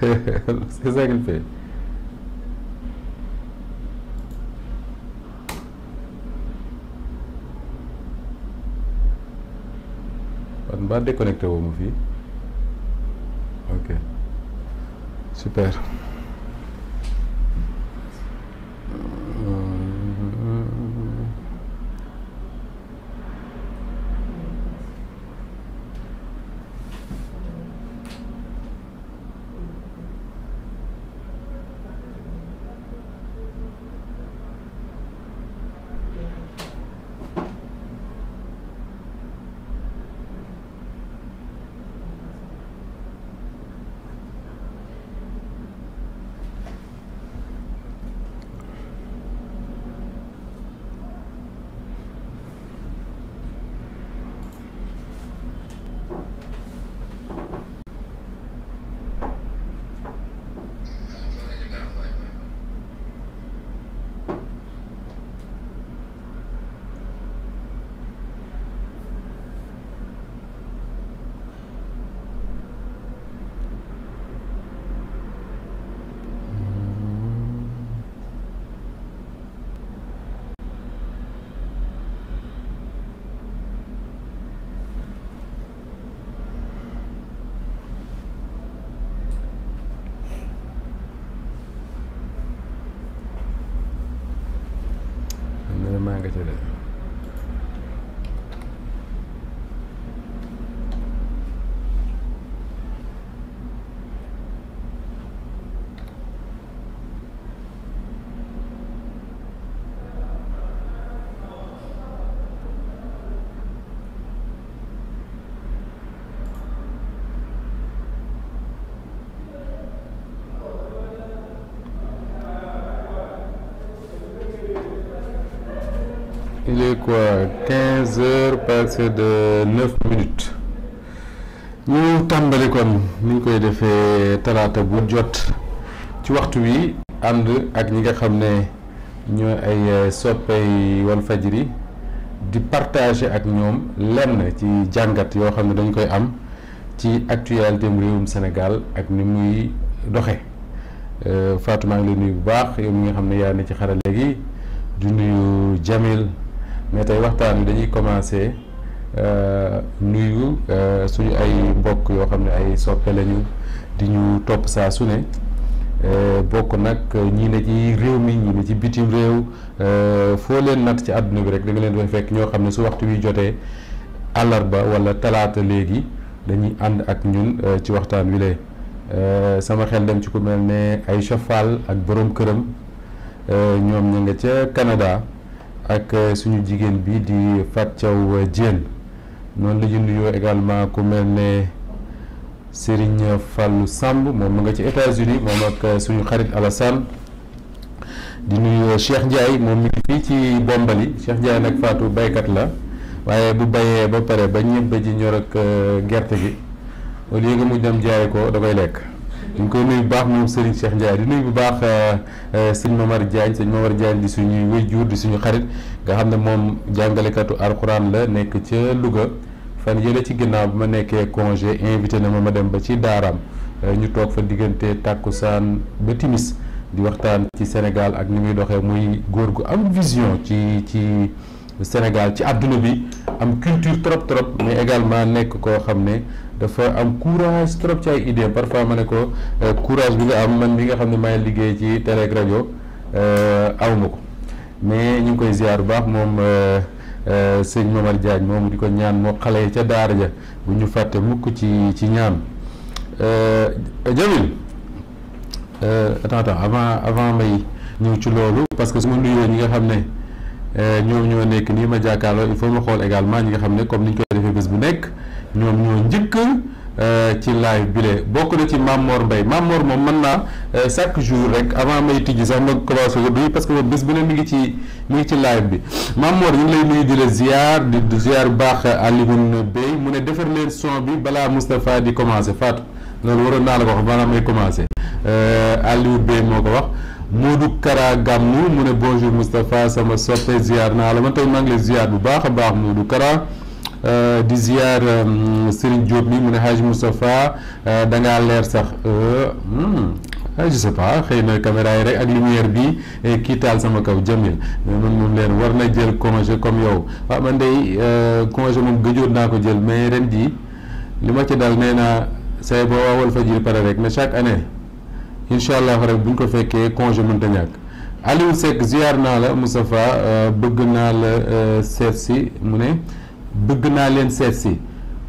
c'est ça qu'il fait. kon ba déconnecté woo ma fii ok super. faisait quoi quinze heures tàmbali kon ni ñu koy defee talaata bu jot ci waxtu wi ànd ak ñi nga xam ne ñooy ay euh, soppey Walfadjri di partage ak ñoom lenn ci jàngat yoo xam ne dañ koy am ci actualité mu réewum Sénégal ak ni muy doxe euh, Fatou maa ngi lay nuyu bu baax yow mi nga xam ne yaa ne ci xarale gi du nuyu Jamil mais tey waxtaan dañuy commencer euh, nuyu euh, suñu ay mbokk yoo xam ne ay soppe lañu di ñu topp saa su ne euh, bokk nag ñii ne ci réew mi ñii ne ci bitim réew foo leen natt ci àdduna bi rek da leen dafay fekk ñoo xam ne su waxtu wi jotee ba wala talaata léegi dañuy ànd ak ñun ci waxtaan wi lee sama xel dem ci ku mel ne ay chafal ak borom këram ñoom ña nga ca Canada ak euh, suñu jigéen bi di Fat Thiaw euh, Diène noonu la ñu nuyoo également ku mel ne Serigne Fallou Samb moom mu nga ci États-Unis moom ak euh, suñu xarit Alassane di nuyu Cheikh Ndiaye moom mi ngi fii ci Bombali Cheikh Ndiaye nag Fatou baykat la waaye bu bayee ba pare ba ñebbe ji ñor gerte gi au lieu que mu dem jaay ko da koy lekk. ñu ngi koy nuyu baax moom Serigne seex Ndiaye di nuyu bu baax euh, euh, sëñ Mamar Diagne sëñ Mamar Diagne di suñuy waajur di suñu xarit nga xam ne moom jàngalekatu alxuraan la nekk ca Louga fan yële ci ginnaaw bi ma nekkee congé invité ne ma ma dem ba ci daaraam euh, ñu toog fa diggante tàkkusaan ba timis di waxtaan ci Sénégal ak ni muy doxee muy góor gu am vision ci ci Sénégal ci àdduna bi am culture trop trop mais également nekk koo xam ne. dafa am courage trop ci ay idée parfois ma ne ko euh, courage bi nga am man mi nga xam ne maay liggéey ci télé ak rajo euh, aw ma ko mais ñu ngi koy ziar bu baax moom euh, sëñ Momar jaaj moom di ko ñaan moo xale ca daara ja bu ñu fàtte mukk ci ci ñaan Jamil attends attends avant avant may ñëw ci loolu parce que su ma nuyoo ñi nga xam ne ñoom ñoo nekk nii ma jàkkaarloo il faut ma xool également ñi nga xam ne comme ni ñu koy defee bés bu nekk ñoom ñoo njëkk euh, ci live bi de bokk na ci Mamor mbay Mamor moom mën naa euh, chaque jour rek avant may tijji sax ma commencé ko duy parce que moom bés bu ne mi ngi ci mu ngi ci live bi Mamor ñu ngi lay nuyu di la ziar di ziar bu baax Alioune Bey mu ne defar leen son bi balaa Moustapha di commencé Fatou loolu waroon naa la ko wax balaa may commencé euh, Alioune Bey moo ko wax Modou Kara Gammu mu ne bonjour Moustapha sama soppe ziar naa la man tey maa ngi lay ziar bu baax a baax Modou Kara. Euh, di ziar euh, Serigne Diop mi mu ne Hadj Moustapha euh, da ngaa leer sax hmm, ah, je sais pas xëy na caméra yi rek ak lumière bi kii taal sama kaw Jamil moom leen war na jël congé comme yow waaw ah, man day congé moom gëjoon naa ko jël mais ren jii li ma ci dal nee naa say boo waawal fajiri pare rek mais chaque année incha allah rek bu ko fekkee congé mënta ñàkk Aliou Seck ziar naa la Moustapha bëgg naa la seet si mu ne. bëgg naa leen seet si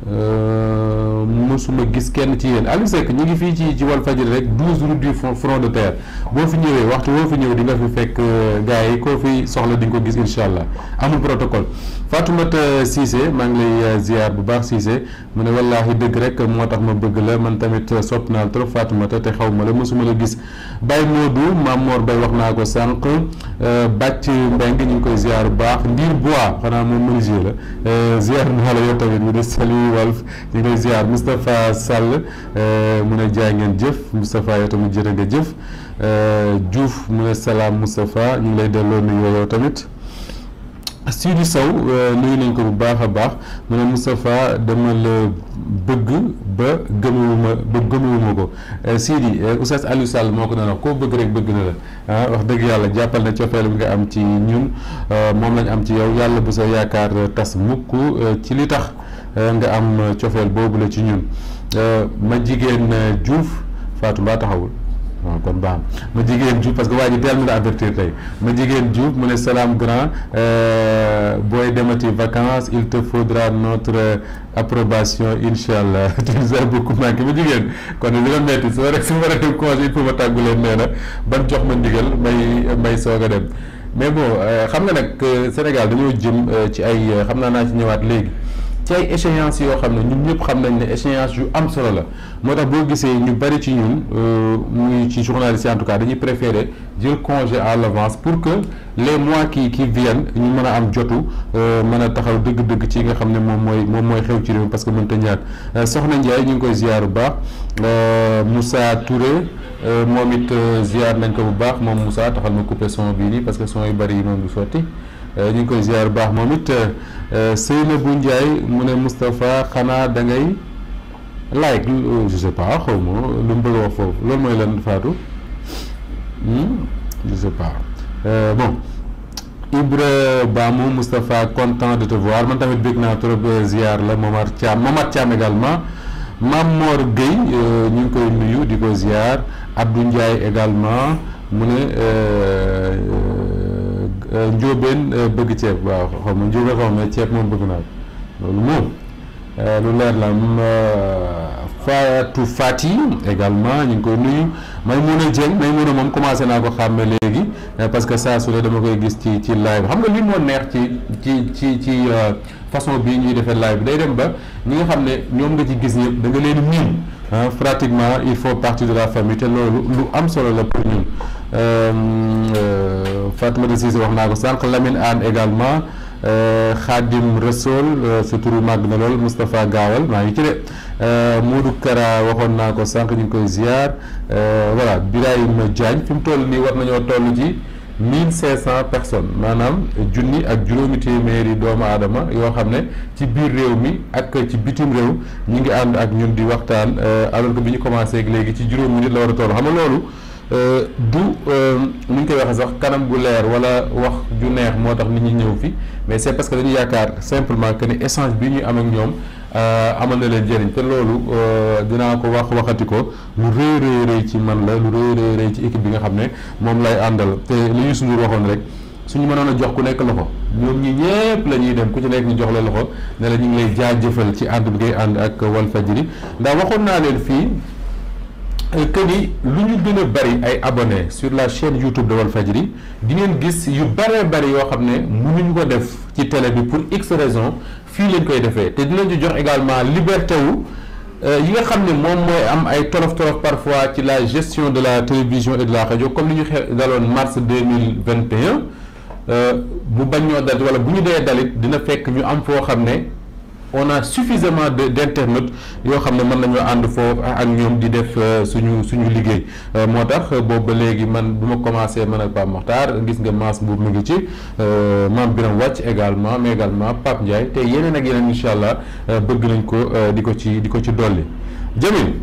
euh, mësuma gis kenn ci yéen Aliou Seck ñu ngi fii ci ci Walfadjri rek douze rue du front de terre boo fi ñëwee waxtu boo fi ñëw di nga fi fekk euh, gars yi koo fi soxla di ko gis incha allah amul protocole. Fatoumata Cissé maa ngi lay euh, ziar bu baax Cissé mu ne wallaahi dëgg rek moo tax ma bëgg la man tamit euh, sopp naa trop Fatoumata te xaw ma la mosuma la gis Baye Modou Maam Mor Baye wax naa ko sànq euh, bàcc Mbengue ñu ngi koy ziar bu baax Ndiir Bois xanaa moom menuisier la ziar naa la yow tamit mu ne Saliou Walf ñu ngi lay ziar Moustapha Sall mu ne jaay ngeen jëf Moustapha yow tamit jërë nga jëf juuf mu ne salaam Moustapha ñu ngi lay delloo nuyoo yow tamit. Sidi Sow euh, nuyu nañ ko bu baax a baax mu ne Moustapha dama la bëgg ba gëmewuma ba gëmewuma ko euh, Sidi euh, Oustaz Aliou Sall moo ko doon wax koo bëgg rek bëgg na la ah, wax dëgg yàlla jàppal na cofeel bi nga am ci ñun moom lañ am ci yow yàlla bu sa yaakaar tas mukk ci li tax nga am cofeel boobu la ci ñun ma jigéen Diouf faatu mbaa taxawul waaw kon baax ma jigéen Diouf parce que waa ji teel na la avertir tey ma jigéen Diouf mu ne salaam grand euh, booy demati vacances il te faudra notre euh, approbation incha allah tu nous as beaucoup manqué ma jigéen kon li ma metti soo rek si ma dem congé il faut ma tàggu leen nee na ban jox ma ndigal may may soog a dem mais bon euh, xam nga nag Sénégal dañoo jëm ci ay xam naa naa ci ñëwaat léegi. ci ay échéance yoo xam ne ñun ñëpp xam nañ ne échéance yu am solo la moo tax boo gisee ñu bari ci ñun euh, mu ci journaliste en tout cas dañuy préférer jël congé à l'avance pour que les mois qui qui viennent ñu mën a am jotu euh, mën a taxal dëgg-dëgg ci nga xam ne moom mooy moom mooy xew ci réew parce que mënta ñaar euh, soxna Ndiaye ñu ngi koy ziar bu baax Moussa Touré. moom it ziar nañ ko bu baax moom Moussa taxal ma couper son bii nii parce que son yu bari yi moom du Euh, ñu ngi koy ziar baax moom it euh, euh, bu Ndiaye mu ne Moustapha xanaa dangay ngay like je sais pas lu mu bëgg wax foofu loolu mooy leen Fatou hmm? je sais pas bon Ibra Bamou Moustapha content de man tamit bëgg naa trop ziar la Momar Thiam Momar Thiam également Mame Mor Gueye ñu ngi koy nuyu di ko ziar Abdou Ndiaye également mu ne. Euh, njóobeen euh, bëgg ceeb waaw xaw ma njóobeen xaw ceeb moom bëgg naa loolu moom euh, lu leer la am faat yi également ñu ngi koy nuyu Maimouna Dieng Maimouna moom commencé naa ko xàmme léegi parce que saa su ne dama koy gis ci ci live xam nga li moo neex ci ci ci ci façon bii ñuy defee live bi day dem ba ñi nga xam ne ñoom nga ci gis ñëpp da nga leen miin pratiquement il faut partie de la famille te loolu lu am solo la pour ñun. Euh, euh, Fatma Cissé wax naa ko sànq Lamine Anne également euh, Khadim Rassoul sa turu màgg na lool Moustapha Gaawal maa ngi ci de Modou Kara waxoon naa ko sànq ñu ngi koy ziar voilà Birahima Diagne fi mu toll nii war nañoo toll ci mille cinq cent personnes maanaam junni ak juróomi téeméeri doomu aadama yoo xam ne ci biir réew mi ak ci bitim réew ñu ngi ànd ak ñun di waxtaan alors que bi ñu commencé léegi ci juróomi nit la war a toll xam nga loolu. Euh, du euh, nu ñu koy waxee sax kanam gu leer wala wax ju neex moo tax nit ñi ñëw fi mais c'est parce que dañuy yaakaar simplement que ni échange bi ñuy am ak ñoom euh, amal na leen jëriñ te loolu dinaa ko wax waxati ko lu rëy rëy ci man la lu rëy rëy ci équipe bi nga xam ne moom lay àndal te li ñu suñu waxoon rek suñu mënoon a jox ku nekk loxo ñoom ñi ñëpp la ñuy dem ku ci nekk ñu jox la loxo ne la ñu ngi lay jaajëfal ci ànd bi ngay ànd ak Walfadjri ndax waxoon naa leen que ni lu ñu gën a bari ay abonnés sur la chaîne YouTube de Walfadjri di ngeen gis yu baree bari yoo xam ne nu ñu ko def ci télé bi pour x raison fii lañ koy defee te dinañ ci jox également liberté wu euh, yi nga xam ne moom mooy am ay tolof tolof parfois ci la gestion de la télévision et de la radio comme li ñu xew daloon mars deux mille vingt et euh, bu bañ ñoo dalit wala bu ñu dee dalit dina fekk ñu am foo xam ne. on a suffisamment de d'internautes yoo xam ne mën nañoo ànd foofu ak ñoom di def euh, suñu suñu liggéey euh, moo tax euh, boobu ba léegi man bu ma commencé man ak Pape Mokhtar gis nga masse boobu mu ngi ci Mame Birame Wàcc également mais également Pape Ndiaye te yeneen ak yeneen incha allah bëgg nañ ko di ko ci di ko ci dolli Jamil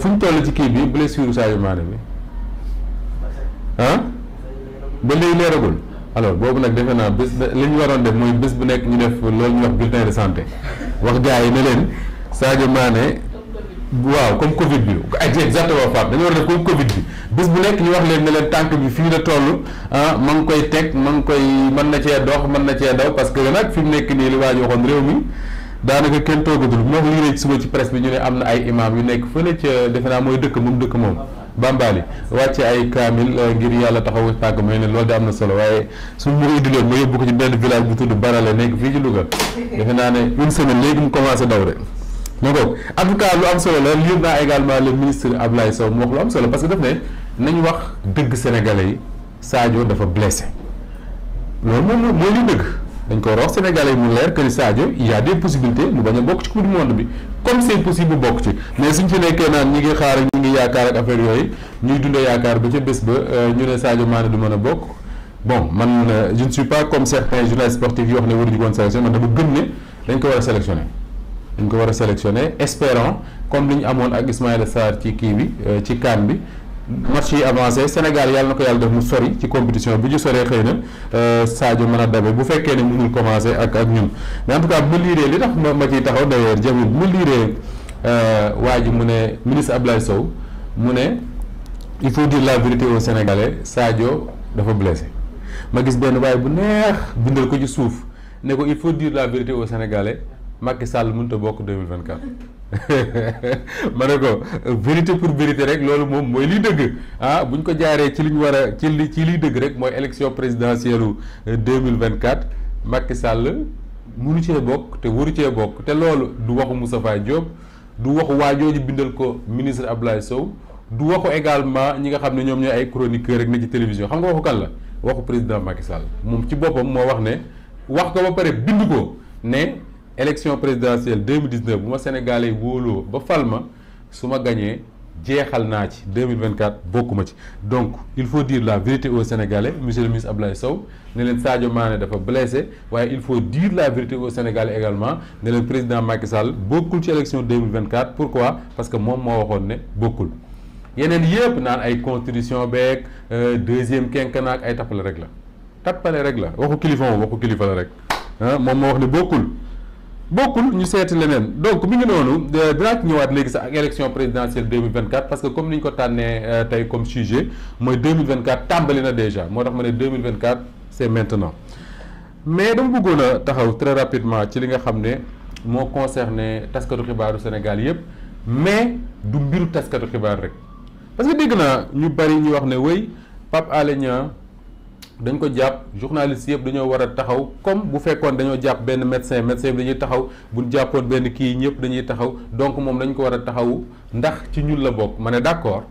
fu ñu toll ci kii bi blessure Sadio Mané bi ah ba léegi leeragul alors boobu nag defe naa bés li ñu waroon def mooy bés bu nekk ñu def loolu ñu wax bulletin de santé wax gars yi ne leen Sadio Mané waaw comme Covid bi ak exactement Pape dañu war a def comme Covid bi bés bu nekk ñu wax leen ne leen tànk bi fii la toll ah ma ngi koy teg ma ngi koy man na cee dox man na cee daw parce que nag fi mu nekk nii li waa ji waxoon réew mi daanaka kenn toogatul moo ko lii rek suba ci presse bi ñu ne am na ay imam yu nekk fële ca defe naa mooy dëkk moom dëkk moom. bambali wàcce ay kaamil euh, ngir yàlla taxawu tàgg may ne lool de am na solo waaye suñ ma ko indiloon ma yóbbu ko ci benn village bu tudd Barale nekk fii ci Louga defe naa ne une semaine léegi mu commencé daw de ma ko en lu am solo la lire naa également le ministre Ablaye Sow mu wax lu am solo parce que daf ne nañ wax dëgg sénégalais yi Sadio dafa blessé loolu moom mooy li dëgg dañ koy wax Sénégalais mu leer que ni Sadio il y a mu bañ a bokk ci coupe du monde bi comme c' est possible bokk ci mais suñ fi nekkee naan ñi ngi xaar ak ñi ngi yaakaar ak affaire yooyu ñuy dundee yaakaar ba ca bés ba euh, ñu ne Sadio Mané du mën a bokk bon man euh, jun ne suis pas comme certains journalistes sportifs yi wax ne waruñu woon man dama gëm ne dañ ko war a sélectionné dañ ko war a sélectionné espérant comme li ñu amoon ak Ismaïla Sarr ci kii bi euh, ci CAN bi. match yi avancé Sénégal yàlla na ko yàlla def mu sori ci compétition bi ñu soree xëy na saajo mën a dabe bu fekkee ne mënul commencé ak ak ñun mais en tout cas liiree li tax ma ma ciy taxaw d'ailleurs jamul bu ma liiree euh, waa ji mu ne ministre Ablaye Sow mu ne il faut dire la vérité aux Sénégalais Sadio dafa blessé ma gis benn waaye bu neex bindal ko ci suuf ne ko il faut dire la vérité aux Sénégalais Macky Sall mënut a bokk 2024 ma ne ko vérité pour vérité rek loolu moom mooy liy dëgg ah bu ñu ko jaaree ci li ñu war a ci li ci liy dëgg rek mooy élection présidentielle deux mille vingt quatre Macky Sall munu cee bokk te waru cee bokk te loolu du waxu Moustapha Diop du waxu waa jooju bindal ko ministre Abdoulaye Sow du waxu également ñi nga xam ne ñoom ñooy ay chroniqueur rek ni ci télévision xam nga waxu kan la waxu président Macky Sall moom ci boppam moo wax ne wax ko ba pare bind ko ne. élection présidentielle 2019 bu ma Sénégalais yi ba fal ma su ma gañee jeexal naa ci 2024 bokkuma ci donc il faut diir la vérité au Sénégalais monsieur le ministre Abdoulaye Sow ne leen Sadio Mané dafa blessé waaye il faut dire la vérité aux Sénégalais également ne leen président Macky Sall bokkul ci élection 2024 pourquoi parce que moom moo waxoon ne bokkul yeneen yëpp naan ay constitution beeg euh, deuxième quinquennat ak ay tappale rek la tappale rek la waxu kilifa moom waxu kilifa la rek ah, moom moo wax ne bokkul bokkul ñu seeti leneen donc mi ngi noonu euh, dinaa ci ñëwaat léegi sa ak élection présidentielle 2024 parce que comme ni ñu ko tànnee euh, tey comme sujet mooy 2024 tàmbali na déjà moo tax ma ne 2024 c'est maintenant mais dama bëggoon a taxaw très rapidement ci li nga xam ne moo concerné taskatu xibaaru Sénégal yépp mais du mbiru taskatu xibaar rek parce que dégg naa ñu bari ñu wax ne wéy Pape Alé dañ ko jàpp journaliste yëpp dañoo war a taxaw comme bu fekkoon dañoo jàpp benn médecin médecin bi dañuy taxaw bu jàppoon benn kii ñëpp dañuy taxaw donc moom dañ ko war a taxawu ndax ci ñun la bokk ma ne d'accord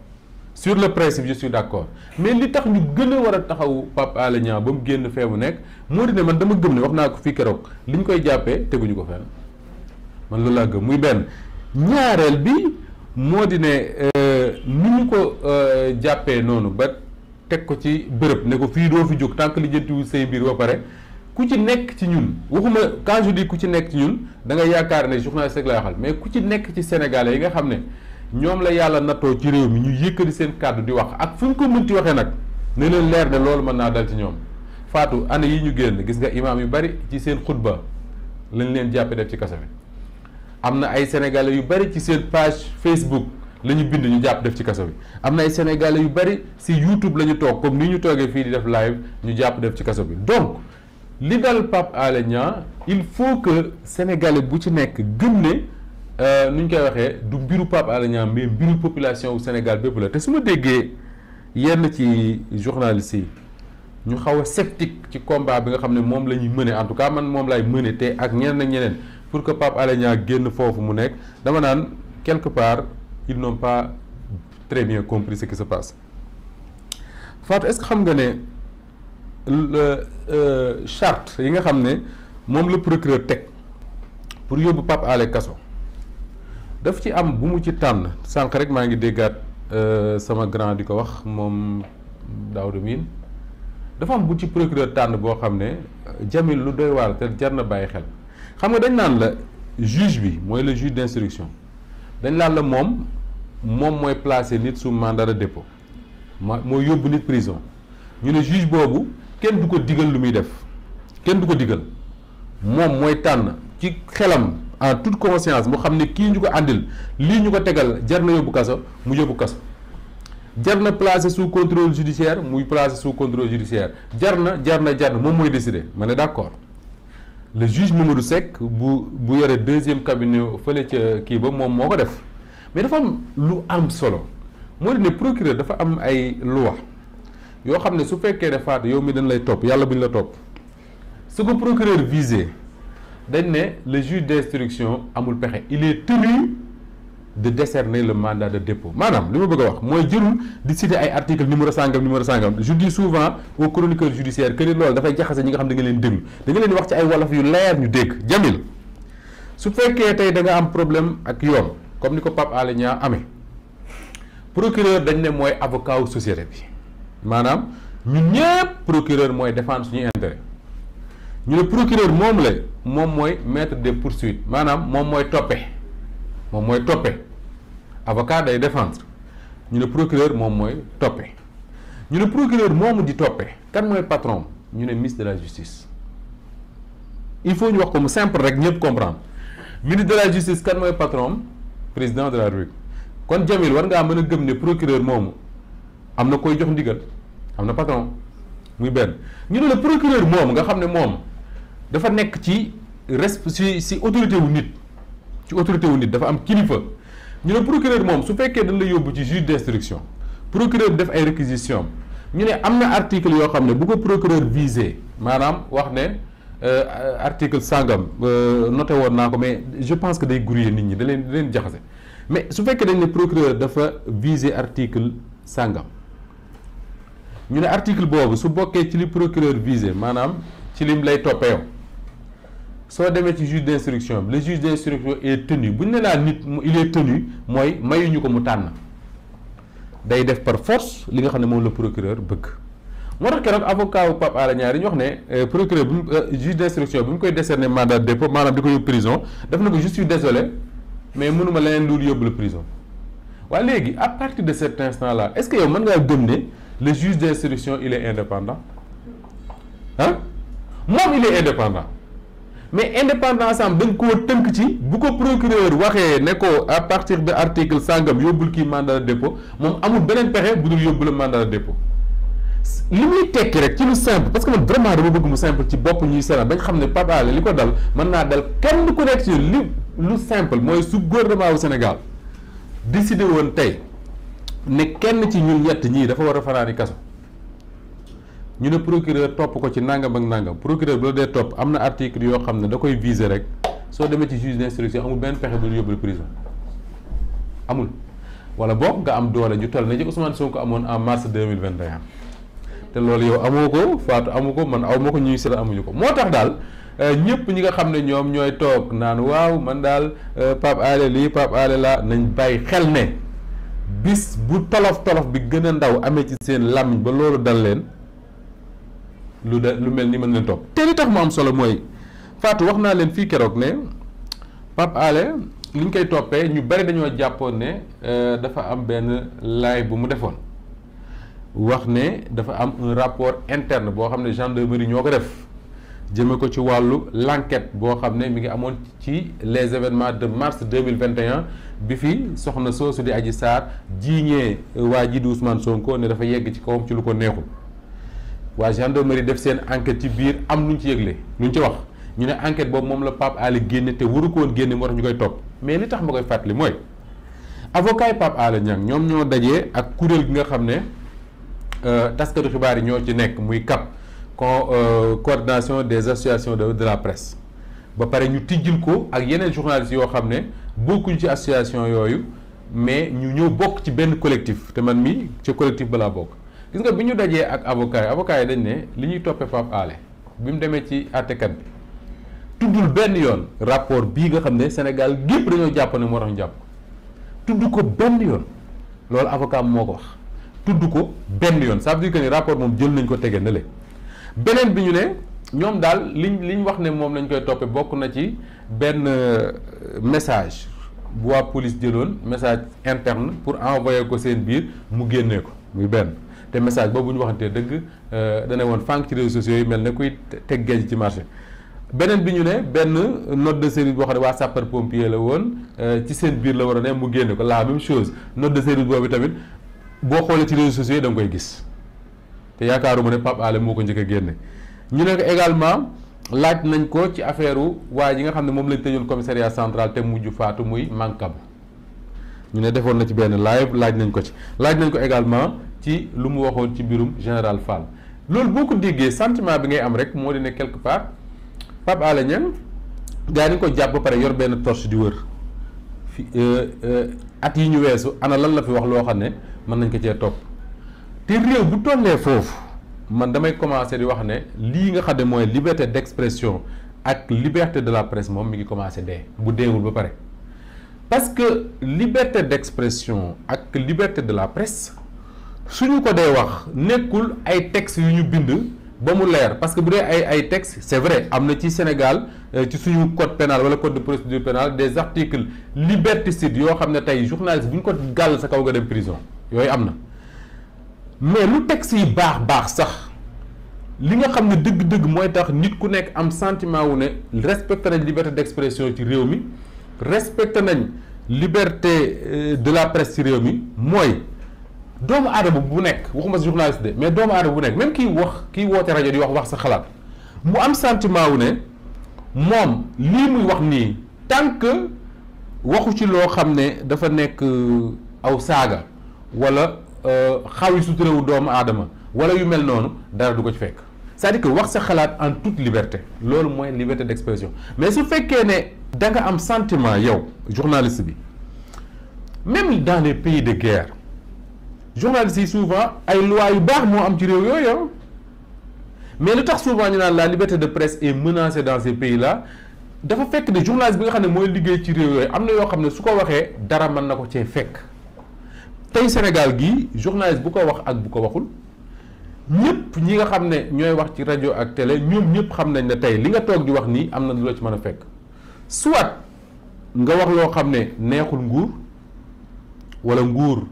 sur le principe je suis d'accord mais li tax ñu gën a war a taxawu Pape Alé Niang génn fee mu nekk moo di ne man dama gëm ne wax naa ko fii keroog li ñu koy jàppee teguñu ko fenn man loolu laa gëm muy benn ñaareel bi moo di ne euh, ni ñu ko euh, jàppee noonu ba. teg ko ci bërëb ne ko fii doo fi jóg tant que lijjantiwul say biir ba pare ku ci nekk ci ñun waxuma quand je dis ku ci nekk ci da nga yaakaar ne journaliste rek la waxal mais ku ci nekk ci sénégalais yi nga xam ne ñoom la yàlla nattoo ci réew mi ñu yëkkati seen kàddu di wax ak fu ñu ko mënti waxee nag ne leen leer ne loolu mën naa dal ci ñoom faatu année yi ñu génn gis nga imaam yu bari ci seen xutba lañ leen jàppe def ci kaso bi am na ay sénégalais yu bari ci seen page Facebook la ñu bind ñu jàpp def ci kaso bi am na ay sénégalais yu bari si YouTube lañu ñu toog comme ni ñu toogee fii di def live ñu jàpp def ci kaso bi donc li dal Pape Alé Niang il faut que sénégalais bu ci nekk gëm ne euh, nu ñu koy waxee du mbiru Pape Alé Niang mais mbiru population Sénégal bépp la te su ma déggee yenn ci journalistes yi ñu xaw a sceptique ci combat bi nga xam ne moom la ñuy mëne en tout cas man moom laay mëne te ak ñeneen ak ñeneen pour que Pape Alé génn foofu mu nekk dama naan quelque part. ils n'ont pas très bien compris ce qui se passe Fatou est-ce xam nga ne euh, charte yi nga xam ne moom la procureur teg pour yóbbu Pape Alé kaso daf ci am bu mu ci tànn sànq rek maa ngi déggaat euh, sama grand di ko wax moom Daouda Mine dafa am bu ci procureur tànn boo xam ne Jamil lu doy waar te jar na bàyyi xel xam nga dañ naan la juge bi mooy le juge d'instruction dañ naan la moom moom mooy placer nit sous mandat de dépôt ma mooy yóbbu nit prison ñu ne juge boobu kenn du ko digal lu muy def kenn du ko digal moom mooy tànn ci xelam en toute conscience mu xam ne kii ñu ko àndil lii ñu ko tegal jar na yóbbu kaso mu yóbbu kaso jar na placé sous contrôle judiciaire muy placé sous contrôle judiciaire jar na jar na jar na moom mooy décidé ma ne d'accord le juge Mamadou Seck bu bu yore deuxième cabinet fële ca kii ba moom moo ko def mais dafa am lu am solo mooy ne procureur dafa am ay loi yoo xam ne su fekkee ne faatu yow mi dañ lay topp yàlla bu ñu la topp su ko procureur visé dañ ne le juge d'instruction amul pexe il est tenu de décerner le mandat de dépôt maanaam li ma bëgg a wax mooy jërul di citer ay article numéro sangam numéro sangam je dis souvent aux chroniqueurs judiciaires que loolu dafay jaxase ñi nga xam da nga leen déglu da nga leen wax ci ay wolof yu leer ñu dégg Jamil su fekkee tey da nga am problème ak yoon. comme ni ko Pape Alé Niang amee procureur dañ ne mooy avocat wu société bi maanaam ñu ñëpp procureur mooy défendre ñu intérêt ñu ne procureur moom la moom mooy maître des poursuites maanaam moom mooy toppe moom mooy toppe avocat day défendre ñu ne procureur moom mooy toppe ñu ne procureur moomu di toppe kan mooy patron ñu ne ministre de la justice il faut ñu wax ko mu simple rek ñëpp comprendre ministre de la justice kan mooy patron président de la République kon Jamil war ngaa mën a gëm ne procureur moomu am na koy jox ndigal am na patron muy benn ñu ne la procureur moomu nga xam ne moom dafa nekk ci resp si si autorité wu nit ci autorité wu nit dafa am kilifa ñu ne procureur moom su fekkee dañ la yóbbu ci juge d'instruction procureur bi def ay réquisition ñu ne am na article yoo xam ne bu ko procureur visé maanaam wax ne Euh, article sangam euh, noté woon naa ko mais je pense que day grouiller nit ñi da leen da leen jaxase mais su fekkee dañ ne procureur dafa viser article sangam ñu ne article boobu su bokkee ci li procureur visé maanaam ci lim lay toppee yow soo demee ci juge d'instruction bi le juge d'instruction et tenu bu ñu ne laa nit il est tenu mooy mayuñu ko mu tànn day def par force li nga xam ne moom la procureur bëgg. moo tax keroog avocat wu Pape Alé Niang ñu wax ne euh, procureur bu euh, juge d'instruction bi mu koy décerner mandat de dépôt maanaam di ko yóbbu prison daf na ko je suis mais mënuma leneen loolu yóbbu la prison waaye léegi à partir de cet instant là est-ce que yow mën ngaa gëm ne le juge d'instruction il est indépendant ah moom il est indépendant mais independant am dañ ko tënk ci bu ko procureur waxee ne ko à partir de article sangam yóbbul kii mandat de dépôt moom amul beneen pexe bu dul yóbbu la mandat de li muy tekki rek ci lu simple parce que man vraiment dama bëgg mu simple ci bopp ñuy seetaan ba nga xam ne Pape Alé li ko dal mën naa dal kenn ku nekk ci li lu simple mooy su gouvernement wu Sénégal décidé woon tey ne kenn ci ñun ñett ñii dafa war a fanaani kaso ñu ne procureur topp ko ci nangam ak nangam procureur bu la dee topp am na article yoo xam ne da koy viser rek soo demee ci juge d'instruction amul benn pexe bu ñu yóbbul prison amul wala boog nga am doole ju toll ne ci Ousmane Sonko amoon en mars mille vingt et te loolu yow amoo ko Fatou amu ko man aw ma ko ñuy seet amuñu ko moo tax daal euh, ñëpp ñi nga xam ne ñoom ñooy toog naan waaw man daal euh, Pape Alé lii Pape Alé laa nañ bàyyi xel ne bis bu tolof tolof bi gën a ndaw amee ci seen làmmiñ ba loolu dal leen lu de lu mel ni mën leen topp te li tax mu am solo mooy Fatou wax naa leen fii keroog ne Pape liñ koy toppee ñu bari dañoo jàppoon ne euh, dafa am benn laay bu mu defoon. wax ne dafa am un rapport interne boo xam ne gendarmerie ñoo ko def jëme ko ci wàllu l'enquête boo xam ne mi ngi amoon ci les événements de mars 2021 bi fi soxna soosu di Adji Sarr jiiñee waa ji di Ousmane Sonko ne dafa yegg ci kawam ci lu ko neexul waa gendarmerie def seen enquête ci biir am lu ñu ci yëgle lu ñu ci wax ñu ne enquête boobu moom la Pape Alé génne te waru ko génne moo tax ñu koy topp mais li tax ma koy fàttali mooy avocat yi Pape Alé ñoom ñoo dajee ak kuréel gi nga xam ne Euh, taskatu xibaar yi ñoo ci nekk muy CAP con euh, coordination des associations de de la presse ba pare ñu tijjil ko ak yeneen journalistes yoo xam ne bokkuñ ci association yooyu mais ñu ñëw bokk ci benn collectif te man mi ci collectif balaa bokk gis nga bi ñu dajee ak avocat yi yi dañ ne li ñuy toppee Pape ale bi mu demee ci àttekat bi tuddul benn yoon rapport bii nga xam ne Sénégal gépp dañoo jàpp ne moo tax ñu jàpp ko tudd ko benn yoon loolu avocat moo ko tudd ko benn yoon ça veut dire que rapport moom jël nañ ko tege na beneen bi ñu ne ñoom daal li liñ wax ne moom lañ koy toppee bokk na ci benn euh, message bu waa police jëloon message interne pour envoyer ko seen biir mu génnee ko muy benn te message boobu ñu waxantee dëgg euh, dana woon fànk ci réseaux sociaux yi mel ne kuy teg géej ci marché beneen bi ñu ne benn note de service boo xam ne waa sapeur pompier la woon euh, ci seen biir la war a ne mu génne ko laa même chose note de service boobu tamit boo xoolee ci réseaux sociaux yi da nga koy gis te yaakaaruma ne Pape Alé moo ko njëkk a génne ñu ne ko également laaj nañ ko ci affaire waaye ji nga xam ne moom lañ tëjoon commissariat central te mujj faatu muy Mankab ñu ne defoon na ci benn live laaj nañ ko ci laaj nañ ko également ci lu mu waxoon ci mbirum général Fall loolu boo ko déggee sentiment bi ngay am rek moo di ne quelque part Pape Alé Niang gaa yi ko jàpp ba pare yor benn torche di wër fi euh, euh, at yi ñu weesu ana lan la fi wax loo xam ne. mën nañ ko cee topp te réew bu tollee foofu man damay commencer di wax ne lii nga xam ne mooy liberté d'expression ak liberté de la presse moom mi ngi commencer dee bu deewul ba pare parce que liberté d'expression ak liberté de la presse suñu ko dee wax nekkul ay textes yu ñu bind ba mu leer parce que bu dee ay ay texte c' est vrai am na ci Sénégal euh, ci suñu code pénal wala code de procédure pénale des articles liberticides yoo xam ne tey journaliste bu ñu ko gàll sa kaw nga dem prison yooyu am na mais lu texte yi baax baax sax li nga xam ne dëgg-dëgg mooy tax nit ku nekk am sentiment wu ne respecté nañ liberté de expression ci réew mi respecte nañ liberté euh, de la presse ci réew mi mooy doomu aadama bu nekk waxuma si journaliste de mais doomu aadama bu nekk même kiy wax kiy woote rajo di wax wax sa xalaat mu am sentiment wu ne moom lii muy wax nii tant que waxu ci loo xam ne dafa nekk euh, aw saaga wala euh, xaw yi suturewu doomu aadama wala yu mel noonu dara du ko ci fekk cest à que wax sa xalaat en toute liberté loolu mooy liberté d'expression mais su fekkee ne da nga am sentiment yow journaliste bi même dans les pays de guerre journalistes yi souvent ay lois yu baax moo am ci réew yooyu mais lu tax souvent ñu naan la liberté de presse est menacée dans ces pays là dafa fekk ne journaliste bi nga xam ne mooy liggéey ci réew yooyu am na yoo xam ne su ko waxee dara mën na ko cee fekk tey Sénégal gi journaliste bu ko wax ak bu ko waxul ñëpp ñi nga xam ne ñooy wax ci rajo ak tele ñoom ñëpp xam nañ ne tey li nga toog di wax nii am na lu la ci mën a fekk soit nga wax loo xam ne neexul nguur wala nguur.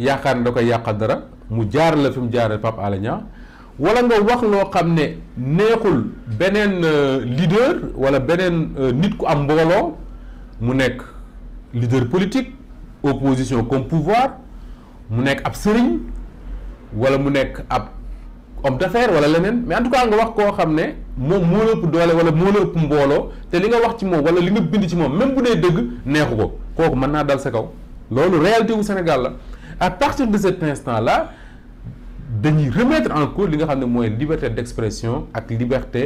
yaakaar ne da koy yàqal dara mu jaar la fi mu jaaree Pape Alé Niang wala nga wax loo xam ne neexul beneen euh, leader wala beneen euh, nit ku am mbooloo mu nekk leader politique opposition comme pouvoir mu nekk ab sëriñ wala mu nekk ab homme d'affaires wala leneen mais en tout nga wax koo xam ne moom moo la ëpp doole wala moo la ëpp mbooloo te li nga wax ci moom wala li nga bind ci moom même bu dee dëgg neexu ko kooku mën naa dal sa kaw loolu réalité wu Sénégal à partir de cet instant la dañuy remettre en cause li nga xam ne mooy liberté d'expression ak liberté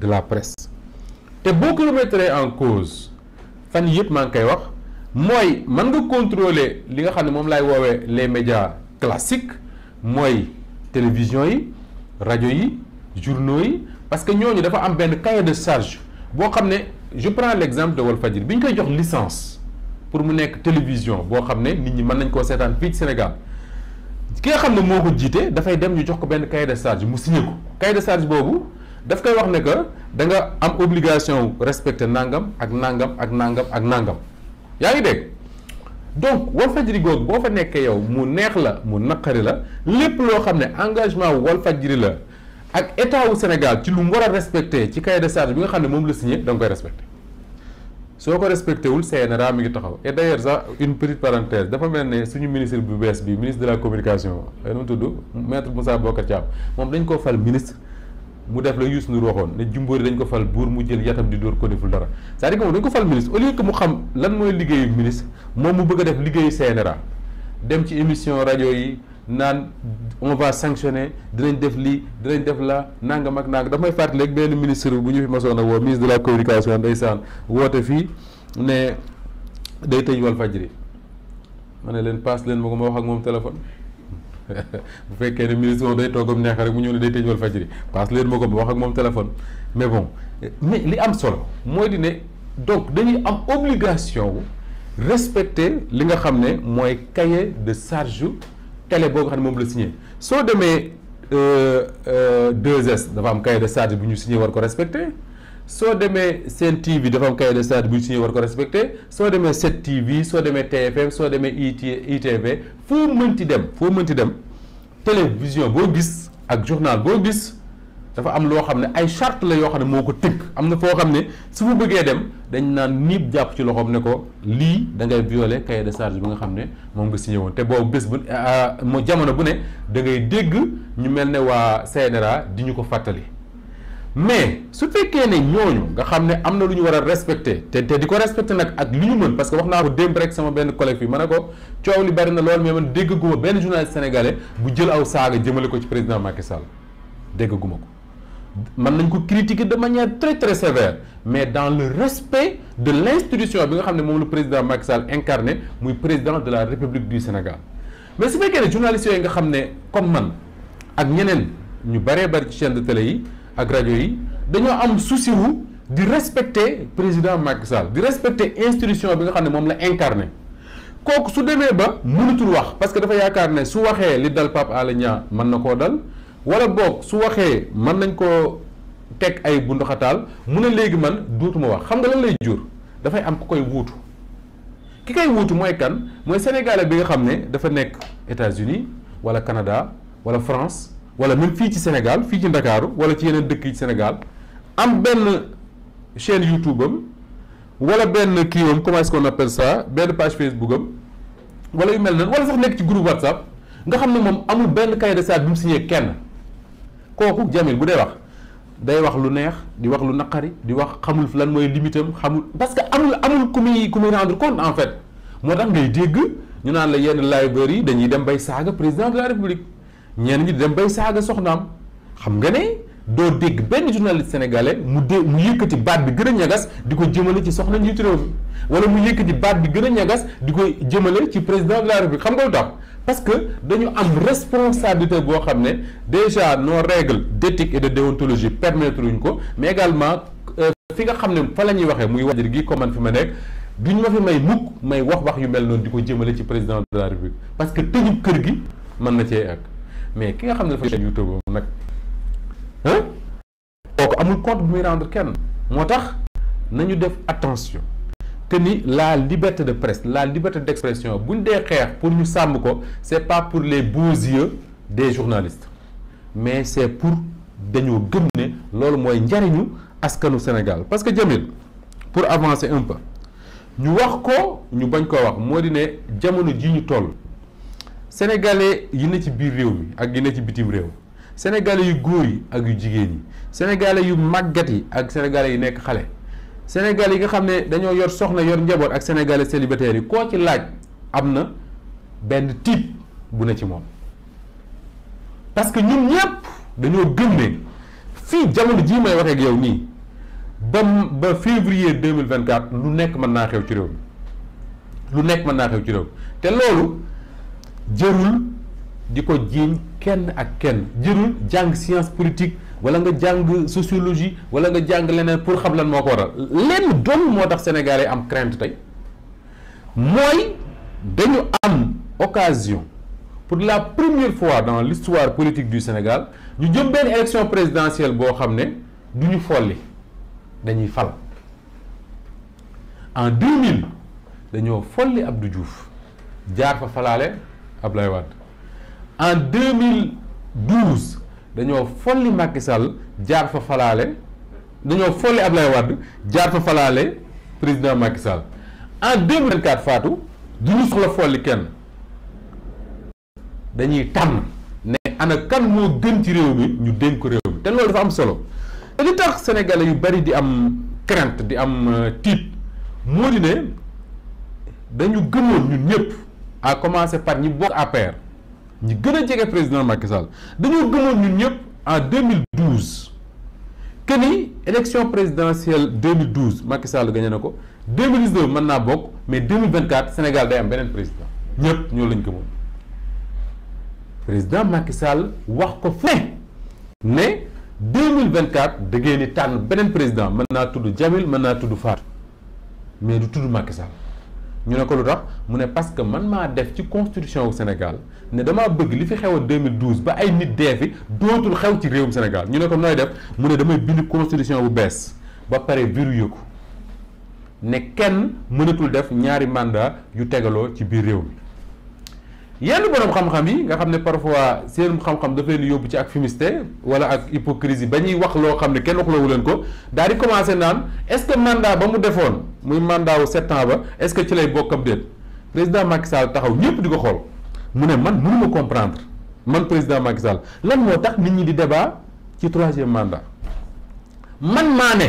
de la presse te boo ko remettre en cause fan yëpp maa ngi koy wax mooy mën nga contrôler li nga xam ne moom laay woowee les médias classiques mooy télévision yi rajo yi journaux yi parce que ñooñu dafa am benn cahier de charge boo xam ne je prends l'exemple de Walfadjri bi ñu koy jox licence pour mu nekk télévision boo xam ne nit ñi mën nañ koo seetaan fii ci Sénégal ki nga xam ne moo ko jiite dafay dem ñu jox ko benn cahier de charge mu signé ko cahier de charge boobu daf koy wax ne que da nga am obligation respecter nangam ak nangam ak nangam ak nangam yaa ngi dégg. donc Walfadjri googu boo fa nekkee yow mu neex la mu naqari la lépp loo xam ne engagement wu Walfadjri la ak état wu Sénégal ci lu mu war a respecté ci kay de charge bi nga xam ne moom la signé da respecté. soo ko respecté wul CNRA mi ngi taxaw et d'ailleurs sax une petite parenthèse dafa mel ne suñu ministre bu bees bi ministre de la communication xëy na mu tudd maître Moussa Bocar Thiam moom dañ ko fal ministre mu def la Youssou Ndour waxoon ne jumbóori dañ ko fal buur mu jël yatam di dóor ko deful dara c'est-à-dire que moom dañ ko fal ministre au lieu mu xam lan mooy liggéeyu ministre moom mu bëgg a def liggéeyu CNRA dem ci émission rajo yi naan on va sanctionner danañ def lii danañ def la nangam ak nangam daf may fàttali rek benn ministre bu ñu fi masoon a woo ministre de la communication saan woote fii ne day faj Walfadjri ma ne leen paas leen ma ko ma wax ak moom téléphone bu fekkee ne ministre moom day toogam neex rek mu ñëw ne day tëj Walfadjri paas leen ma ko ma wax ak moom téléphone mais bon mais li am solo mooy di ne donc dañuy am obligation respecte li nga xam ne mooy cahier de charge télé boo ko xam ne moom la signé soo demee 2S euh, euh, dafa am cahier de charge bu ñu signé war ko respecté soo demee Sen TV dafa am cahier de charge bu ñu signé war ko respecté soo demee 7TV soo demee TFM soo demee IT ITV foo mënti dem foo mënti dem télévision boo gis ak journal boo gis. dafa am loo xam ne ay charte la yoo xam ne moo ko tënk am na foo xam ne su mu bëggee dem dañ naan nii jàpp ci loxoom ne ko lii dangay ngay violer cahier de charge bi nga xam ne moom nga signé woon te boobu bés bu euh, mo jamono bu ne da dégg ñu mel ne waa CNRA di ñu ko fàttali mais su fekkee ne ñooñu nga xam ne am na lu ñu war a respecte te te di ko respecté nag ak lu ñu mën parce que wax naa ko démb rek sama benn collègue fii ma ne ko coow li bari na lool mais man benn journaliste sénégalais bu jël aw saaga jëmale ko ci président Macky Sall dégg ko mën nañ ko critiquer de manière très très sévère mais dans le respect de l'institution bi nga xam ne moom le président Macky Sall incarné muy président de la République du Sénégal mais su fekkee ne journalistes yooyu nga xam ne comme man ak ñeneen ñu bëree bëri ci chaîne de télé yi ak rajo yi dañoo am souci wu di respecter président Macky Sall di respecter institution bi nga xam ne moom la incarné kooku su demee ba mënatul wax parce que dafa yaakaar ne su waxee li dal Pape Alé mën na koo dal wala boog su waxee mën nañ ko teg ay bunduxataal mu ne léegi man duutuma wax xam nga lan lay jur dafay am ku koy wuutu ki koy wuutu mooy kan mooy sénégalais bi nga xam ne dafa nekk états uni wala kanada wala France wala même fii ci Sénégal fii ci Ndakaaru wala ci yeneen dëkk yi ci Sénégal am benn chaîne YouTube am wala benn kii am comment est-ce qu'on appelle benn page Facebook am yu mel noonu wala sax nekk ci groupe WhatsApp nga xam ne moom amul benn cahier de charge kenn. kooku Jamil bu dee wax day wax lu neex di wax lu naqari di wax xamul lan mooy limitam xamul parce que amul amul ku muy ku muy rendre compte en fait moo tax ngay dégg ñu naan la yenn librairie yi dañuy dem bay saaga président de la république ñenn ñi di dem bay saaga soxnaam xam nga ne doo dégg benn journaliste sénégalais mu dé mu yëkkati baat bi gën a ñagas di ko jëmale ci soxna njiitu réew mi wala mu yëkkati baat bi gën a ñagas di ko jëmale ci président de la xam nga lu parce que dañu am responsabilité boo xam ne déjà nos règles d'éthique et de déontologie permettre wuñ ko mais également euh, fi nga xam ne fa la ñuy waxee muy waajur gi comme man fi ma nekk duñ ma fi may mukk may wax wax yu mel noonu di ko jëmale ci président de la république parce que tëju kër gi mën na cee ak mais ki nga xam ne dafa YouTube nag ah kooku amul compte bu muy rendre kenn moo tax nañu def attention te ni la liberté de presse la liberté d'expression buñ dee xeex pour ñu sàmm ko c'est pas pour les beaux yeux des journalistes mais c'est pour dañoo gëm ne loolu mooy njariñu askanu Sénégal parce que Jamil pour avancer un peu ñu wax ko ñu bañ koo wax moo di ne jamono ji ñu toll sénégalais yi ne ci biir réew mi ak yi ne ci bitim réew sénégalais yu góor yi ak yu jigéen yi sénégalais yu màggat yi ak sénégalais yu nekk xale Sénégal yi nga xam ne dañoo yor soxna yor njaboot ak sénégalais célibataires yi koo ci laaj am na benn tiit bu ne ci moom parce que ñun ñëpp dañoo gëm ne fii jamono jii may waxee ak yow nii ba ba février mille vingt quatre lu nekk mën naa xew ci réew mi lu nekk mën naa xew ci réew mi te loolu jërul di ko jiiñ kenn ak kenn jërul jàng science politique. wala nga jàng sociologie wala nga jàng leneen pour xam lan moo ko waral lenn dong moo tax sénégalais am crainte tey mooy dañu am occasion pour la première fois dans l'histoire politique du Sénégal ñu jëm benn élection présidentielle boo xam ne du ñu folli dañuy fal en 2000 dañoo folli Abdou Diouf jaar fa falaale Ablaye Wade en dañoo folli Macky Sall jaar fa falaale dañoo folli Ablaye Wade jaar fa falaale président Macky Sall en 2024 Fatou du ñu soxla folli kenn dañuy tànn ne ana kan moo gën ci réew mi ñu dénk ko réew mi te loolu dafa am solo li tax sénégalais yu bari di am crainte di am euh, tiit moo di ne dañu gëmoon ñun ñëpp à commencer par ñi bokk APR ñi gën a jege président Macky Sall dañoo gëmoon ñun ñëpp en 2012 que ni élection présidentielle 2012 Macky Sall gagné na ko 2019 mën naa bokk mais 2024 Sénégal day am beneen président ñëpp ñoo lañ gëmoon président Macky wax ko fu ne ne 2024 da ngeen ni tànn beneen président mën naa tudd Jamil mën naa tudd faatu mais du tudd Macky ñu ne ko lu tax mu ne parce que man maa def ci constitution wu Sénégal ne damaa bëgg li fi xew a 2012 ba ay nit dee fi dootul xew ci réewum Sénégal ñu ne ko nooy def mu ne damay bind constitution bu bees ba pare verrouillé ko ne kenn mënatul def ñaari mandat yu tegaloo ci biir réew mi yenn borom xam-xam yi nga xam ne parfois seen xam-xam daf leen yóbbu ci ak fumiste wala ak hypocrisie ba ñuy wax loo xam ne kenn waxloowu leen ko daal di commencé naan est-ce que mandat ba mu defoon muy mandat wu sept ce que ci lay bokk ab déet président Macky Sall taxaw ñëpp di ko xool mu ne man mënuma comprendre man président Macky Sall lan moo tax nit ñi di débat ci troisième mandat man maa ne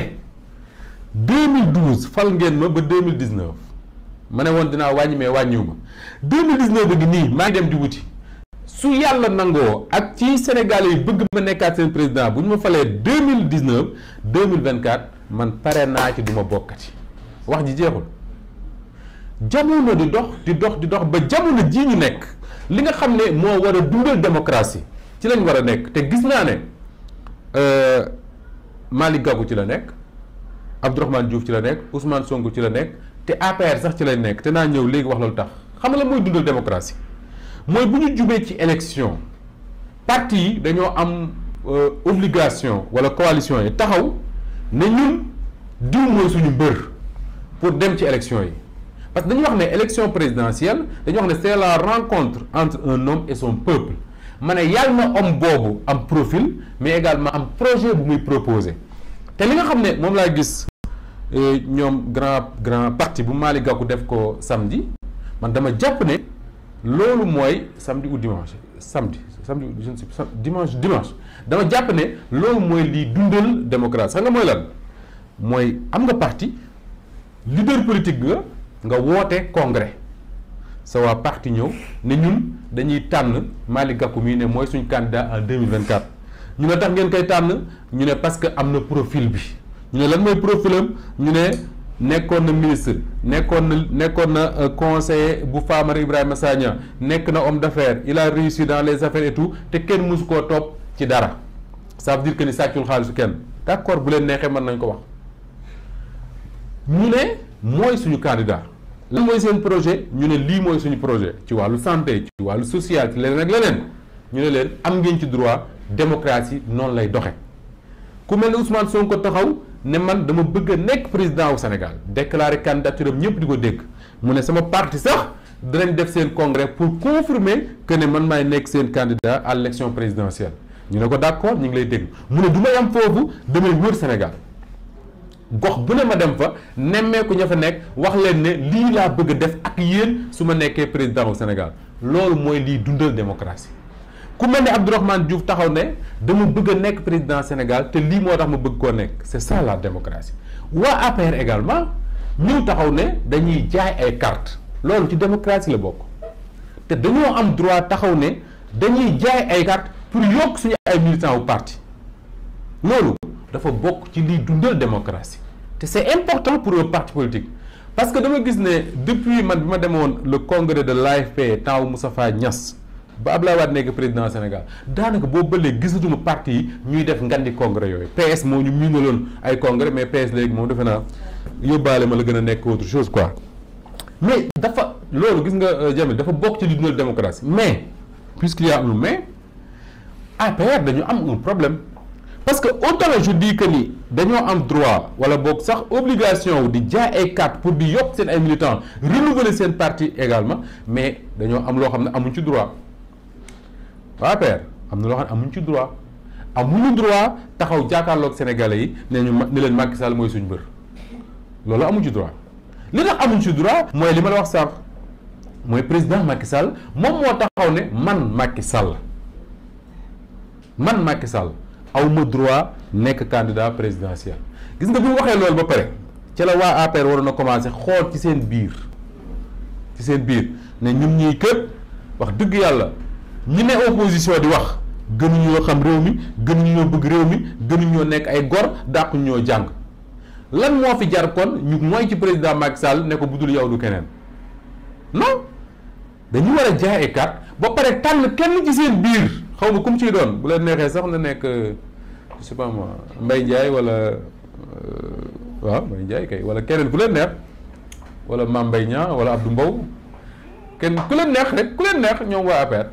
2012 fal ngeen ma ba 2019. ma ne woon dinaa wàññi mais wàññiwu ma 2019 bi nii maa dem di wuti su yàlla nangoo ak ci Sénégal yi bëgg ma nekkaat seen président bu ñu ma falee 2019 2024 man pare naa ci du ma bokkati wax ji jeexul jamono di dox di dox di dox ba jamono jii ñu nekk li nga xam ne moo war a dundal démocratie ci lañ war a nekk te gis naa ne euh, Malick Gakou ci la nekk Abdourahmane Diouf ci la nekk Ousmane Sonko ci la nekk te APR sax ci lay nekk te naa ñëw léegi wax loolu tax xam nga la mooy dundal démocratie mooy bu ñu jubee ci élection parti yi dañoo am euh, obligation wala coalition yi taxaw ne ñun diw mooy suñu mbër pour dem ci élection yi parce que dañu wax ne élection présidentielle dañu wax ne c'est la rencontre entre un homme et son peuple ma ne yàlla na homme boobu am profil mais également am projet bu muy proposé te li nga xam ne moom laa gis Euh, ñoom grand grand parti bu Malick Gakou def ko samedi man dama jàpp ne loolu mooy samedi ou dimanche samedi samedi je ne sais pas dimanche dimanche dama jàpp ne loolu mooy lii dundal démocratie xam nga mooy lan mooy am nga parti leader politique nga nga woote congrès sa waa parti ñëw ne ñun dañuy tànn Malick Gakou mii ne mooy suñ candidat en 2024 ñu ne tax ngeen koy tànn ñu ne parce que am na profil bi ñu ne lan mooy profilam ñu ne nekkoon na ministre nekkoon na nekkoon na euh, conseiller bu Famara Ibrahima Sagna nekk na homme d'affaires il a réussi dans les affaires et te kenn mësu koo topp ci dara ça veut dire que ni sàccul xaalisu kenn d'accord bu leen neexee mën nañ ko wax ñu ne mooy suñu candidat lan mooy seen projet ñu ne lii mooy suñu projet ci wàllu santé ci wàllu social ci leneen ak leneen ñu ne leen am ngeen ci droit démocratie noonu lay doxe ku mel ne taxaw ne man dama bëgg a nekk président wu Sénégal déclaré candidature am ñëpp di ko dégg mu ne sama parti sax danañ def seen congrès pour confirmer que ne man maay nekk seen candidat à l'élection présidentielle ñu ne ko d'accord ñu ngi lay dégg mu ne du ma yam foofu damay wër Sénégal gox bu ne ma dem fa nemmeeku ña fa nekk wax leen ne lii laa bëgg a def ak yéen su ma nekkee président wu Sénégal loolu mooy lii dundal démocratie ku mel ne Abdourahmane Diouf taxaw ne dama bëgg a nekk président Sénégal te lii moo tax ma bëgg koo nekk c'est ça la démocratie waa APR également ñëw taxaw ne dañuy jaay ay carte loolu ci démocratie la bokk te dañoo am droit taxaw ne dañuy jaay ay carte pour yokk suñu ay militants bu parti loolu dafa bokk ci liy dundal démocratie te c'est important pour un parti politique parce que dama gis ne depuis man bi ma demoon le congrès de l'AFP taw Moustapha Niass ba laa Wade nekk président Sénégal daanaka boobu ba léegi gisatuma parti yi ñuy def ngandi congrès yooyu PS moo ñu miinaloon ay congrès mais PS léegi moom defe naa yóbbaale ma la gën a nekk autre chose quoi mais dafa loolu gis nga euh, Jamil dafa bokk ci li dundal démocratie mais puisqu'il y mais APR dañu am un problème parce que autant je dis que ni dañoo am droit wala boog sax obligation di jaay ay carte pour di yokk seen ay militants renouveler seen parti également mais dañoo am loo xam ne amuñ ci droit waa APR am na loo xam ne amuñ ci droit amuñu droit taxaw jàkkaarloog sénégalais yi ne ñu ne leen Macky Sall mooy suñu bër loolu amuñ ci droit li tax amuñ ci droit mooy li ma la wax sànq mooy président Macky Sall moom moo taxaw ne man Macky Sall man Macky Sall aw ma droit nekk candidat présidentiel gis nga bu ñu waxee loolu ba pare ci la waa APR waroon na commencé xool ci seen biir ci seen biir ne ñun ñuy kër wax dëgg yàlla. ñu ne opposition di wax gënuñoo xam réew mi gënuñoo bëgg réew mi gënuñoo nekk ay gor dàqu ñoo jàng lan moo fi jar kon ñu mooy ci président Macky Sall ne ko budul yow du keneen non dañu war a jaay carte ba pare tànn kenn ci seen biir xaw ma kum ciy doon bu leen neexee sax na nekk euh, je mbay njaay walla Mbaye Ndiaye wala euh, waaw Mbaye Ndiaye kay wala keneen ku leen neex wala mam mbay Niang wala Abdou Mbow kenn ku leen neex rek ku leen neex ñoom waa APR.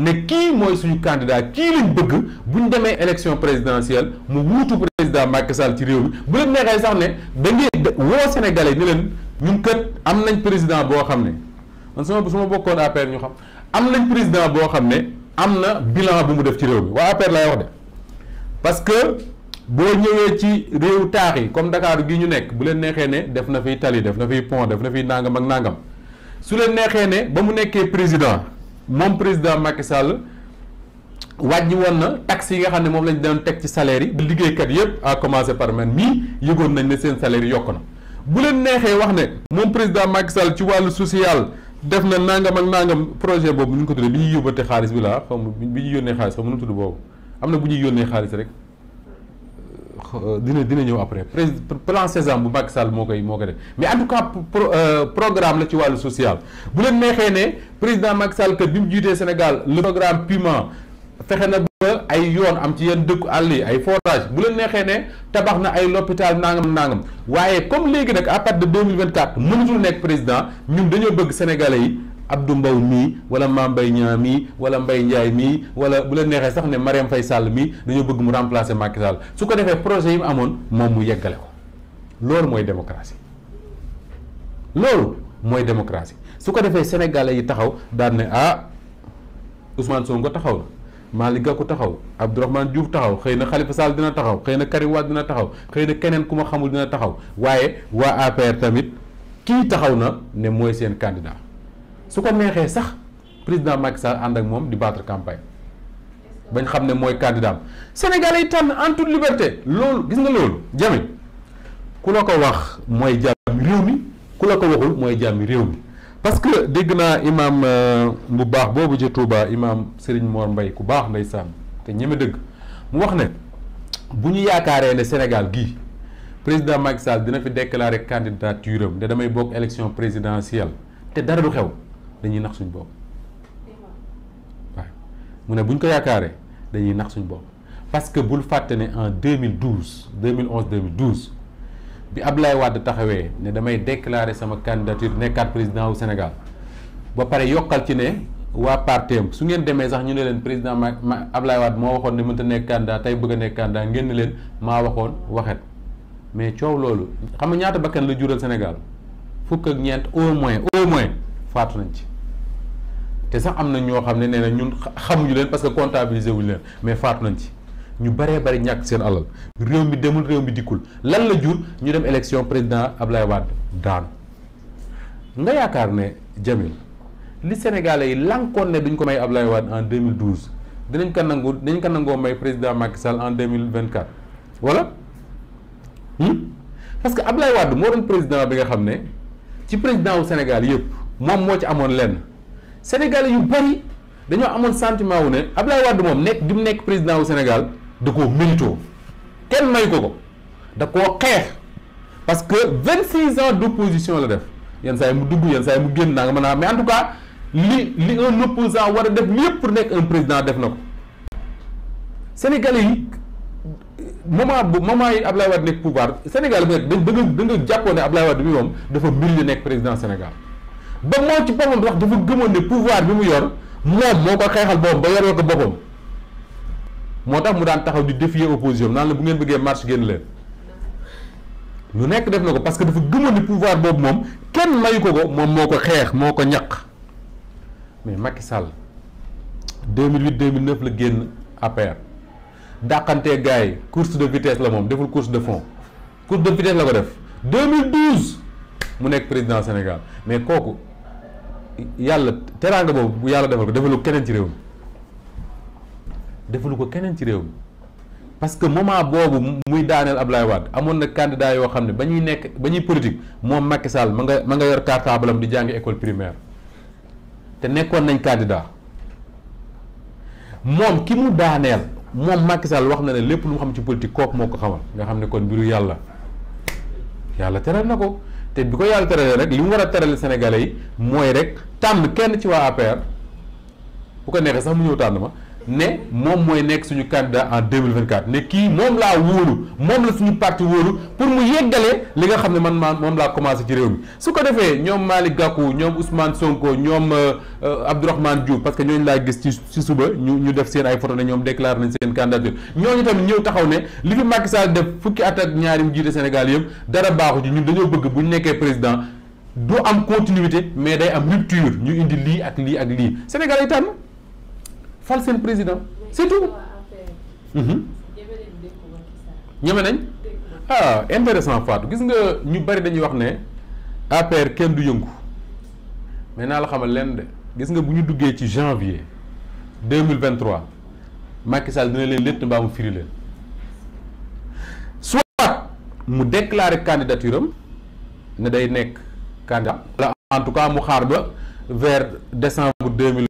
ne kii mooy suñu candidat kii lañ bëgg bu ñu demee élection présidentielle mu wuutu président Macky Sall ci réew mi bu leen neexee sax ne da ngeen woo Sénégalais ne leen ñun kët am nañ président boo xam ne man su ma bokkoon APR ñu xam am nañ président boo xam ne am na bilan bu mu def ci réew bi waa APR laay wax de parce que boo ñëwee ci réewu taax yi comme Dakar gi ñu nekk bu leen neexee ne def na fi tali def na fiy pont def na fiy nangam ak nangam su leen neexee ne ba mu nekkee président. moom président Macky Sall wàññi woon na taxes yi nga xam ne moom lañ daan teg ci salaire yi. liggéeykat yëpp à commencer par man mii yëgoon nañ ne seen salaire yi yokk na bu leen neexee wax ne moom président Macky Sall ci wàllu social def na nangam ak nangam projet boobu nu ñu ko tuddee bi ñuy yóbbate xaalis bi la xaw bi ñu yónnee xaalis xaw ma nu boobu am na bu ñuy yónnee xaalis rek. Euh, dina dina ñëw après président plan Sésame bu Macky Sall moo koy moo koy def mais en tout cas euh, programme la ci wàllu social bu leen neexee ne président Macky Sall bi mu jiitee Sénégal le programme Puma fexe na ba ay yoon am ci yenn dëkku àll yi ay forage bu leen neexee ne tabax na ay l'hôpital nangam nangam waaye comme léegi nag à partir de 2024 mënatul nekk président ñun dañoo bëgg sénégalais yi. Abdou Mbow mii wala Mame Mbaye Niang mii wala Mbaye Ndiaye mii wala bu la neexee sax ne mariam fay sàll mii dañu bëgg mu remplacer Macky Sall su ko defee projet yi mu amoon moom mu yeggale ko loolu mooy démocratie loolu mooy démocratie su ko defee sénégalais yi taxaw daan ne ah Ousmane Sonko taxaw na Malick Gakou taxaw Abdourahmane Diouf taxaw xëy na Khalifa Sall dina taxaw xëy na Karim dina taxaw xëy na keneen ku ma xamul dina taxaw waaye waa APR tamit kii taxaw na ne mooy seen candidat su ko neexee sax président Macky Sall ànd ak moom di battre campagne bañ xam ne mooy candidat sénégal Sénégalais yi tànn en toute liberté loolu gis nga loolu jame ku la ko wax mooy jàmmi réew mi ku la ko waxul mooy jàmmi réew mi parce que dégg naa imam euh, bu baax boobu ci Touba imaam Serigne Mor mbay ku baax ndeysaan te ñeme dëgg mu wax ne bu ñu yaakaaree ne Sénégal gii président Macky Sall dina fi déclarer candidature am te damay bokk élection présidentielle te dara du xew dañuy nax suñ bopp waaw mu ne buñ ko yaakaaree dañuy nax suñ bopp parce que bul fàtte ne en 2012 2011 2012 bi Abdoulaye Wade taxawee ne damay déclarer sama candidature nekkaat président wu Sénégal ba pare yokkal ci ne waa parteem su ngeen demee sax ñu ne leen président ma ma Abdoulaye Wade moo waxoon ne mënta nekk candidat tey bëgg a nekk candidat ngeen leen maa waxoon waxet mais coow loolu xam nga ñaata bakkan la jural Sénégal fukk ak ñeent au moins au moins faatu nañ ci. te sax am na ñoo xam ne nee na ñun xamuñu leen parce que comptabiliser wuñu leen mais faatu nañ ci ñu baree bari ñàkk seen alal réew mi demul réew mi dikkul lan la jur ñu dem élection président Ablaye Wade daan nga yaakaar ne Jamil li Sénégalais yi lànkoon ne duñ ko may Ablaye Wade en mille 2012 dinañ ko nangu dinañ ko nangoo may président Macky Sall en 2024 voilà hmm? parce que Ablaye Wade moo doon président bi nga xam ne ci président wu Sénégal yëpp moom moo ci amoon lenn. sénégal yu bari dañoo amoon sentiment wu ne Ablaye Wade moom nekk di mu nekk président wu Sénégal da koo mérito kenn may ko ko da koo xeex parce que 26 ans position la def yenn saa yi mu dugg yenn saa yi mu génn naa nga man a mais en tout cas li li un opposant war a def lépp pour nekk un président def na ko Sénégalais yi moment bu moment yi Ablaye Wade nekk pouvoir Sénégal bi nag da nga da nga jàppoon ne Ablaye Wade moom dafa mbir nekk président Sénégal. ba moom ci boppam wax dafa gëmoon ne pouvoir bi mu yor moom moo ko xeexal boppam ba yoroo ko boppam moo tax mu daan taxaw di défier opposition naa la bu ngeen bëggee marche génn leen nekk def na ko parce que dafa gëmoon ne pouvoir boobu moom kenn mayu ko ko moom moo ko xeex moo ko ñaq mais Macky Sall 2008 2009 la génn APR dàqante gars yi course de vitesse la moom deful course de fond course de vitesse la ko def 2012 mu nekk président Sénégal mais kooku. yàlla teraanga boobu bu yàlla defal ko defalu ko keneen ci réew mi defalu ko keneen ci réew mi parce que moment boobu muy daaneel ab Ablaye Wade amoon na candidat yoo xam ne ba ñuy nekk ba ñuy politique moom Macky Sall nga ma nga yor cartable am di jàngi école primaire te nekkoon nañ candidat moom ki mu daaneel moom Macky wax na ne lépp lu mu xam ci politique kooku moo ko xamal nga xam ne kon mbiru yàlla yàlla teral na ko. te bi ko yàlla teralee rek li mu war a teralee Sénégalais mooy rek tànn kenn ci waa APR bu ko neexee sax mu ñëw tànn ma ne moom mooy nekk suñu candidat en 2024 ne kii moom laa wóolu moom la suñu parti wóolu pour mu yeggalee li nga xam ne man maa moom laa commencé ci réew mi su ko defee ñoom Malick Gakou ñoom Ousmane Sonko ñoom euh, euh, Abdourahmane Diouf parce que ñooñu laa gis ci ci suba ñu ñu def seen ay photo ne ñoom déclaré nañ seen candidature ñooñu tamit ñëw taxaw ne li fi Macky saa def fukki at ñaari mu jiite Sénégal yëpp dara baaxu ci ñu dañoo bëgg bu ñu nekkee président du am continuité mais day am rupture ñu indi lii ak lii ak lii Sénégal yi tànn fal seen président c'est mhm. ñeme nañ. ah intéressant Fatou gis nga ñu bari dañuy wax ne APR kenn du yëngu mais naa la xamal leen de gis nga bu ñu duggee ci janvier deux mille vingt trois Macky Sall dina leen létt mbaa mu firi leen soit mu déclarer candidature ne day nekk candidat wala en mu xaar ba vers décembre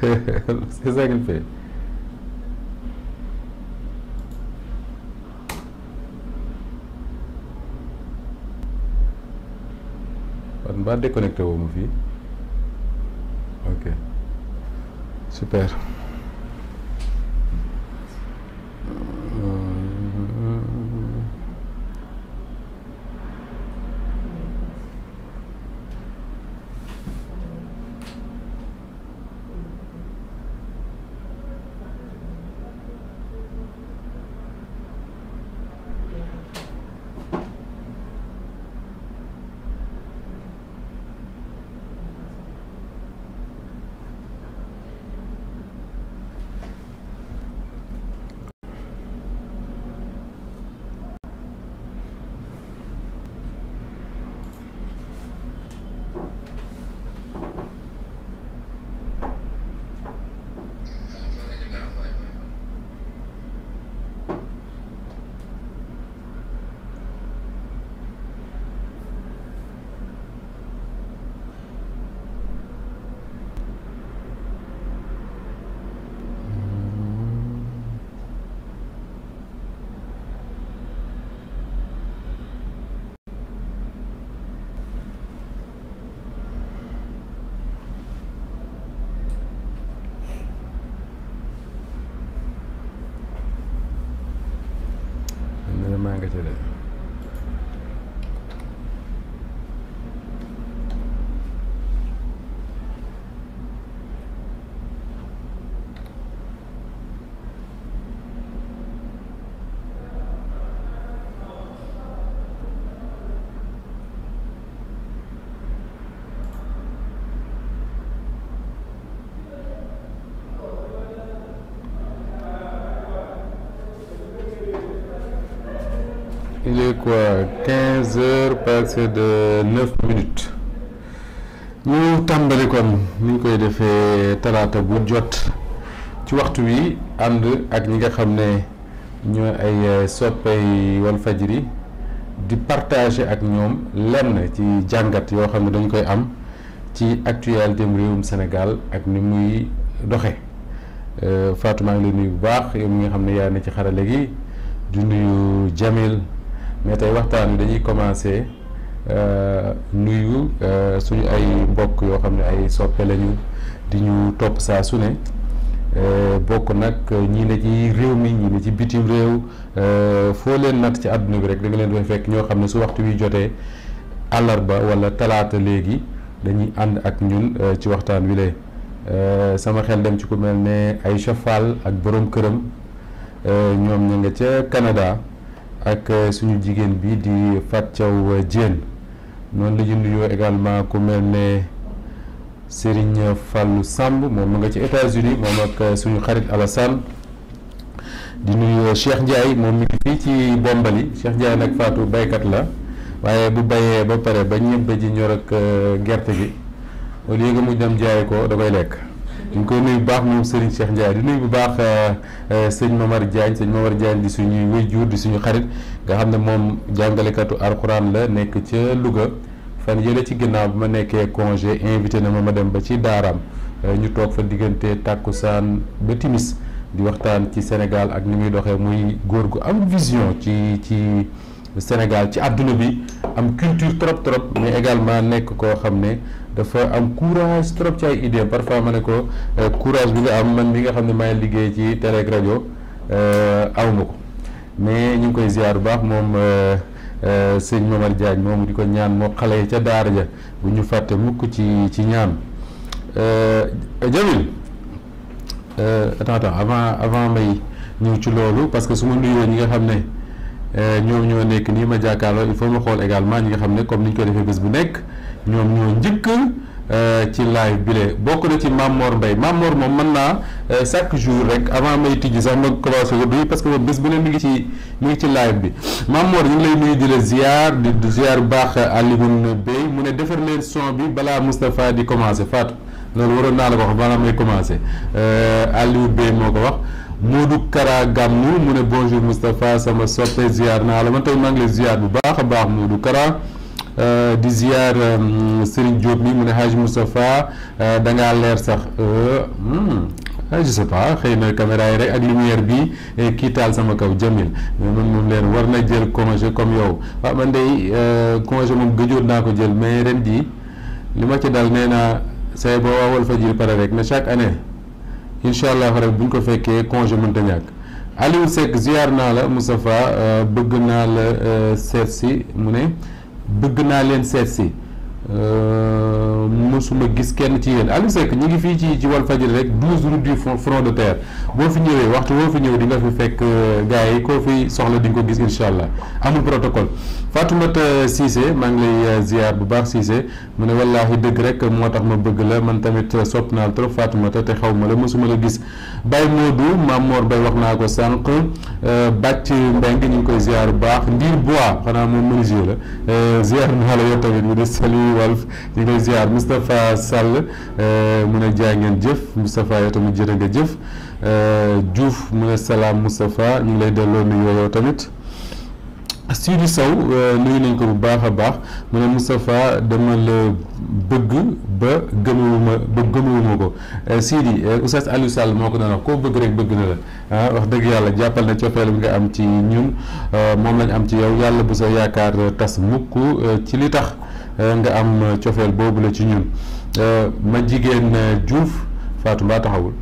c'est ça qu'il fait. kon mbaa déconnecté wu ma fii ok super. il est quoi 15 heures tàmbali kon ni ñu koy defee talaata bu jot ci waxtu wi ànd ak ñi nga xam ne ñoo ay euh, soppay Walfadjri di partager ak ñoom lenn ci jàngat yoo xam ne dañ koy am ci actualité dem réewum Sénégal ak ni muy doxe euh, Fatou maa ngi lay bu baax yow mi nga xam ne yaa na ci xarale gi di nuyu Jamil mais tey waxtaan wi dañuy commencer euh, nuyu euh, suñu ay mbokk yoo xam ne ay soppe lañu di ñu topp saa su ne euh, bokk nag ñii ne ci réew mi ñii ne ci bitim réew foo leen nat ci àdduna bi rek da nga leen fekk ñoo xam ne su waxtu wi jotee àllarba wala talaata léegi dañuy ànd ak ñun ci waxtaan wi lee sama xel dem ci ku mel ne Aïcha Fall ak borom këram ñoom ña nga ca Canada ak euh, suñu jigéen bi di Fat Thiaw Diène noonu la ñu nuyoo également ku mel ne Serigne Fallou Samb moom mu nga ci États-Unis moom ak euh, suñu xarit Alassane di nuyu Cheikh Ndiaye moom mi ngi fii ci Bombali Cheikh Ndiaye nag Fatou baykat la waaye bu bayee ba pare ba ñebbe ji ñor euh, gerte gi au lieu mu dem jaay ko da koy lekk. ñu ngi koy nuyu bu baax moom Serigne Cheikh Ndiaye di nuyu bu baax euh, euh, sëñ Mamar Diagne sëñ Mamar Diagne di suñuy waajur di suñu xarit nga xam ne moom jàngalekatu alxuraan la nekk ca Louga fan yële ci ginnaaw bi ma nekkee congé invité na ma ma dem ba ci daaraam euh, ñu toog fa diggante tàkkusaan ba timis di waxtaan ci Sénégal ak ni muy doxee muy góor gu am vision ci ci Sénégal ci àdduna bi am culture trop trop mais également nekk koo xam ne. dafa am courage trop ci ay idée parfois ma ne ko euh, courage bi nga am man mi nga xam ne maay liggéey ci télé ak rajo euh, aw ma ko mais ñu ngi koy ziar bu baax moom euh, sëñ Momar Diagne moom di ko ñaan moo xale ca daara ja bu ñu fàtte mukk ci ci ñaan Jamil attends attends avant avant may ñëw ci loolu parce que su ma nuyoo ñi nga xam ne ñoom ñoo nekk nii ma jàkkaarloo il faut ma xool également ñi nga xam ne comme ni ñu ko defee bés bu nekk ñoom ñoo njëkk euh, ci live bi lee bokk na ci Mamor mbay Mamor moom mën naa euh, chaque jour rek avant may tijji sax ma commencé ko duy parce que moom bés bu ne mi ngi ci mi ngi ci live bi Mamor ñu ngi lay nuyu di la ziar di ziar bu baax Alioune Bey mu ne defar leen son bi balaa Moustapha di commencé Fatou loolu waroon naa la ko wax balaa may commencé euh, Aliou Bey moo ko wax Modou Kara Gamou mu ne bonjour Moustapha sama soppe ziar naa la man tey maa ngi lay bu baax a baax Modou Kara. Euh, di ziar euh, Serigne Diop mi mu ne Hadj Moustapha euh, da ngaa leer sax hmm, ah je sais pas xëy na caméra yi rek ak lumière bi kii taal sama kaw Jamil moom leen war na jël congé comme yow waaw man day congé moom gëjoon naa ko jël mais ren jii li ma ci dal nee naa say boo waawal fajiri pare rek na chaque année incha allah rek bu ñu ko fekkee congé mënta ñàkk Aliou Seck ziar naa la Moustapha bëgg naa la seet si mu ne. bëgg naa leen seet si euh, mësuma gis kenn ci yéen Aliou Seck ñu ngi fii ci ci Walfadjri rek douze rue du front de terre boo fi ñëwee waxtu boo fi ñëw di nga fi fekk euh, gars yi ko fi soxla di ko gis incha allah amul protocole. Fatoumata Cissé maa ngi lay euh, ziar bu baax Cissé mu ne wallaahi dëgg rek moo tax ma bëgg la man tamit euh, sopp naa la trop Fatoumata te xaw ma la mosuma la gis Baye Modou Maam Mor Baye wax naa ko sànq euh, bàcc mbeng ñu ngi koy ziar bu baax Ndiir Bois xanaa moom menuisier la ziar naa la yow tamit mu ne salut Walf ñu ngi lay ziar Moustapha Sall mu ne jaa ngeen jëf Moustapha yow tamit jërë nga jëf juuf mu ne salaam Moustapha ñu ngi lay delloo nuyoo yow tamit. Sidi Sow euh, nuyu nañ ko bu baax a baax mu ne Moustapha dama la bëgg ba gëmewuma ba gëmewuma ko euh, Sidi euh, Oustaz Aliou Sall moo ko doon wax koo bëgg rek bëgg na la ah, wax dëgg yàlla jàppal na cofeel bi nga am ci ñun moom lañ am ci yow yàlla bu sa yaakaar tas mukk ci li tax nga am cofeel boobu la ci ñun ma jigéen Diouf Fatou mbaa taxawul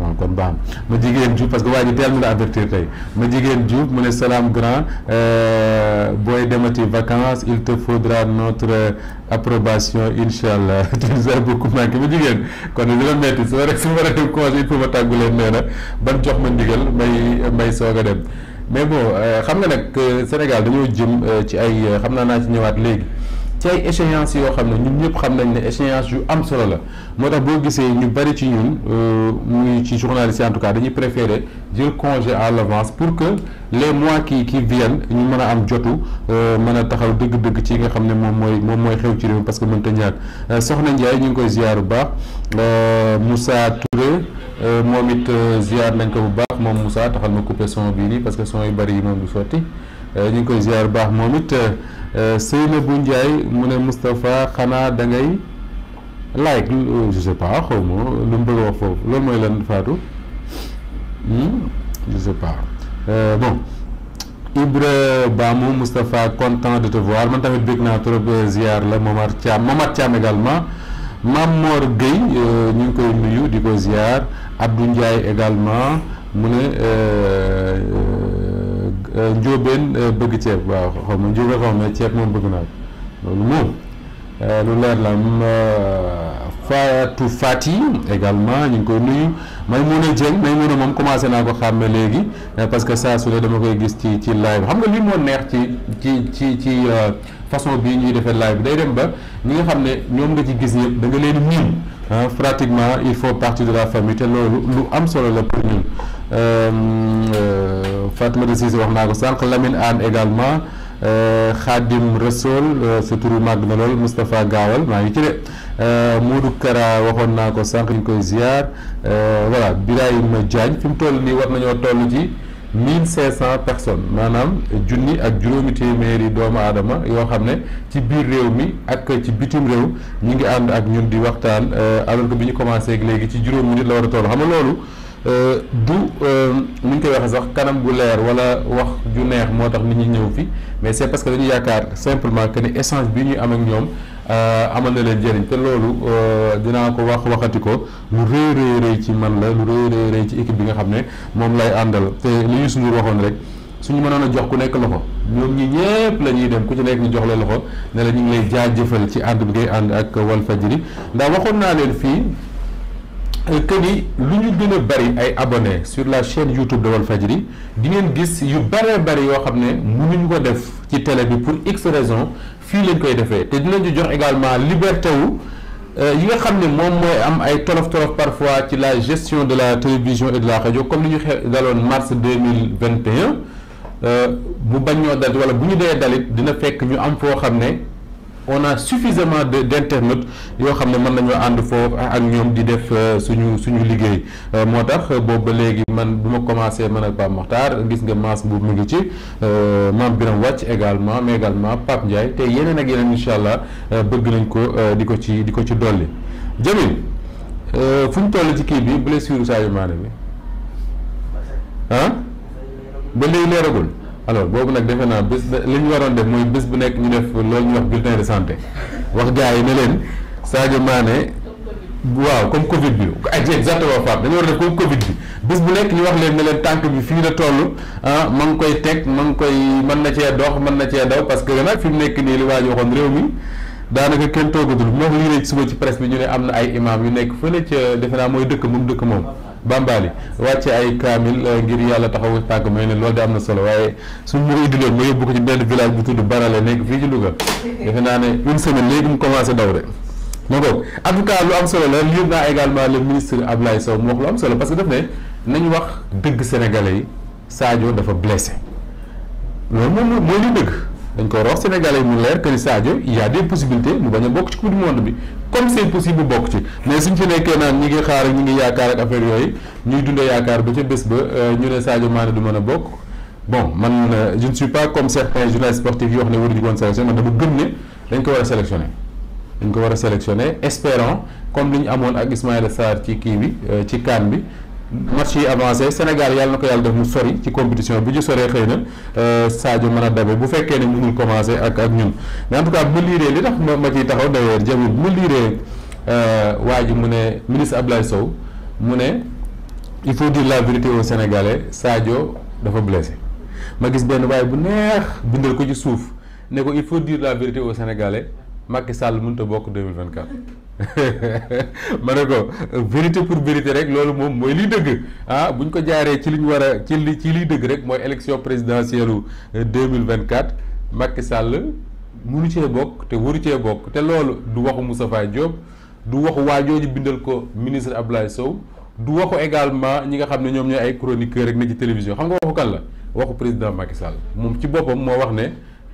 waaw kon baax ma jigéen Diouf parce que waa ji teel na la avertir tey ma jigéen Diouf mu ne salaam grand euh, booy demati vacances il te faudra notre euh, approbation incha allah tu nous as beaucoup ma jigéen kon li ma metti su ma rek su ma rek dem congé il ma tàggu leen nee na ban jox ma ndigal may may soog a dem mais bon euh, xam nga nag Sénégal dañoo jëm ci ay xam naa naa ci ñëwaat léegi. ci ay échéances yoo xam ne ñun ñëpp xam nañ ne échéance yu am solo la moo tax boo gisee ñu bari ci ñun euh, muy ci journaliste en tout cas dañuy préférer jël congé à l'avance pour que les mois qui qui viennent ñu mën a am jotu euh, mën a taxal dëgg-dëgg ci nga xam ne moom mooy moom mooy xew ci réew parce que mënta ñàkk euh, soxna Ndiaye ñu ngi koy ziar bu baax Moussa Touré moom it ziar nañ ko bu baax moom Moussa taxal ma couper son bii nii parce que son yu bari yi moom du sotti ñu ngi koy ziar baax moom it. Euh, bu Ndiaye mu ne Moustapha xanaa dangay ngay like je sais pas xaw lu mu bëgg wax foofu loolu mooy lan Fatou hmm? je sais pas euh, bon Ibra Bamou Moustapha content de man tamit bég naa trop euh, ziar la Momar Thiam Momar Thiam également Mam Mor Gueye ñu ngi koy nuyu di ko ziar Abdou Ndiaye également mu ne. Euh, njóobeen euh, bëgg ceeb waaw xaw ma njóobeen xaw ma ceeb moom bëgg naa ko loolu moom euh, lu leer la am Fatou yi également ñu ngi koy nuyu Maimouna Dieng Maimouna moom commencé naa ko xàmme léegi parce que saa su ne dama koy gis ci ci live xam nga li moo neex ci ci ci ci façon bii ñuy defee live day dem ba ñi nga xam ne ñoom nga ci gis yëpp da nga leen miin pratiquement il faut partie de la famille te loolu lu am solo la pour ñun euh, euh, Fatoumata si wax naa ko sànq Lamine Anne également euh, Khadim Rassoul sa turu màgg na lool Moustapha Gaawal maa ngi ci de Modou Kara waxoon naa ko sànq ñu koy ziar voilà Birahim Diagne fi mu toll nii war nañoo toll ci. mille cinq cent personnes maanaam junni ak juróomi téeméeri doomu aadama yoo xam ne ci biir réew mi ak ci bitim réew ñu ngi ànd ak ñun di waxtaan euh, alors que bi ñu commencé ak léegi ci juróomi nit la war a toll xam nga loolu euh, du euh, ni ñu koy waxee sax kanam bu leer wala wax ju neex moo tax nit ñi ñëw fi mais c'est parce que dañu yaakaar simplement que ni échange bi ñuy am ak ñoom. Euh, amal na leen jëriñ te loolu euh, dinaa ko wax waxati ko lu rëy rëy ci man la lu rëy rëy rëy ci équipe bi nga xam ne moom lay àndal te li Youssou Ndour waxoon rek suñu mënoon a jox ku nekk loxo ñoom ñi ñëpp lañuy dem ku ci nekk ñu jox la loxo ne la ñu ngi lay jaajëfal ci ànd bi ngay ànd ak Walfadjri ndax waxoon naa leen fii. que ni lu ñu gën a bari ay abonnés sur la chaine YouTube de Walfadjri di ngeen gis yu bëree bëri yoo xam ne mënuñu ko def ci télé bi pour x raison fii lañ koy defee te dinañu jox également liberté wu euh, yi nga xam ne moom mooy am ay tolof tolof parfois ci la gestion de la télévision et de la radio comme li ñu xee daloon mars deux mille vingt et un euh, mu bañ ñoo dalit wala bu ñu dee dalit dina fekk ñu am foo xam ne. on a suffisamment de d'internautes yoo xam ne mën nañoo ànd foofu ak ñoom di def euh, suñu suñu liggéey euh, moo tax boobu ba léegi man bu ma commencé man ak Pape Makhtar gis nga masse bu mu ngi ci euh, Mame Birame Wàcc également mais également Pape Ndiaye te yeneen ak yeneen incha allah bëgg nañ ko di ko ci di ko ci dolli Jamil fu ñu toll ci kii bi blessure Sadio Mané bi ah ba léegi leeragul alors boobu nag defe naa bés li ñu waroon def mooy bés bu nekk ñu def loolu ñu wax bulletin de santé wax gars yi ne leen Sadio Mané waaw comme Covid bi ak exactement Fap dañu war a def comme Covid bi bés bu nekk ñu wax leen ne leen tànk bi fii la toll ah man koy teg ma koy mën na cee dox mën na cee daw parce que nag fi mu nekk nii li waa waxoon réew mi daanaka kenn toogatul moo lii rek suba ci presse bi ñu ne am na ay imam yu nekk fële ca defe naa mooy dëkk moom dëkk moom. bambali wàcce ay kaamil euh, ngir yàlla taxawu tànk may ne lool de am na solo waaye suñ ma ko indiloon ma yóbbu ko ci benn village bu tudd Barale nekk fii ci Louga defe naa ne une léegi mu commencé daw de donc en tout cas lu am solo la liir naa également le ministre Ablaye Sow mu wax lu am solo parce que daf ne nañu wax dëgg sénégalais yi Sadio dafa blessé loolu moom mooy li dëgg dañ koy wax sénégalais mu leer que ni Sadio il y a des possibilités mu bañ a bokk ci coupe du monde bi comme c'est possible bokk ci mais suñ fi nekkee naan ñi ngi xaar ak ñi ngi yaakaar ak affaire yooyu ñuy dundee yaakaar ba ca bés ba euh, ñu ne Sadio Mané du mën a bokk bon man euh, je ne suis pas comme certains journalistes sportifs yi wax ne waruñu ko woon man dama gëm ne dañ ko war a sélectionné dañ ko war a sélectionné espérant comme li ñu amoon ak Ismaïla Sarr ci kii bi euh, ci CAN bi match yi avancé Sénégal yàlla na ko yàlla def mu sori ci compétition bi ñu soree xëy na euh, Sadio mën a dabe bu fekkee ne mënul commencé ak ak ñun mais en tout cas bu li tax ma ma ciy taxaw d'ailleurs jamil bu ma liiree euh, waa ji mu ne ministre Abdoulaye Sow mu ne il faut dire la vérité aux Sénégalais Sadio dafa blessé ma gis benn waaye bu neex bindal ko ci suuf ne ko il faut dire la vérité aux Sénégalais Macky Sall mënut a bokk 2024 ma ne ko vérité pour vérité rek loolu moom mooy liy dëgg ah bu ñu ko jaaree ci li ñu war a ci li ci liy dëgg rek mooy élection présidentielle deux mille vingt quatre Macky Sall munu cee bokk te waru cee bokk te loolu du waxu Moustapha Diop du waxu waa jooju bindal ko ministre Abdoulaye Sow du waxu également ñi nga xam ne ñoom ñooy ay chroniqueur rek ni ci télévision xam nga waxu kan la waxu président Macky Sall moom ci boppam moo wax ne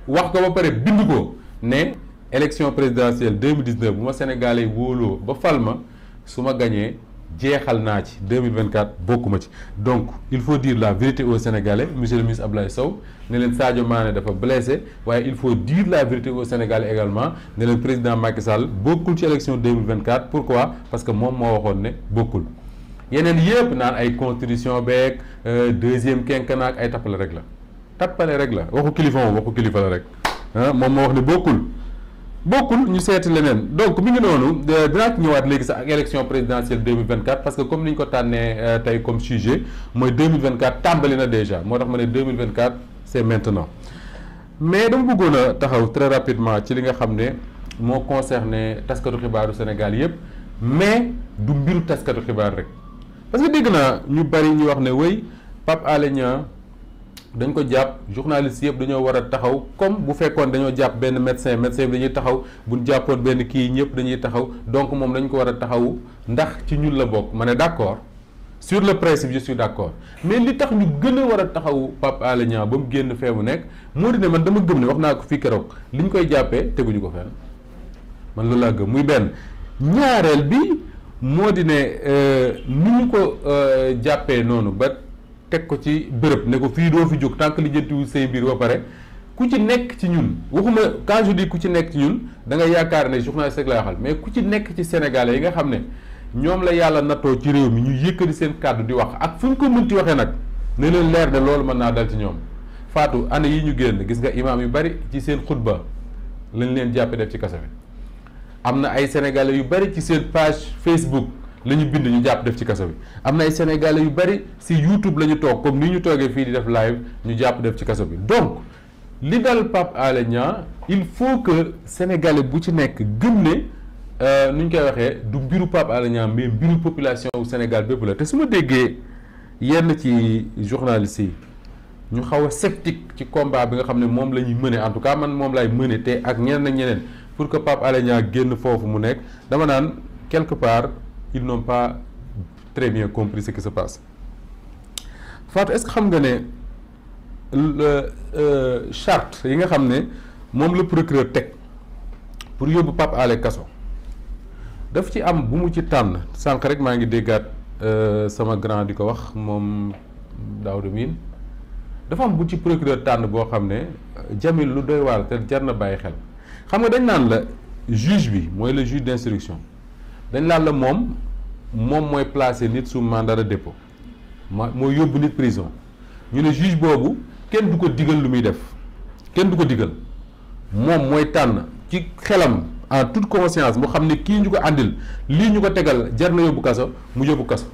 wax ko ba pare bind ko ne. élection présidentielle 2019 bu ma Sénégalais yi wóoloo ba fal ma su ma gañee jeexal naa ci 2024 bokkuma ci donc il faut dire la vérité aux Sénégalais monsieur le ministre Abdoulaye Sow ne leen Sadio Mané dafa blessé waaye il faut dire la vérité aux Sénégalais également ne leen président Macky Sall bokkul ci élection 2024 pourquoi parce que moom moo waxoon ne bokkul yeneen yëpp naan ay constitution beeg euh, deuxième quinquennat ak ay tappale rek la tappale rek la waxu kilifa moom waxu kilifa la rek ah, moom moo wax ne bokkul bokkul ñu seeti leneen donc mi ngi noonu euh, dinaa ñëwaat léegi sax ak élection présidentielle 2024 parce que comme ni ñu ko tànnee euh, tey comme sujet mooy 2024 tàmbali na déjà moo tax ma ne 2024 c'est maintenant mais dama bëggoon a taxaw très rapidement ci li nga xam ne moo concerné taskatu xibaaru Sénégal yépp mais du mbiru taskatu xibaar rek parce que dégg naa ñu bari ñu wax ne wéy Pape Alé Niang dañ ko jàpp journaliste yëpp dañoo war a taxaw comme bu fekkoon dañoo jàpp benn médecin médecin bi dañuy taxaw bu jàppoon benn kii ñëpp dañuy taxaw donc moom dañ ko war a taxawu ndax ci ñun la bokk ma ne d'accord sur le principe je suis d'accord mais li tax ñu gën a war a taxawu Pape Alé Niang ba mu génn fee mu nekk moo di ne man dama gëm ne wax naa ko fii keroog li ñu koy jàppee teguñu ko fenn man loolu laa gëm muy benn ñaareel bi moo di ne euh, ni ñu ko euh, jàppee noonu ba. teg ko ci bërëb ne ko fii doo fi jóg tant que lijjantiwu say mbir ba pare ku ci nekk ci ñun waxuma quand je dis ku ci nekk ci da nga yaakaar ne journaliste rek lay mais ku ci nekk ci sénégalais yi nga xam ne ñoom la yàlla nattoo ci réew mi ñu yëkkati seen kàddu di wax ak fu ñu ko mënti waxee nag ne leen leer de loolu mën naa dal ci ñoom faatu année yi ñu génn gis nga imaam yu bari ci seen xutba lañ leen jàppe def ci kaso am na ay sénégalais yu bari ci seen page Facebook la ñu bind ñu jàpp def ci kaso bi am na ay sénégalais yu bari si youtube la ñu toog comme ni ñu toogee fii di def live ñu jàpp def ci kaso bi donc li dal Pape Alé Niang il faut que sénégalais bu ci nekk gëm ne euh, nu ñu koy waxee du mbiru Pape Alé Niang mais mbiru population wu Sénégal bépp la te su ma déggee yenn ci journalistes yi ñu xaw a sceptique ci combat bi nga xam ne moom la ñuy mëne en tout cas man moom laay mëne te ak ñeneen ak ñeneen pour que Pape Alé génn foofu mu nekk dama naan quelque part ils n'ont pas très bien compris qui se passe Fatou est-ce xam nga ne euh, charte yi nga xam ne moom la procureur teg pour yóbbu Pape Alé kaso daf ci am bu mu ci tànn sànq rek maa ngi déggaat euh, sama grand di ko wax moom Daouda Mine dafa am bu ci procureur tànn boo xam ne Jamil lu doy waar te jar na bàyyi xel xam nga dañ naan la juge bi mooy le juge d'instruction dañ naan la moom moom mooy placer nit sous mandat de dépôt ma mooy yóbbu nit prison ñu ne juge boobu kenn du ko digal lu muy def kenn du ko digal moom mooy tànn ci xelam en toute conscience mu xam ne kii ñu ko àndil lii ñu ko tegal jar na yóbbu kaso mu yóbbu kaso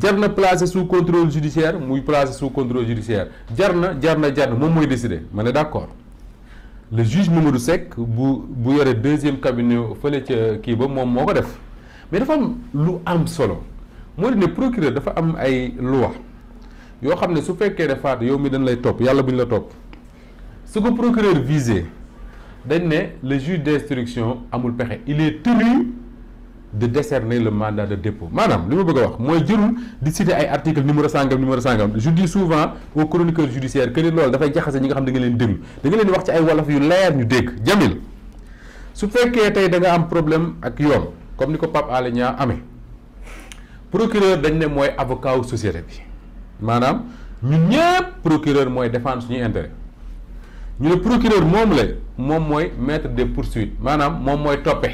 jar na placé sous contrôle judiciaire muy placé sous contrôle judiciaire jar na jar na jar na moom mooy décidé ma ne d'accord le juge Mamadou Seck bu bu yore deuxième cabinet fële ca kii ba moom moo ko def mais dafa am lu am solo moo di ne procureur dafa am ay loi yoo xam ne su fekkee de faat yow mi dañ lay topp yàlla bu la topp su ko procureur visé dañ ne le juge d'instruction amul pexe il est tenu de décerner le mandat de dépôt maanaam li ma bëgg a wax mooy jërul di citer ay article numéro sangam numéro sangam je dis souvent aux chroniqueurs judiciaires que ni loolu dafay jaxase ñi nga xam da nga leen déglu da leen wax ci ay wolof yu leer ñu dégg jamil su fekkee tey da am problème ak yoon comme ni ko Pape Alé Niang amee procureur dañ ne mooy avocat wu société bi maanaam ñun ñëpp procureur mooy défendre suñu intérêt ñu ne procureur moom la moom mooy maître des poursuites maanaam moom mooy toppe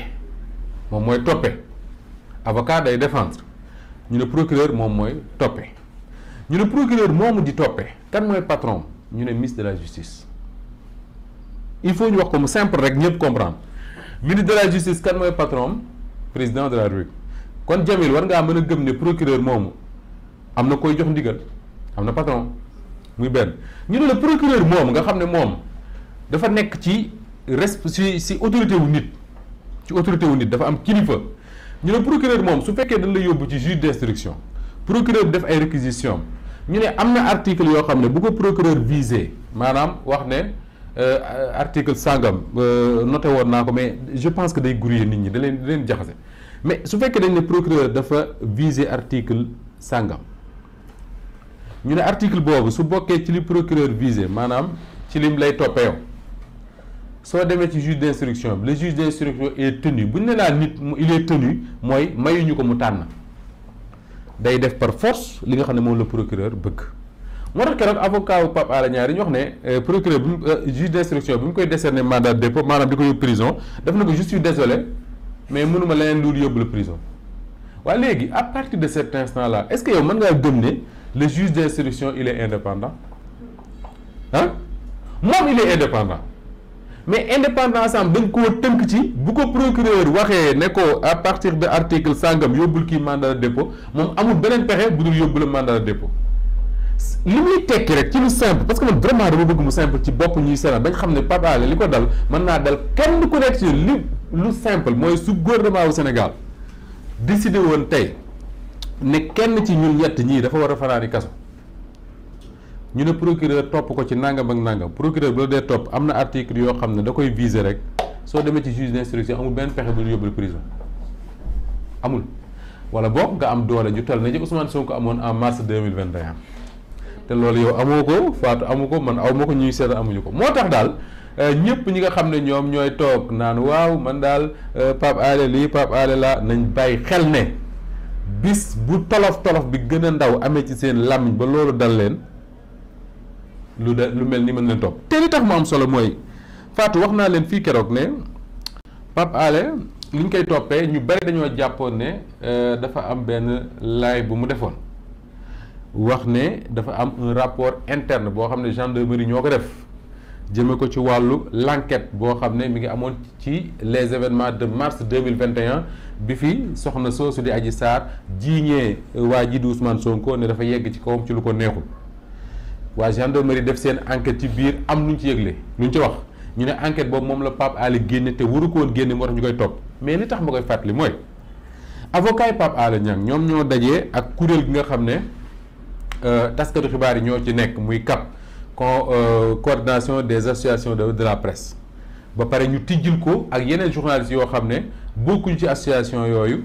moom mooy toppe avocat day défendre ñu ne procureur moom mooy toppe ñu ne procureur moomu di toppe kan mooy patron ñu ne ministre de la justice il faut ñu wax ko mu simple rek ñëpp comprendre ministre de la justice kan mooy patron président de la République kon Jamil war ngaa mën a gëm ne procureur moomu am na koy jox ndigal am na patron muy benn ñu ne la procureur moomu nga xam ne moom dafa nekk ci resp si si autorité wu nit ci autorité wu nit dafa am kilifa ñu ne procureur moom su fekkee dañ la yóbbu ci juge d'instruction procureur bi def ay réquisition ñu ne am na article yoo xam ne bu ko procureur visé maanaam wax ne euh, article sangam euh, noté woon naa ko mais je pense que day grouiller nit ñi da leen da leen jaxase mais su fekkee dañ ne procureur dafa viser article sàngam ñu ne article boobu su bokkee ci li procureur visé maanaam ci lim lay toppee yow soo demee ci juge d'instruction bi le juge d'instruction et tenu bu ñu ne laa nit il est tenu mooy mayuñu ko mu tànn day def par force li nga xam ne moom la procureur bëgg moo tax keroog avocat wu Pape Alé Niang ñu wax ne euh, procureur bi euh, juge d'instruction bi mu koy décerner mandat de maanaam di ko yóbbu prison daf na ko je suis désolé mais mënuma leneen lu yóbbu la prison waaye léegi à partir de cet instant la est-ce que yow mën ngaa gëm ne le juge d'instruction il est indépendant ah moom il est indépendant mais independant am dañ koo tënk ci bu ko procureur waxee ne ko à partir de article sangam yóbbul kii mandat de dépôt moom amul beneen pexe bu dul yóbbu la mandat de dépôt li muy tekki rek ci lu simple parce que man vraiment dama bëgg mu simple ci bopp ñuy seetaan bañ xam ne Pape Alé li ko dal mën naa dal kenn ku nekk ci li lu simple mooy su gouvernement wu Sénégal décidé woon tey ne kenn ci ñun ñett ñii dafa war a fanaani kaso ñu ne procureur topp ko ci nangam ak nangam procureur bu la dee topp am na article yoo xam ne da koy viser rek soo demee ci juge d'instruction amul benn pexe bu ñu yóbbul prison amul wala boog nga am doole ju ne na ci Ousmane Sonko amoon en mars 2021 te loolu yow amoo ko Fatou amu ko man aw ma ko ñuy seet amuñu ko moo tax daal Euh, ñëpp ñi nga xam ne ñoom ñooy toog naan waaw man daal euh, Pape Alé lii Pape Alé laa nañ bàyyi xel ne bis bu tolof tolof bi gën a ndaw amee ci seen làmmiñ ba loolu dal leen lu de lu mel ni mën leen topp te li tax mu am solo mooy Fatou wax naa leen fii keroog ne Pape Alé li koy toppee ñu bari dañoo jàppoon ne euh, dafa am benn laay bu mu defoon wax ne dafa am un rapport interne boo xam ne gendarmerie ñoo ko def. jëme ko ci wàllu l'enquête boo xam ne mi ngi amoon ci les événements de mars 2021 bi fi soxna soo su di aji Sarr jiiñee waa ji di Ousmane Sonko ne dafa yegg ci kawam ci lu ko neexul waa gendarmerie def seen enquête ci biir am lu ñu ci yëgle lu ñu ci wax ñu ne enquête boobu moom la Pape Alé génne te waru ko woon génne moo tax ñu koy topp mais ni tax ma koy fàttali mooy avocat yi Pape ñoom ñoo dajee ak kuréel gi nga xam ne euh, taskatu xibaar yi ñoo ci nekk muy CAP con euh, coordination des associations de de la presse ba pare ñu tijjil ko ak yeneen journalistes yoo xam ne bokkuñ ci association yooyu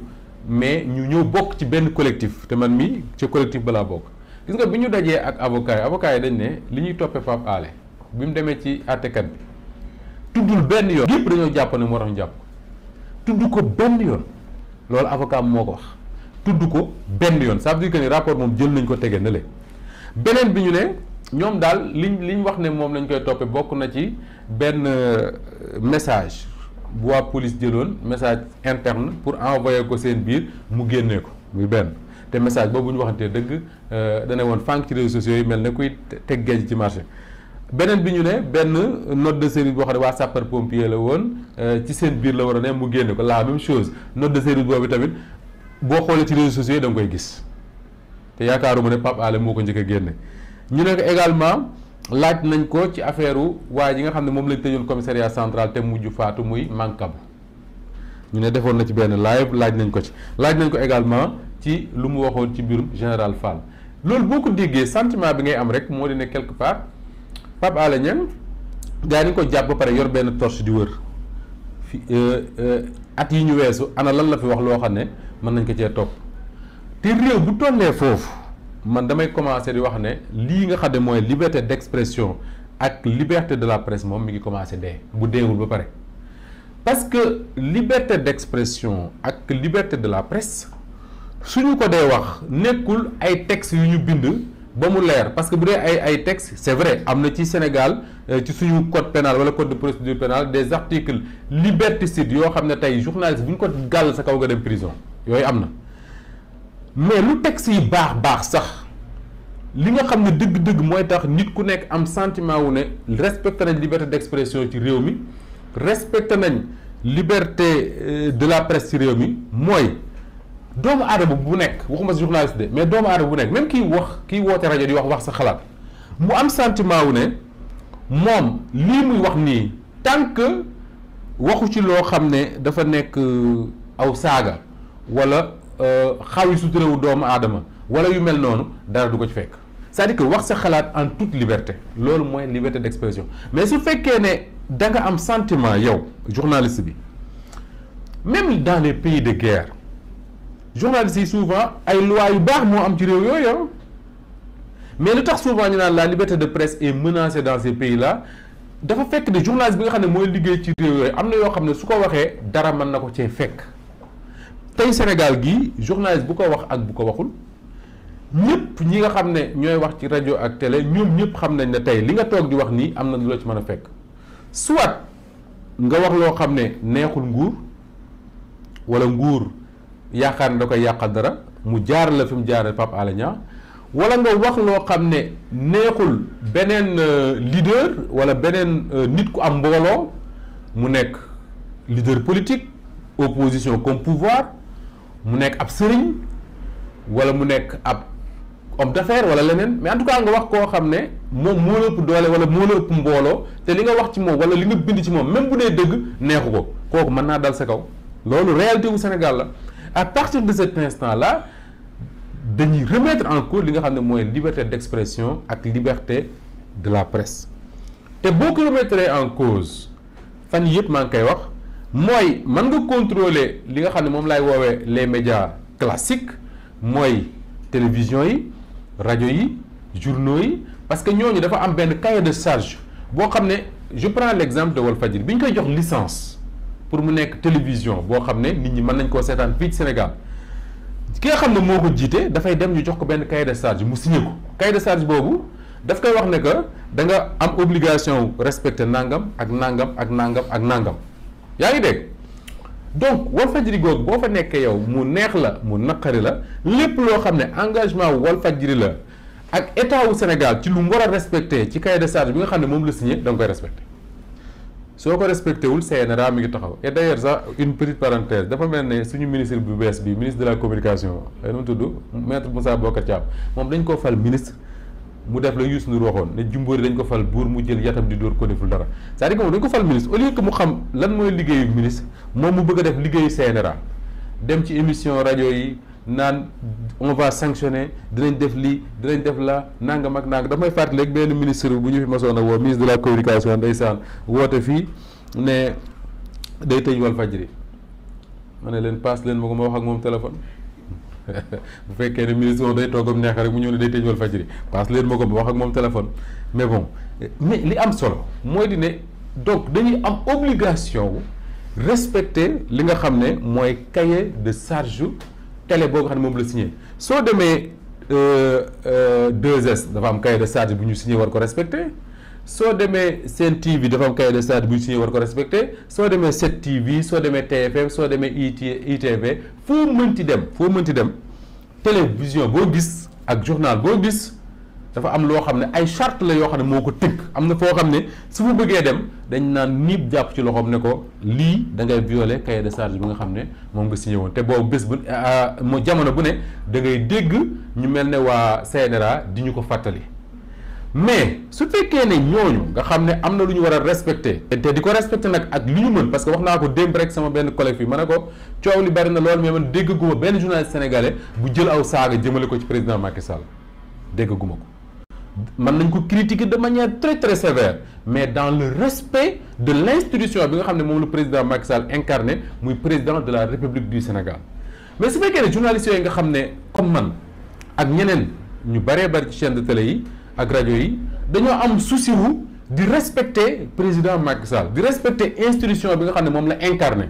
mais ñu ñëw bokk ci benn collectif te man mi ci collectif balaa bokk gis nga bi ñu dajee ak avocat yi avocat yi dañu ne li ñuy toppee Pape ale bi mu demee ci àttekat bi tuddul benn yoon yëpp dañoo jàpp ne moo tax ñu jàpp tudd ko benn yoon loolu avocat moo ko wax tudd ko benn yoon ça veut dire que ni rapport moom jël nañ ko tege beneen bi ñu ne ñoom daal liñ liñ wax ne moom lañ koy toppee bokk na ci benn euh, message bu waa police jëloon message interne pour envoyé ko seen biir mu génnee ko muy benn te message boobu ñu waxantee dëgg euh, dana woon fànk ci réseaux sociaux yi mel ne kuy teg géej ci marché beneen bi ñu ne benn note de service boo xam ne waa sapeur pompier la woon euh, ci seen biir la war a ne mu génne ko laa même chose note de service boobu tamit boo xoolee ci réseaux sociaux yi da koy gis te yaakaaruma ne Pape Alé moo ko njëkk génne ñu ne ko également laaj nañ ko ci affaire waaye ji nga xam ne moom lañ tëjoon commissariat central te mujj faatu muy Mankabou ñu ne defoon na ci benn live laaj nañ ko ci laaj nañ ko également ci lu mu waxoon ci mbirum général Fall loolu boo ko déggee sentiment bi ngay am rek moo di ne quelque part Pape Alé Niang gaa ko jàpp ba pare yor benn torche di wër fi euh, euh, at yi ñu weesu ana lan la fi wax loo xam ne mën nañ ko cee topp te réew bu tollee foofu. man damay commencer di wax ne lii nga xam ne mooy liberté d'expression ak liberté de la presse moom mi ngi commencer dee bu deewul ba pare parce que liberté d'expression ak liberté de la presse suñu ko dee wax nekkul ay textes yu ñu bind ba mu leer parce que bu dee ay ay textes c'est vrai am na ci Sénégal euh, ci suñu code pénal wala code de procédure pénale des articles liberticides yoo xam ne tey journaliste bu ñu ko gàll sa kaw nga dem prison yooyu am na mais lu texte yi baax baax sax li nga xam ne dëgg-dëgg mooy tax nit ku nekk am sentiment wu ne respecté nañ liberté d'expression ci réew mi respecté nañ liberté euh, de la presse ci réew mi mooy doomu aadama bu nekk waxuma si journaliste de mais doomu aadama bu nekk même kiy wax kiy woote rajo di wax wax sa xalaat mu am sentiment wu ne moom lii muy wax nii tant que waxu ci loo xam ne dafa nekk euh, aw saaga walla Euh, xawi suturéwu doomu aadama wala yu mel noonu dara du ko ci fekk c'est-à-dire que wax sa xalaat en toute liberté loolu mooy liberté d'expression mais su fekkee ne danga am sentiment yow journaliste bi même dans les pays de guerre journalistes yi souvent ay lois yu baax moo am ci réew yooyu mais lu tax souvent ñu naan la liberté de presse est menacée dans ces pays là dafa fekk ne journaliste bi nga xam ne mooy liggéey ci réew yooyu am na yoo xam ne su ko waxee dara mën na ko cee fekk tey Sénégal gii journaliste bu ko wax ak bu ko waxul ñëpp ñi nga xam ne ñooy wax ci rajo ak télé ñoom ñëpp xam nañ ne tey li nga toog di wax nii am na lu la ci mën a fekk soit nga wax loo xam ne neexul nguur wala nguur yaakaar ne da koy yàqal dara mu jaar la fi mu jaarale Pape Alé Niang wala nga wax loo xam ne neexul beneen euh, leader wala beneen euh, nit ku am mbooloo mu nekk leader politique opposition comme pouvoir mu nekk ab sëriñ wala mu nekk ab homme d'affaires wala leneen mais en nga wax koo xam ne moom moo la ëpp doole wala moo la ëpp mbooloo te li nga wax ci moom wala li nga bind ci moom même bu dee dëgg neexu ko kooku mën naa dal sa kaw loolu réalité wu Sénégal la à partir de cet instant la dañuy remetre en cause li nga xam ne mooy liberté d'expression ak liberté de la presse te boo ko remettre en cause fan yëpp maa ngi koy wax. mooy man nga contrôler li nga xam ne moom laay woowee les médias classiques mooy télévision yi rajo yi journaux yi parce que ñooñu dafa am benn cahier de charge boo xam ne je prends l'exemple de Walfadjri bi ñu koy jox licence pour mu nekk télévision boo xam ne nit ñi mën nañ koo seetaan fii ci Sénégal ki nga xam ne moo ko jiite dafay dem ñu jox ko benn cahier de charge mu signé ko cahier de charge boobu daf koy wax ne que da nga am obligation respecter nangam ak nangam ak nangam ak nangam. yaa ngi dégg donc Walfadjri googu boo fa nekkee yow mu neex la mu naqari la lépp loo xam ne engagement Walfadjri la ak état wu Sénégal ci lu mu war a respecté ci kay de charge bi nga xam ne moom la signé da nga koy respecté soo ko respecté wul CNRA mi ngi taxaw et d'ailleurs sax une petite parenthèse dafa mel ne suñu ministre bu bees bi ministre de la communication xëy na mu tudd maître Moussa Bocar Thiam moom dañ koo fal ministre. mu def la Youssou Ndour waxoon ne Jumbóori dañ ko fal buur mu jël yatam di dóor ko deful dara c'est-à-dire que moom dañ ko fal ministre au lieu que mu xam lan mooy liggéeyu ministre moom mu bëgg a def liggéeyu CNRA dem ci émission rajo yi naan on va sanctionner danañ def lii dinañ def la nangam ak nangam damay fàttali rek benn ministre bu ñu fi masoon a woo ministre de la communication ndeysaan woote fii ne day tëj Walfadjri ma ne leen paas leen ma ko ma wax ak moom téléphone. bu fekkee ne ministre moom day toogam neex rek mu ñëw ne day tëj Walfadjri passe leen ma ko ma wax ak moom téléphone mais bon mais li am solo mooy di ne donc dañuy am obligation wu respecter li nga xam ne mooy cahier de charge télé boo nga xam ne moom la signé soo demee 2S euh, euh, dafa am cahier de charge bu ñu signé war ko respecter soo demee seen TV dafa am cahier de charge bu ñu signé war ko respecte soo demee 7TV soo demee TFM soo demee IT ITV foo mënti dem foo mënti dem télévision boo gis ak journal boo gis dafa am loo xam ne ay charte la yoo xam ne moo ko tënk am na foo xam ne su bëggee dem dañ naan niib jàpp ci loxoom ne ko lii da ngay violer cahier de charge bi nga xam ne moom nga signé woon te boobu bés bu euh, euh, mo jamono bu ne dangay dégg ñu mel ne waa CNRA di ñu ko fàttali. mais su fekkee ne ñooñu nga xam ne am na lu ñu war a respecté te di ko respecté nag ak lu ñu mën parce que wax naa ko démb rek sama benn collègue fii ma ne ko coow li bari na lool mais man dégg benn journaliste sénégalais bu jël aw saaga jëmale ko ci président Macky Sall dégg ko mën nañ ko critiquer de manière très très sévère mais dans le respect de l' institution bi nga xam ne moom la président Macky Sall incarné muy président de la République du Sénégal mais su fekkee ne journaliste nga xam ne comme man ak ñeneen ñu baree bari ci chaîne de télé yi ak rajo yi dañoo am su wu di respecter président Macky Sall di respecter institution bi nga xam ne moom la incarné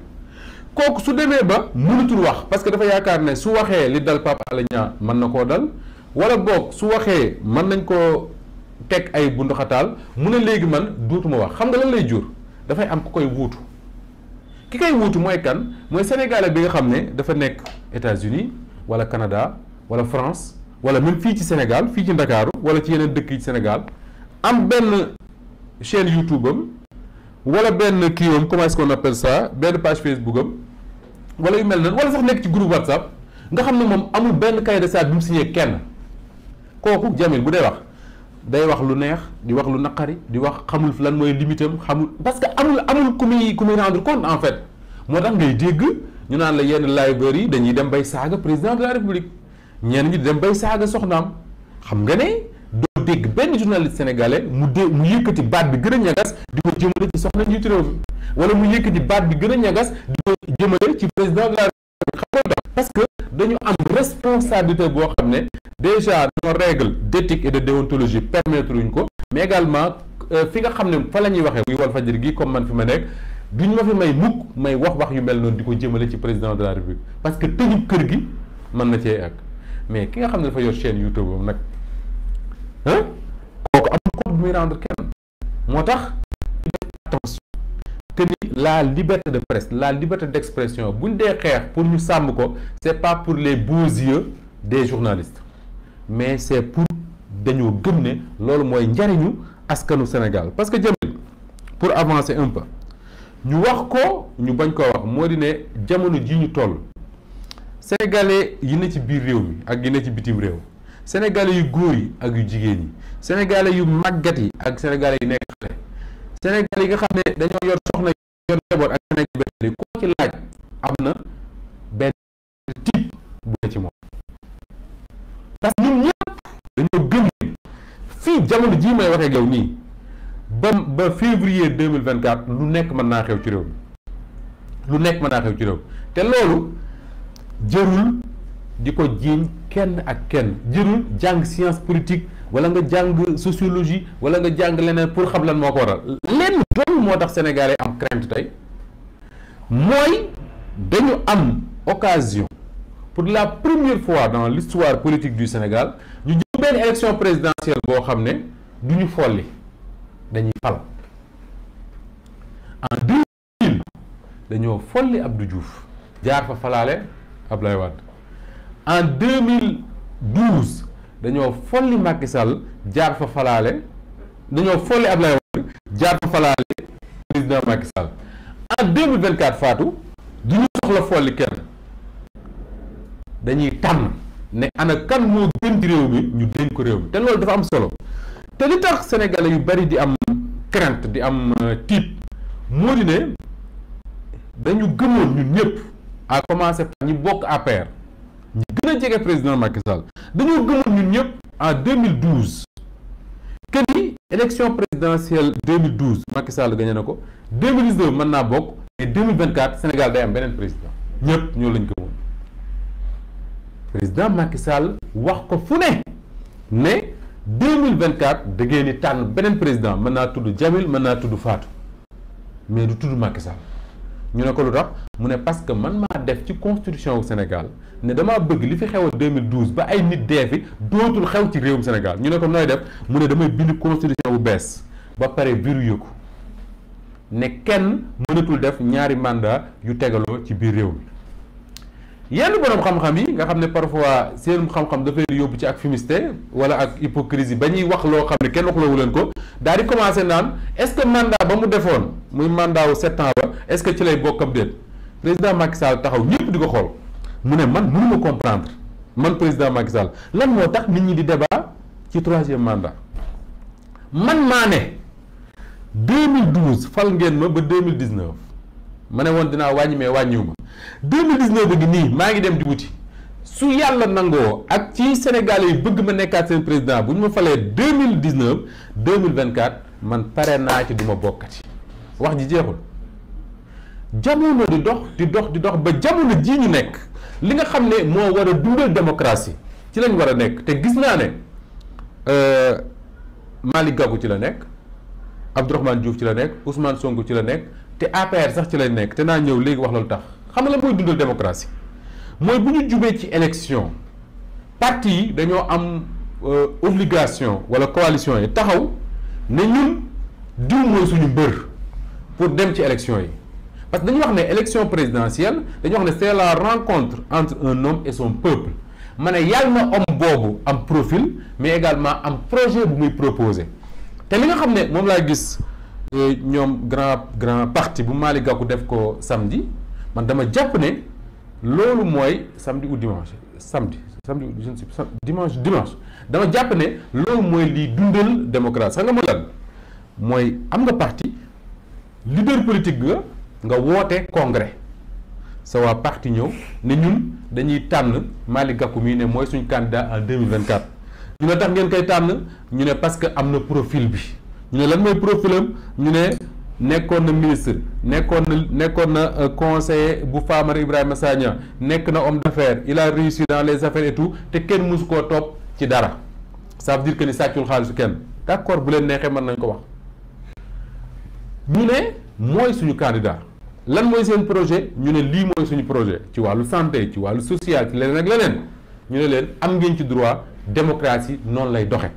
kooku su demee ba mënutul wax parce que dafa yaakaar ne su waxee li dal Pape Alé Niang mën na koo dal wala boog su waxee mën nañ koo teg ay bunduxataal mu ne léegi man duutuma wax xam nga lan lay jur dafay am ku koy wuutu ki koy wuutu mooy kan mooy sénégalais bi nga xam ne dafa nekk États-Unis wala kanada wala France wala même fii ci Sénégal fii ci Ndakaaru wala ci yeneen dëkk yi ci Sénégal am benn chaîne YouTube am wala benn kii am comment est-ce qu'on benn page Facebook am wala yu mel noonu wala sax nekk ci groupe WhatsApp nga xam ne moom amul benn cahier de charge bi mu signé kenn kooku Jamil bu dee wax day wax lu neex di wax lu naqari di wax xamul lan mooy limitam xamul parce que amul amul ku muy ku muy rendre compte en fait moo tax ngay dégg ñu naan la yenn librairie yi dañuy dem bay saaga président la république. ñenn ñi dem bay saaga soxnaam xam nga ne doo dégg benn journaliste sénégalais mu de mu yëkkati baat bi gën a ñagas di ko jëmale ci soxna njiitu réew mi wala mu yëkkati baat bi gën a ñagas di ci président de la république xam que dañu am responsabilité boo xam ne déjà nos règles d'éthique et de déontologie permettre ñu ko mais également euh, fi nga xam ne fa la ñuy waxee muy Walfadjri gi comme man fi ma nekk duñ ma fi may mukk may wax wax yu mel noonu di ko jëmale ci président de la république parce que tëjub kër gi mën na cee ak mais ki nga xam ne dafa yor chaîne YouTube am nag ah kooku amul compte bu muy rendre kenn moo tax def attention que ni liberté de presse la liberté d'expression buñ dee xeex pour ñu sàmm ko c'est pas pour les beaux yeux des journalistes mais c'est pour dañoo gëm ne loolu mooy njariñu askanu Sénégal parce que jëmil pour avancer un ñu wax ko ñu bañ koo wax moo di ne jamono ji ñu toll sénégalais yi ne ci biir réew mi ak yi ne ci bitim réew sénégalais yu góor yi ak yu jigéen yi sénégalais yu màggat yi ak sénégalais yi nekk xale sénégalais yi nga xam ne dañoo yor soxna yor ak sénégalais koo ci laaj am na benn type bu ne ci moom parce que ñun ñëpp dañoo gëm ne fii jamono jii may waxee yow nii ba ba février deux mille vingt quatre lu nekk mën naa xew ci réew mi lu nekk mën naa xew ci réew te loolu jërul di ko jiiñ kenn ak kenn jërul jàng science politique wala nga jàng sociologie wala nga jàng leneen pour xam lan moo ko waral lenn doon moo tax sénégalais am crainte tey mooy dañu am occasion pour la première fois dans l'histoire politique du Sénégal ñu jëm benn présidentielle boo xam ne du ñu folli dañuy fal en 2000 dañoo folli Abdou Diouf jaar fa falaale Ablaye Wade en 2012 dañoo folli Macky jaar fa falaale dañoo folli Ablaye Wade jaar fa falaale président Macky Sall en 2024 Fatou du ñu soxla folli kenn dañuy tànn ne ana moo gën ci réew mi ñu dénk ko réew mi te loolu dafa am solo te li tax sénégalais yu bari di am crainte di am euh, tiit moo di ne dañu gëmoon ñun ñëpp ak commencer par ñi bokk APR ñi gën a jege président Macky Sall dañoo gëmoon ñun ñëpp en 2012 que ni élection présidentielle 2012 Macky Sall gagné na ko 2019 mën naa bokk et 2024 Sénégal day am beneen président ñëpp ñoo lañ gëmoon président Macky wax ko fu ne ne 2024 da ngeen di tànn beneen président mën naa tudd Jamil mën naa tudd Fatou mais du tudd Macky Sall. ñu ne ko lu tax mu ne parce que man maa def ci constitution wu Sénégal ne damaa bëgg li fi xew a 2012 ba ay nit dee fi dootul xew ci réewum Sénégal ñu ne ko nooy def mu ne damay bind constitution bu bees ba pare verrouillé ko ne kenn mënatul def ñaari mandat yu tegaloo ci biir réew mi. yenn borom xam-xam yi nga xam ne parfois seen xam-xam dafay yóbbu ci ak fumiste wala ak hypocrisie ba ñuy wax loo xam ne kenn waxloowu leen ko daal di commencé naan est-ce que mandat ba mu defoon muy mandat wu sept ce que ci lay bokk ab déet président Macky Sall taxaw ñëpp di ko xool mu ne man mënuma comprendre man président Macky Sall lan moo tax nit ñi di débat ci troisième mandat man maa ne 2012 fal ngeen ma ba 2019. ma ne woon dinaa wàññi mais wàññiwu ma 2019 ba gi nii maa ngi dem di wuti su yàlla nangoo ak ci Sénégal yi bëgg ma nekkaat seen président bu ñu ma falee vingt 2024 man pare naa ci du ma bokkati wax ji jeexul jamono di dox di dox ba jamono jii ñu nekk li nga xam ne moo war a dundal démocratie ci lañ war a nekk te gis naa ne euh, Malick Gakou ci la nekk Abdourahmane Diouf ci la nekk Ousmane Sonko ci la nekk te APR sax ci lay nekk te naa ñëw léegi wax loolu tax xam nga la mooy dundal démocratie mooy bu ñu jubee ci élection parti dañoo am euh, obligation wala coalition yi taxaw ne ñun diw mooy suñu mbër pour dem ci élection yi parce que dañu wax ne élection présidentielle dañu wax ne c'est la rencontre entre un homme et son peuple ma ne yàlla na homme boobu am profil mais également am projet bu muy proposé te li nga xam ne moom laa gis ñoom grand grand parti bu Malick Gakou def ko samedi man dama jàpp ne loolu mooy samedi ou dimanche samedi samedi je ne sais dimanche dimanche dama jàpp ne loolu mooy lii dundal démocratie xam nga mooy lan mooy am nga parti leader politique nga nga woote congrès sa waa parti ñëw ne ñun dañuy tànn Malick Gakou mii ne mooy suñ candidat en 2024 ñu ne tax ngeen koy tànn ñu ne parce que am na profil bi ñu ne lan mooy profilam ñu ne nekkoon na ministre nekkoon na nekkoon na euh, conseiller bu Famara Ibrahima Sagna nekk na om d'affaires i a réussi dans les affaires et te kenn mësu koo topp ci dara ça veut dire que ni sàccul xaalisu kenn d'accord bu leen neexee mën nañ ko wax ñu ne mooy suñu candidat lan mooy seen projet ñu ne lii mooy suñu projet ci wàllu santé ci wàllu social ci leneen ak leneen ñu ne leen am ngeen ci droit démocratie noonu lay doxe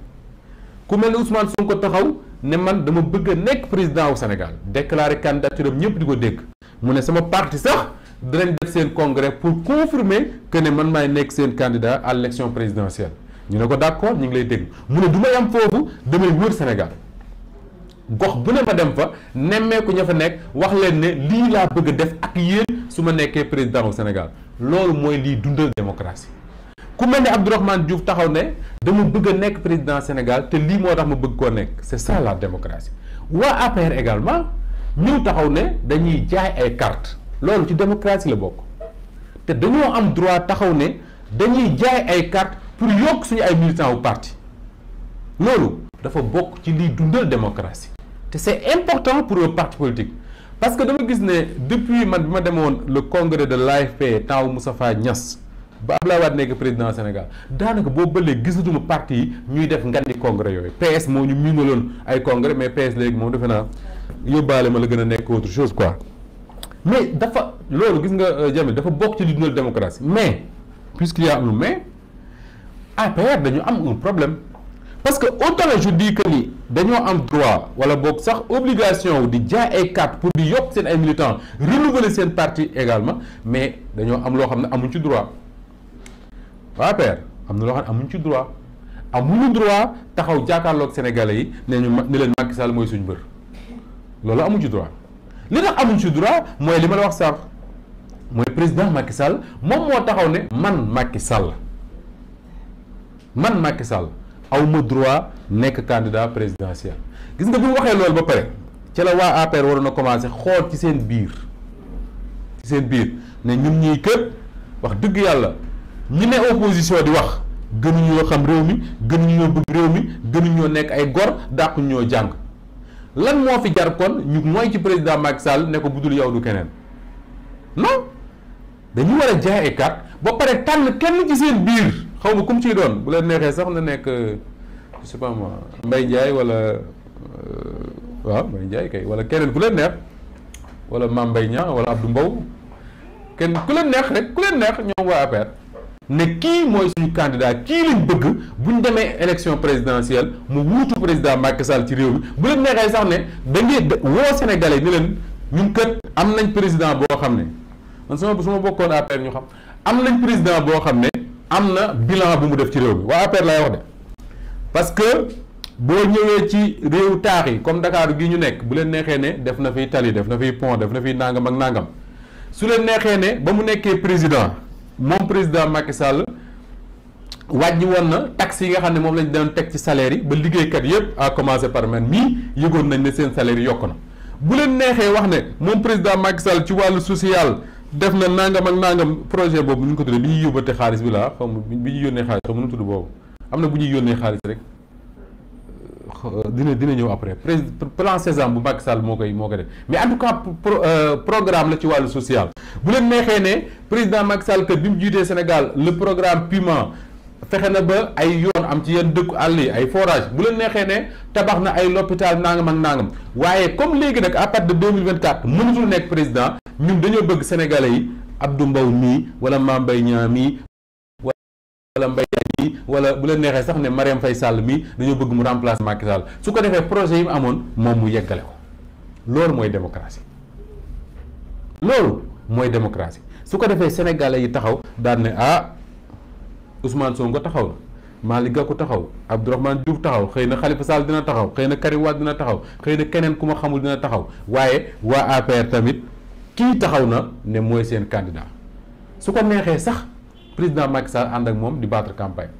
k mel ne Ousmane Sonko taxaw ne man dama bëgg a nekk président wu Sénégal déclaré candidature am ñëpp di ko dégg mu ne sama parti sax dinañ def seen congrès pour confirmer que ne man maay nekk seen candidat à l' élection présidentielle ñu ne ko d' accord ñu ngi lay dégg mu ne du ma yam foofu damay wër Sénégal gox bu ne ma dem fa nemmeeku ña fa nekk wax leen ne lii laa bëgg a def ak yéen su ma nekkee président wu Sénégal loolu mooy liy dundal démocratie. ku mel ni Abdourahmane Diouf taxaw ne dama bëgg a nekk président Sénégal te lii moo tax ma bëgg koo nekk c'est ça la démocratie waa APR également ñëw taxaw ne dañuy jaay ay carte loolu ci démocratie la bokk te dañoo am droit taxaw ne dañuy jaay ay carte pour yokk suñu ay militants bu parti loolu dafa bokk ci liy dundal démocratie te c'est important pour un parti politique parce que dama gis ne depuis man bi ma demoon le congrès de l'AFP taw Moustapha Niass ba laa Wade nekk président Sénégal daanaka boobu ba léegi gisatuma parti yi ñuy def ngandi congrès yooyu PS moo ñu miinaloon ay congrès mais PS léegi moom defe naa yóbbaale ma la gën a nekk autre chose quoi mais dafa loolu gis nga euh, Jamil dafa bokk ci li dundal démocratie mais puisqu'il y a mais APR dañu am un problème parce que autant je dis que yi dañoo am droit wala boog sax obligation wu di jaay ay carte pour di yokk seen ay militants renouveler seen parti également mais dañoo am loo xam ne amuñ ci droit waa APR am na loo xam ne amuñ ci droit amuñu droit taxaw jàkkaarloog sénégalais yi ne ñu ne leen Macky sàll mooy suñu bër loolu amuñ ci droit li tax amuñ ci droit mooy li ma la wax sànq mooy président Macky Sall moom moo taxaw ne man Macky Sall man Macky Sall aw ma droit nekk président présidentiel gis nga bi mu waxee loolu ba pare ci la waa APR waroon na commencé xool ci seen biir ci seen biir ne ñun ñuy kër wax dëgg yàlla. ñu ne opposition di wax gënuñoo xam réew mi gënuñoo bëgg réew mi gënuñoo nekk ay gor dàquñoo ñoo jàng lan moo fi jar kon ñu mooy ci président Macky Sall ne ko budul yow du keneen non dañu war a jaay ay carte ba pare tànn kenn ci seen biir xaw ma kum ciy doon bu leen neexee sax na nekk euh, je mbay pas walla Mbaye Ndiaye wala euh, waaw Mbaye Ndiaye kay wala keneen ku leen neex wala Mame mbay Niang wala Abdou mbaw kenn ku leen neex rek ku leen neex ñoom waa APR ne kii mooy suñu kandidaa kii lañ bëgg bu ñu demee élection présidentielle mu wuutu président Macky Sall ci réew mi bu leen neexee sax ne da ngeen woo Sénégalais ne leen ñun kët am nañ président boo xam ne man sama su ma bokkoon APR ñu xam am nañ président boo xam ne am na bilan bu mu def ci réew bi waa APR lay wax de parce que boo ñëwee ci réew taax yi comme Dakar gi ñu nekk bu leen neexee ne def na fi tali def na fiy pont def na fiy nangam ak nangam su leen neexee ne ba mu nekkee président. moom président Macky Sall wàññi woon na taxes yi nga xam ne moom lañu doon teg ci salaire yi ba liggéeykat yëpp a commencer par man mii yëgoon nañ ne seen salaire yi yokk na bu leen neexee wax ne moom président Macky Sall ci wàllu sociale def na nangam ak nangam projet boobu nu ñu ko tuddee bi ñuy yóbbate xaalis bi laa xaw bi ñu yónnee xaalis xaw ma nu tudd boobu am na bu ñuy yónnee xaalis rek. Euh, dina dina ñëw après président plan Sésame bu Macky Sall moo koy moo koy def mais en tout cas euh, programme la ci wàllu social. bu leen neexee ne président Macky Sall que bi mu jiitee Sénégal le programme Puma fexe na ba ay yoon am ci yenn dëkku àll yi ay forage bu leen neexee ne tabax na ay l'hôpital nangam ak nangam waaye comme léegi nag apart partir de deux mille vingt quatre mënatul nekk président ñun dañoo bëgg sénégalais yi Abdou Mbow mii wala Mame Mbaye Niang wala Mbaye mi wala bu leen neexee sax ne Mariam Faye Sall mii dañoo bëgg mu remplacer Macky Sall su ko defee projet yi mu amoon moom mu yeggale ko loolu mooy démocratie loolu mooy démocratie su ko defee sénégalais yi taxaw daan ne ah Ousmane Sonko taxaw na Malick Gakou taxaw Abdourahmane Diouf taxaw xëy na Khalifa Sall dina taxaw xëy na Karim dina taxaw xëy na keneen ku ma xamul dina taxaw waaye waa APR tamit kii taxaw na ne mooy seen candidat su ko neexee sax. président Macky Sall ànd ak moom di battre campagne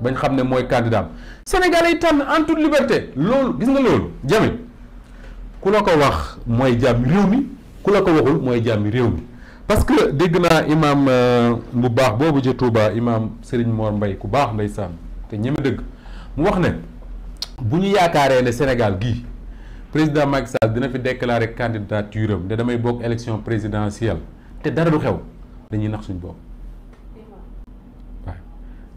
bañ xam ne mooy candidat sénégal yi tànn en toute liberté loolu gis nga loolu jami ku la ko wax mooy jàmm réew mi ku la ko waxul mooy jàmm réew mi parce que dégg naa imam euh, bu baax boobu ja Touba imam Serigne Mor mbay ku baax ndeysaan te ñeme dëgg mu wax ne bu ñu yaakaaree ne Sénégal gii président Macky Sall dina fi déclarer candidature am ne damay bokk élection présidentielle te dara du xew dañuy nax suñ bopp.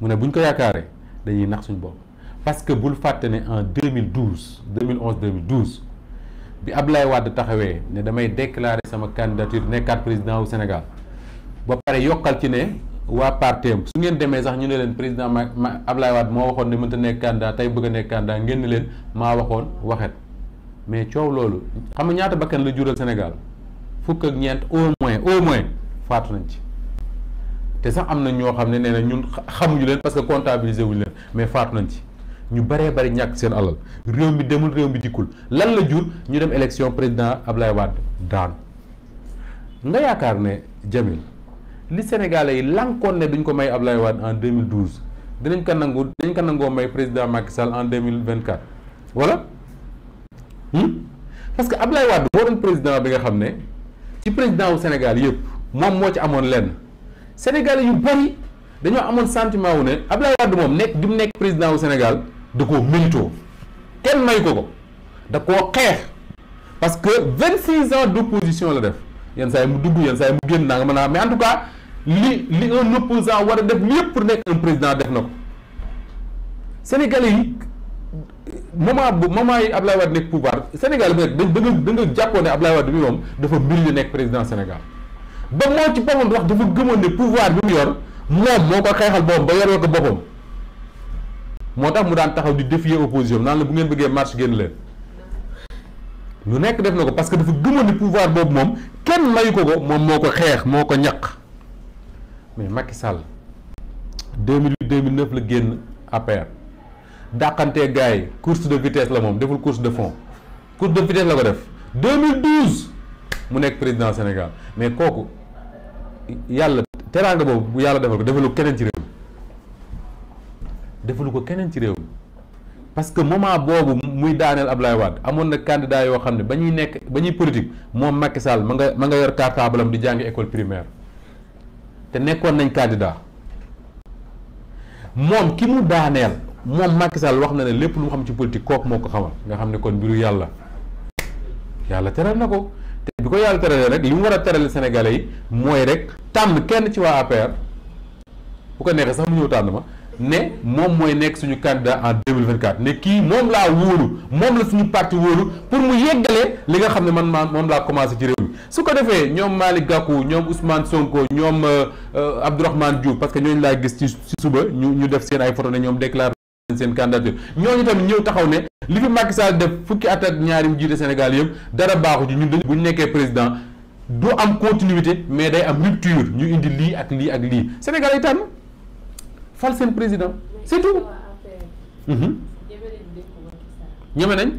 mu ne bu ñu ko yaakaaree dañuy nax suñu bopp parce que bul fàtte ne en 2012 2011 2012 bi Abdoulaye Wade taxawee ne damay déclarer sama candidature nekkaat président wu Sénégal ba pare yokkal ci ne waa parteem su ngeen demee sax ñu ne leen président ma ma Abdoulaye Wade moo waxoon ne mënta nekk candidat tey bëgg a nekk candidat ngeen ne leen maa waxoon waxet mais coow loolu xam nga ñaata bakkan la jural Sénégal fukk ak ñeent au moins au moins faatu nañ ci. te sax am na ñoo xam ne nee na ñun xamuñu leen parce que comptabiliser wuñu leen mais faatu nañ ci ñu bëree bëri ñàkk seen alal réew mi demul réew mi dikkul lan la jur ñu dem élection président Ablaye Wade daanu nga yaakaar ne Jamil li Sénégalais yi lankoon ne duñ ko may Ablaye Wade en mille 2012 dinañ ko nangu dinañ ko nangoo may président Macky Sall en 2024 voilà hmm? parce que Ablaye Wade moo doon président bi nga xam ne ci président wu Sénégal yëpp moom moo ci amoon lenn. Sénégalais yu bëri dañoo amoon sentiment wu ne Abdoulaye Wade moom nekk di mu nekk président wu Sénégal da koo mérito kenn may ko ko da koo xeex parce que vingt six ans d' opposition la def yenn saa yi mu dugg yenn saa yi mu génn naa nga mën a mais en tout cas li nga un opposant war a def lépp pour nekk un président def na ko Sénégalais yi moment bu moment yi Abdoulaye Wade nekk pouvoir Sénégal bi rek da nga da nga ne Abdoulaye Wade bi moom dafa mbir li nekk président Sénégal ba moom ci boppam wax dafa gëmoon ne pouvoir bi mu yor moom moo ko xeexal boppam ba yoroo ko boppam moo tax mu daan taxaw di défier opposition naa la bu ngeen bëggee marche génn leen lu nekk def na ko parce que dafa gëmoon ne pouvoir boobu moom kenn mayu ko ko moom moo ko xeex moo ko ñaq mais Macky Sall 2008 2009 la génn APR dàqante gars yi course de vitesse la moom deful course de fond course de vitesse la ko def 2012 mu nekk président Sénégal mais kooku. yàlla teraanga boobu bu yàlla defal ko defalu ko keneen ci réew mi defalu ko keneen ci réew mi parce que moment boobu muy daaneel ab lay Wade amoon na candidat yoo xam ne ba ñuy nekk ba ñuy politique moom Macky Sall ma nga ma nga yor cartable am di jàngi école primaire te nekkoon nañ candidat moom ki mu daaneel moom Macky wax na ne lépp lu mu xam ci politique kook moo ko xamal nga xam ne kon mbiru yàlla yàlla teral na ko te bi ko yàlla teralee rek li mu war a terale Sénégalais yi mooy rek tànn kenn ci waa APR bu ko neexee sax mu ñëw tànn ma ne moom mooy nekk suñu candidat en 2024 ne kii moom laa wóolu moom la suñu parti wóolu pour mu yeggalee li nga xam ne man maa moom laa commencé ci réew mi su ko defee ñoom Malick Gakou ñoom Ousmane Sonko ñoom euh, euh, Abdourahmane Diouf parce que ñooñu laa gis ci ci suba ñu ñu def seen ay photo ne ñoom déclaré seen candidature ñooñu tamit ñëw taxaw ne li fi Macky Sall def fukki at ñaari mu jiite Sénégal yëpp dara baaxu ci ñu dañu bu ñu nekkee président du am continuité mais day am rupture ñu indi lii ak lii ak lii Sénégal yi tànn fal seen président c'est tout mhm. ñeme nañ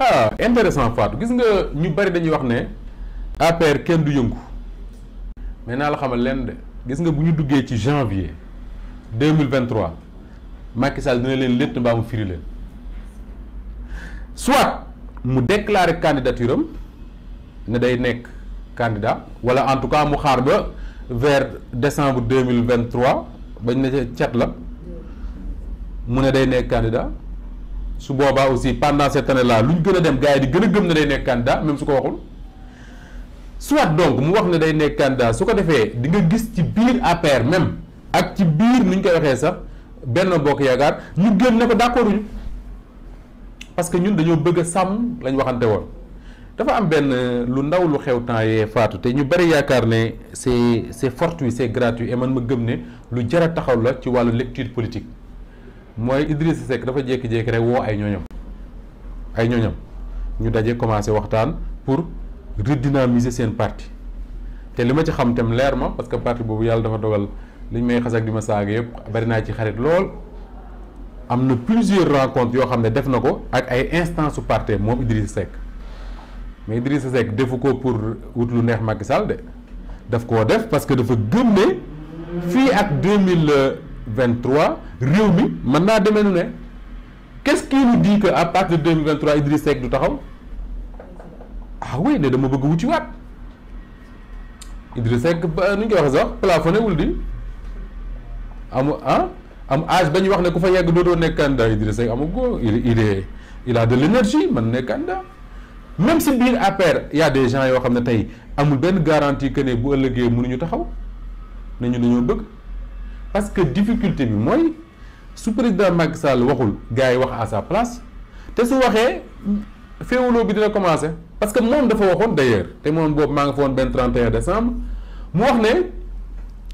ah intéressant Fatou gis nga ñu bari dañuy wax ne APR kenn du yëngu mais naa la xamal lenn de gis nga bu ñu duggee ci janvier 2023 Macky Sall dina leen létt mbaamu mu leen soit mu déclarer candidature ne day nekk candidat wala en tout cas mu xaar ba vers décembre deux mille vingt trois bañ ne cat la mu ne day nekk candidat su boobaa aussi pendant cette année lu ñu gën a dem gars di gën a gëm ne day nekk candidat même su ko waxul soit donc mu wax ne day nekk candidat su ko defee di nga gis ci biir APR même ak ci biir nu ñu koy waxee sax. benn Bokk Yaakaar ñu génn ne ko d'accord ñu parce que ñun dañoo bëgg a sàmm lañ waxante woon dafa am benn lu ndaw lu xew temps yee faatu te ñu bari yaakaar ne c'est c'est fortuit c'est gratuit et man ma gëm ne lu jar a taxaw la ci wàllu lecture politique mooy Idrissa Seck dafa jékki-jékki rek woo ay ñooñam ay ñooñam ñu dajee commencé waxtaan pour redynamiser seen parti te li ma ci xam tam leer ma parce que parti boobu yàlla dafa dogal. liñ may xas ak di ma saaga yëpp bari naa ci xarit lool am na plusieurs rencontres yoo xam ne def na ko ak ay instance su parti moom Idrissa Seck mais Idrissa Seck defu ko pour wut lu neex Macky Sall de daf koo def parce que dafa gëm ne fii ak deux mille vingt trois réew mi mën naa demee nu ne qu'est-ce qui nous dit que à partir de deux mille vingt trois Idrissa Seck du taxaw ah oui de dama bëgg wuti waat Idrissa Seck nu ñu koy waxee sax plafonné wul di. amu ah am age ba ñu wax ne ku fa yegg dootoo nekk candidat Idrissa Seck amu ko il est il de l'énergie man nekk candidat même si biir APR y a des gens yoo xam ne tey amul benn garantie que ne bu ëllëgee ñu taxaw ne ñu dañoo bëgg parce que difficulté bi mooy su président Macky Sall waxul gars yi wax à sa place te su waxee féewuloo bi dina commencer parce que moom dafa waxoon d'ailleurs te moom boobu maa nga fa woon benn 31 décembre mu wax ne.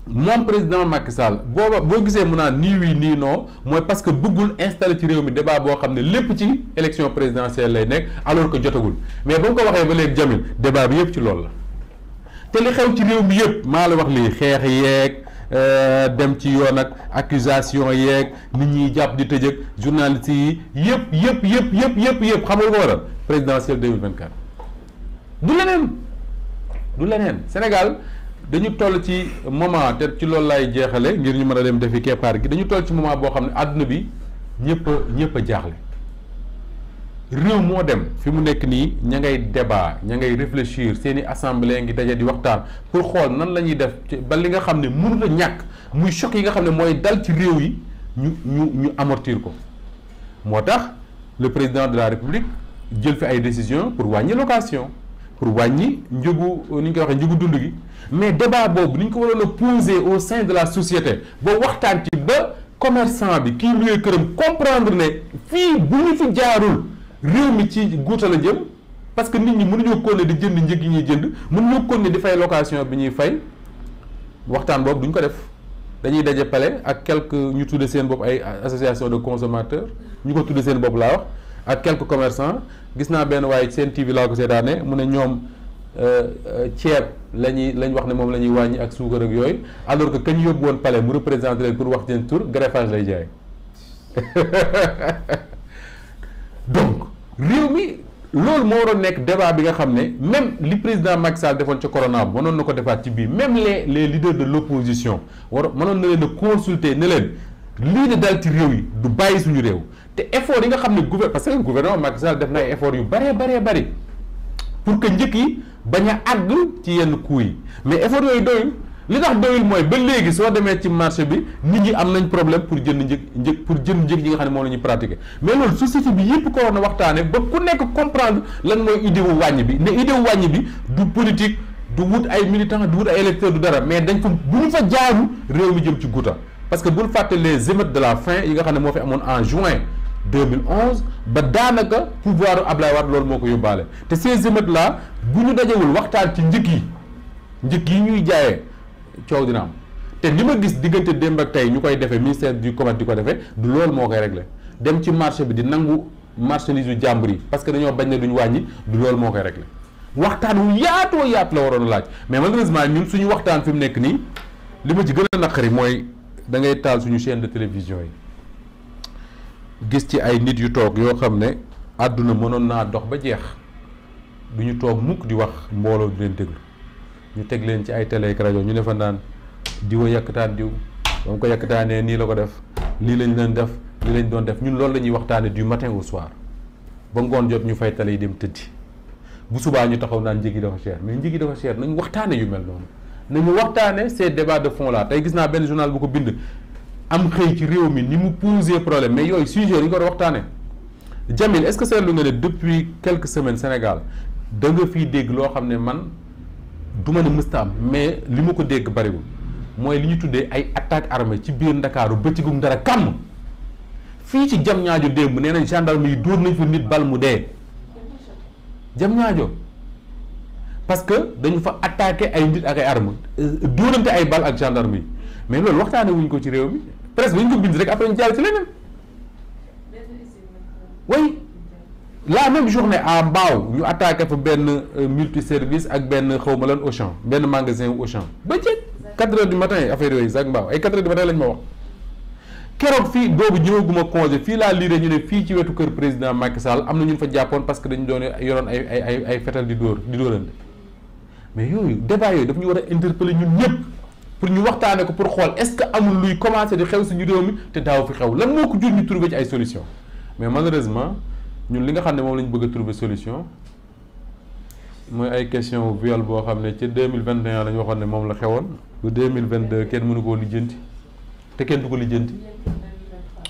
moom président Macky Sall booba boo gisee mu naan nii oui nii non mooy parce que bëggul installé ci réew mi débat boo xam ne lépp ci élection présidentielle lay nekk alors que jotagul mais ba mu ko waxee ba léegi Jamil débat bi yëpp ci loolu la te li xew ci réew mi yëpp maa la wax lii xeex yeeg euh, dem ci yoon ak accusation yeeg nit ñuy jàpp di tëjëg journaliste yi yëpp yëpp yëpp yëpp yëpp yëpp xamul ko waral présidentielle 2024 du leneen du leneen Sénégal dañu toll ci moment te ci loolu laay jeexale ngir ñu mën a dem defi keppaar gi dañu toll ci moment boo xam ne àdduna bi ñëpp a ñëpp a jaaxle réew moo dem fi mu nekk nii ña ngay débat ña ngay réfléchir seen i assemblée ngi daje di waxtaan pour xool nan la ñuy def ba li nga xam ne mënut a ñàkk muy choc yi nga xam ne mooy dal ci réew yi ñu ñu ñu amortir ko moo tax le président de la république jël fi ay décision pour wàññi location pour wàññi njëgu ni ñu koy waxee njëgu dund gi mais débat boobu ni ñu ko waroon a poser au sein de la société boobu waxtaan ci ba commerçant bi kii luy këram comprendre ne fii bu ñu fi jaarul réew mi ci guuta la jëm parce que nit ñi mënuñoo kon ne di jënd njëg yi ñuy jënd mënuñoo kon ne di fay location bi ñuy fay waxtaan boobu duñ ko def dañuy daje pale ak quelque ñu tudde seen bopp ay association de consommateurs ñu ko tudde seen boobu laa wax ak quelques commerçants gis naa benn waaye seen TV laa ko seetaane mu ne ñoom Euh, euh, ceeb la ñuy lañ wax ne moom la ñuy wàññi ak suukar ak yooyu alors que kañ yóbbu woon palais mu représenté leen pour wax seen tur greffage lay jaay donc réew mi loolu moo waroon nekk débat bi nga xam ne même li président Macky defoon ca corona mënoon na ko defaat ci biir même les les leaders de l'opposition war mënoon na leen a consulter ne leen lii de dal ci réew yi du bàyyi suñu réew te effort yi nga xam ne gouver parce que gouvernement Macky Sall def na ay effort yu bëree bëree bëri pour yi bañ a àgg ci yenn coûts yi mais effort yooyu doyul li tax doyul mooy ba léegi soo demee ci marché bi nit ñi am nañ problème pour jënd njëg njëg pour jënd njëg yi nga xam ne moom la ñuy pratiquer mais loolu société bi ko war na waxtaane ku nekk comprendre lan mooy idée bi ne idée wu wàññi bi du politique du wut ay militant du wut ay du dara mais dañ ko bu ñu fa jaaru réew mi jëm ci guuta parce que bul fàtte les de la faim yi nga xam ne moo fi amoon en juin 2011 ba daanaka pouvoir u Ablaye Wade loolu moo ko yóbbaale te ces émeutes là bu ñu dajewul waxtaan ci njëkk yi njëkk yi ñuy jaaye coow dina am te li ma gis diggante démb ak tey ñu koy defee ministère di commerce di ko defee du lool moo koy réglé dem ci marché bi di nangu marchandise yu jàmbur yi parce que dañoo bañ ne duñ wàññi du loolu moo koy réglé waxtaan wu yaatoo yaat la waroon laaj mais malheureusement ñun suñu waxtaan fi mu nekk nii li ma ci gën a naqari mooy dangay ngay suñu chaîne de télévision yi. gis ci ay nit yu toog yoo xam ne àdduna mënoon naa dox ba jeex bu ñu toog mukk di wax mbooloo di leen déglu ñu teg leen ci ay télé ak rajo ñu ne fa naan diwa yàkkataan diw ba mu ko yàkkataanee nii la ko def nii lañ leen def lii lañ doon def ñun lool la ñuy waxtaane du matin au soir ba ngoon jot ñu fay télé yi dem tëddi bu subaa ñu taxaw naan njëgi dafa cher mais njëgi dafa cher nañu waxtaanee yu mel noonu nañu waxtaanee ces débats de fond là tey gis naa benn journal bu ko bind am xëy ci réew mi ni mu poser problème mais yooyu sujet yi ko war a waxtaanee Jamil est-ce que seetlu nga ne depuis quelques semaines Sénégal da nga fiy dégg loo xam ne man du ma ne mësta am mais li ma ko dégg bariwul mooy li ñu tuddee ay attaque arme ci biir Ndakaaru bëccëgu dara kàmm fii ci jam ñaajo démb nee nañ gendarme yi dóor nañ fi nit bal mu dee jam ñaajo parce que dañu fa attaqué ay nit ak ay arme euh, dóorante ay bal ak gendarme yi mais loolu waxtaane wuñ ko ci réew mi presque dañ ko bind rek après ñu jàll ci leneen oui la même journée à Mbao ñu attaqué fa benn euh, multiservice ak benn xawma lan Auchan benn magasin wu Auchan ba jeeg 4 heures du matin affaire yooyu sax Mbao ay 4 heures du matin lañ ma wax keroog fii boobu ñëwaguma congé fii laa liiré ñu ne fii ci wetu kër président Macky Sall am na ñu fa jàppoon parce que dañu doon yoroon ay ay ay ay fetal di dóor di dóorante mais yooyu débat ñu war a interpeller ñëpp pour ñu waxtaane ko pour xool est-ce que amul luy commencer di xew suñu réew mi te daaw fi xew lan moo ko jur ñu trouver ci ay solution mais malheureusement ñun li nga xam ne moom la ñu bëgg a trouver solution mooy ay question viol boo xam ne ca deux mille vingt et un la ne moom la xewoon ba deux mille vingt deux kenn mënu koo te kenn du ko lijjanti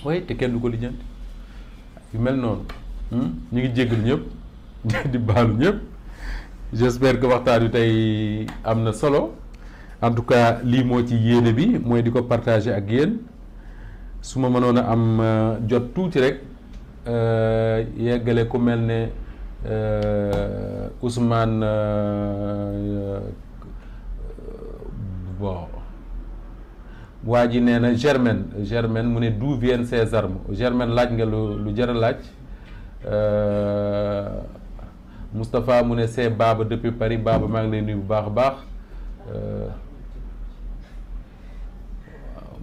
way te ko lijjanti yu mel noonu hmm? ñu ngi jéggalu ñëpp di baalu ñëpp j'espère que waxtaan wi tey am na solo en tout lii moo ci yéene bi mooy di ko partager ak yéen su ma mënoon a am euh, jot tuuti rek euh, yeggale ku mel ne euh, Ousmane bon waa ji nee na Germaine Germaine mu ne d'où viennent ces armes Germaine laaj nga lu lu jar a laaj Moustapha mu ne c'est Baba depuis Paris Baba maa ngi lay nuyu bu baax a baax.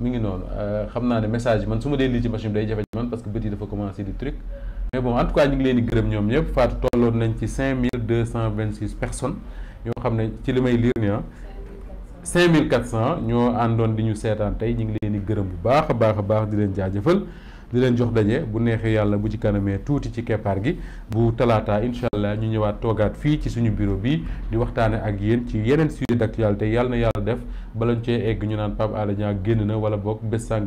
mi ngi noonu euh, xam naa ne message man su ma dee lii ci machine bi day jafe man parce que bët yi dafa commencé di truc mais bon en tout cas ñu ngi leen gërëm ñoom ñëpp Fatou tolloon nañ ci mille deux cent vingt six personnes yoo xam ne ci li may liir ni ah cinq mille quatre cent ñoo àndoon di ñu seetaan tey ñu ngi leen di gërëm bu baax a baax a baax di leen jaajafal di leen jox daje bu neexee yàlla bu ci kanamee tuuti ci keppaar gi bu talaata incha allah ñu ñëwaat toogaat fii ci suñu bureau bi di waxtaanee ak yéen ci yeneen sujet d'actualité yàlla na yàlla def balañ cee egg ñu naan Pape Alé ñaa génn na wala boog bés sàng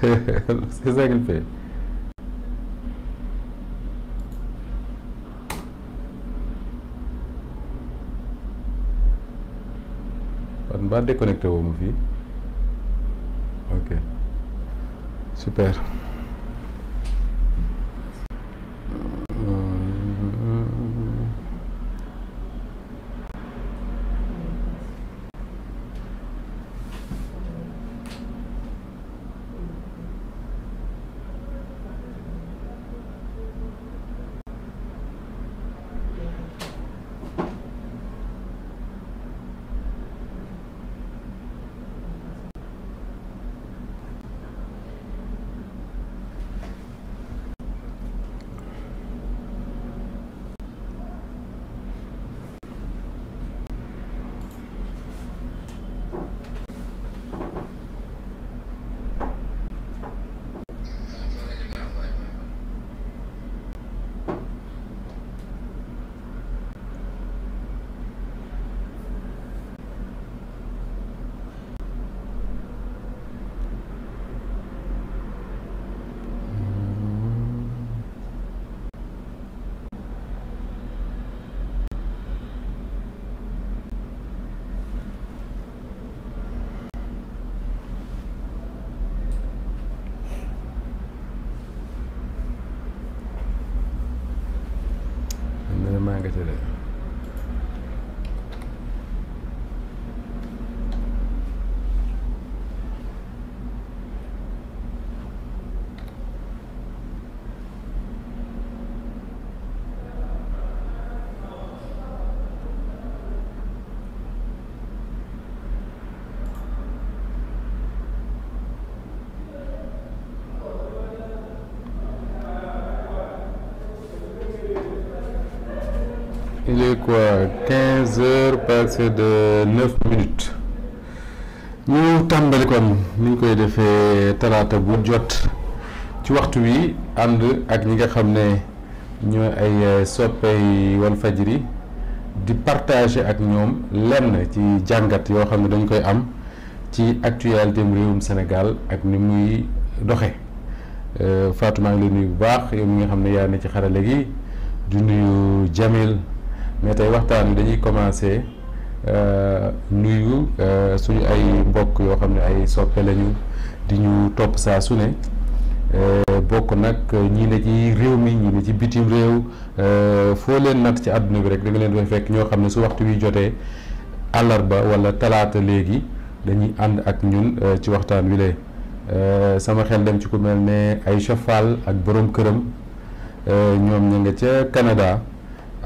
c'est ça qu'il fait. kon mbaa déconnecté woo ma fii ok super. kese de il est quoi 15 heures passé tàmbali kon ni ñu koy defee talaata bu jot ci waxtu wi ànd ak ñi nga xam ne ñooy ay euh, soppey Walfadjri di partager ak ñoom lenn ci jàngat yoo xam ne dañ koy am ci actualité mu réewum Sénégal ak ni muy doxe euh, Fatou maa ngi lay nuyu bu baax yow mi nga xam ne yaa ne ci xarale gi du nuyu Jamil mais tey waxtaan dañuy commencer euh, nuyu euh, suñu ay mbokk yoo xam ne ay soppe lañu di ñu topp saa su ne euh, bokk nag ñii ne ci réew mi ñii ci bitim réew foo leen nat ci àdduna bi rek da leen fay fekk ñoo xam ne su waxtu wi jotee àllarba wala talaata léegi dañuy ànd ak ñun ci waxtaan wi lee sama xel dem ci ku mel ne ay chafal ak borom këram ñoom ña nga ca Canada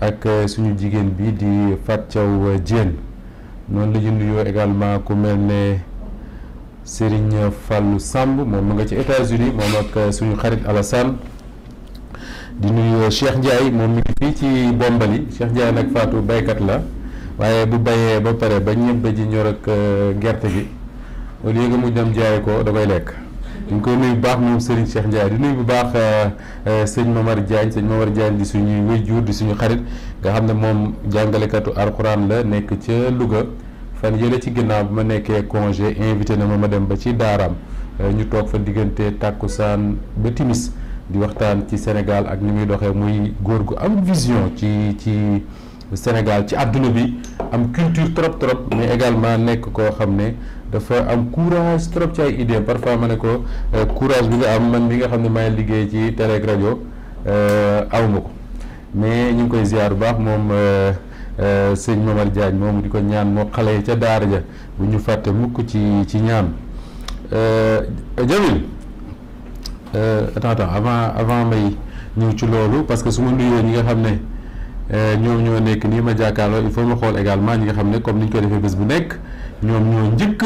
ak euh, suñu jigéen bi di Fat Thiaw euh, Diène noonu la ñu nuyoo également ku mel ne Serigne Fallou Samb moom mu nga ci États-Unis moom ak euh, suñu xarit Alassane di nuyu Cheikh Ndiaye moom mi ngi fii ci Bombali Cheikh Ndiaye nag Fatou baykat la waaye bu bayee ba pare ba ñebbe ji ñor gerte gi au lieu mu dem jaay ko da koy lekk. ñu ngi koy bu baax moom seriñ seex Ndiaye di nuyu bu baax euh, euh, sëñ Mamar Diagne sëñ Mamar Diagne di suñuy wéjjur di suñu xarit nga xam ne moom jàngalekatu alxuraan la nekk ca Louga fan yële ci ginnaaw bi ma nekkee congé invité na ma ma dem ba ci daaraam euh, ñu toog fa diggante tàkkusaan ba timis di waxtaan ci Sénégal ak ni muy doxee muy góor gu am vision ci ci Sénégal ci àdduna bi am culture trop trop mais également nekk koo xam ne. dafa am courage trop ci ay idée parfois ma ne ko euh, courage bi nga am man mi nga xam ne maay liggéey ci télé ak rajo euh, aw ma ko mais ñu ngi koy ziar bu baax moom euh, sëñ Momar Diagne moom di ko ñaan moo xale yi ca daara ja bu ñu fàtte mukk ci ci ñaan Jamil attends attends avant avant may ñëw ci loolu parce que su ma nuyoo ñi nga xam ne ñoom ñoo nekk nii ma jàkkaarloo il faut ma xool également ñi nga xam ne comme ni ñu koy defee bés bu nekk ñoom ñoo njëkk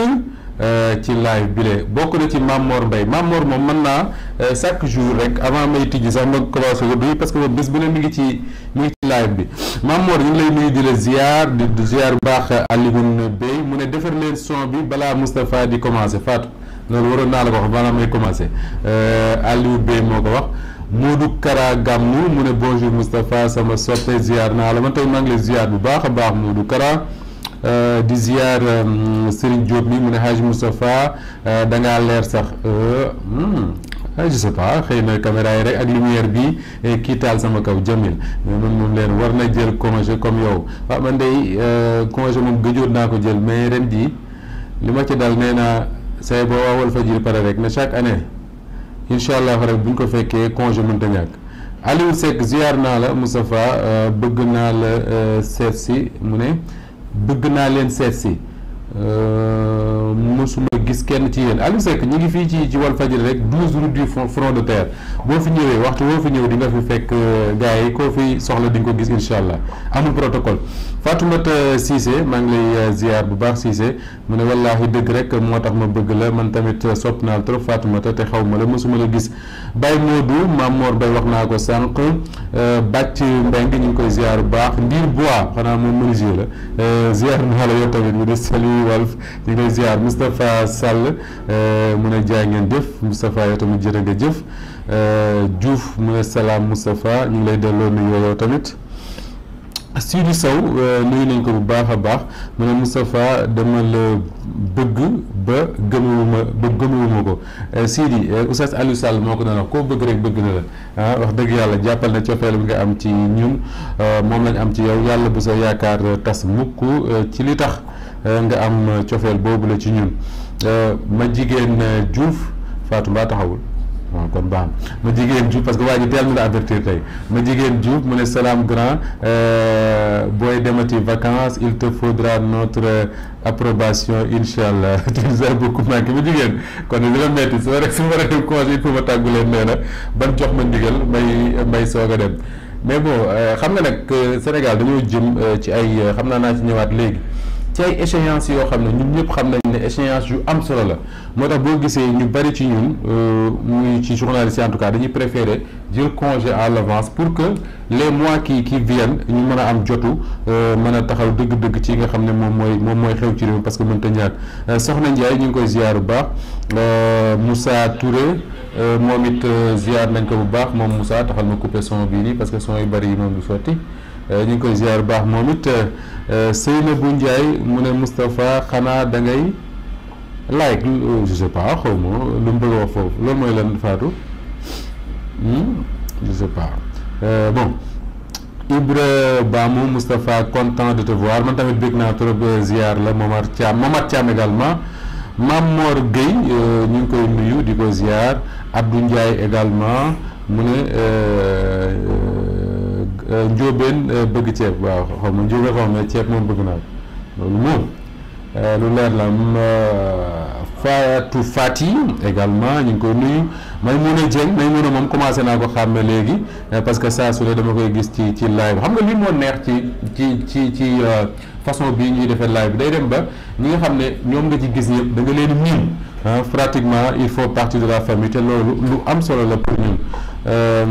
euh, ci live bi lee bokk na ci Mamor mbay Mamor moom mën naa euh, chaque jour rek avant may tijji sax ma commencé ko duy parce que bés bu ne mi ngi ci mi ngi ci live bi Mamor yi ngi lay nuyu di la ziar di ziar baax Alioune Bey mu ne defar leen son bi balaa Moustapha di commencé Fatou loolu waroon naa la ko wax balaa may commencé euh, Aliou Bey moo ko wax Modou Kara Gamou mu ne bonjour Moustapha sama soppe ziar naa la man tey maa ngi bu baax a baax Modou Kara. Euh, di ziar euh, Serigne Diop mi mu ne Hadj Moustapha euh, da ngaa leer sax hmm, ah je sais xëy na caméra yi rek ak lumière bi eh, kii taal sama kaw Jamil moom leen war na jël congé comme yow waaw ah, man day congé moom gëjoon naa ko jël mais ren jii li ma ci dal nee naa say boo waawal fajiri pare rek na chaque année incha allah rek bu ñu ko fekkee congé mënta ñàkk Aliou Seck ziar naa la Moustapha bëgg naa la seet si mu ne. bëgg naa leen seet si euh, mosuma gis kenn ci yéen Aliou Seck ñu ngi fii ci ci Walfadjri rek douze route du front de terre boo fi ñëwee waxtu boo fi ñëw di nga fi fekk euh, gars yi ko fi soxla di ko gis incha allah amul protocole. Fatoumata Cissé maa ngi lay euh, ziar bu baax Cissé mu ne wallaahi dëgg rek moo tax ma bëgg la man tamit euh, sopp naa la trop Fatoumata te xaw ma la mosuma la gis Baye Modou Maam Mor Baye wax naa ko sànq euh, bàcc mbeng ñu ngi koy ziar bu baax Ndiir Bois xanaa moom menuisier la ziar naa la yow tamit mu ne Sali Walf ñu ngi lay Sall mu ne jaay ngeen jëf Moustapha yow tamit jërë nga jëf Diouf mu ne salaam Moustapha ñu ngi lay delloo nuyoo yow tamit. sii Sidi Sow euh, nuyu nañ ko bu baax a baax mu ne Moustapha dama la bëgg ba gëmewuma ba gëmewuma ko euh, Sidi euh, Oustaz Aliou Sall moo ko doon wax koo bëgg rek bëgg na la ah, wax dëgg yàlla jàppal na cofeel bi nga am ci ñun moom lañ am ci yow yàlla bu sa yaakaar tas mukk ci li tax nga am cofeel boobu la ci ñun ma jigéen juuf faatu mbaa taxawul bon kon baax ma jigéen Diouf parce que waa ji teel na la avertir tey ma jigéen Diouf mu ne salaam grand euh, booy demati vacances il te faudra notre euh, approbation incha allah tu nous as beaucoup manqué ma jigéen kon li la metti su ma rek su ma rek dem ma tàggu leen nee na ban jox ma ndigal may may soog a dem mais boo euh, xam nga nag Sénégal dañoo jëm ci ay xam naa naa ci ñëwaat léegi. ci ay échéances yoo xam ne ñun ñëpp xam nañ ne échéance yu am solo la moo tax boo gisee ñu bari ci ñun euh, muy ci journaliste en tout cas dañuy préférer jël congé à l'avance pour que les mois qui qui viennent ñu mën a am jotu euh, mën a taxal dëgg-dëgg ci nga xam ne moom mooy moom mooy xew ci réew parce que mënta ñàkk euh, soxna Ndiaye ñu ngi koy ziar bu baax Moussa Touré moom it ziar nañ ko bu baax moom Moussa taxal ma couper son bii nii parce que son yu bari yi moom du Euh, ñu ngi koy ziar baax moom it euh, bu Ndiaye mu ne Moustapha xanaa da ngay like euh, je sais pas xaw ma lu mu bëgg wax foofu loolu mooy lan Fatou hmm? je sais pas bon Ibra Bamou Moustapha content de te voir man tamit bég naa trop ziar la Momar Thiam Momar Thiam également Mam Mor Gueye ñu ngi koy nuyu di ko ziar Abdou Ndiaye également mu ne. Euh, njóobeen euh, bëgg ceeb waaw xaw ma njóobeen xaw ma ceeb moom bëgg naa ko loolu moom euh, lu leer la faat yi également ñu ngi koy nuyu Maimouna Dieng Maimouna moom commencé naa ko xàmme léegi parce que saa su ne dama koy gis ci ci live xam nga li moo neex ci ci ci ci façon bii ñuy defee live day dem ba ñi nga xam ne ñoom nga ci gis ñëpp da nga leen miin pratiquement il faut partie de la famille te loolu lu am solo la pour ñun. Euh,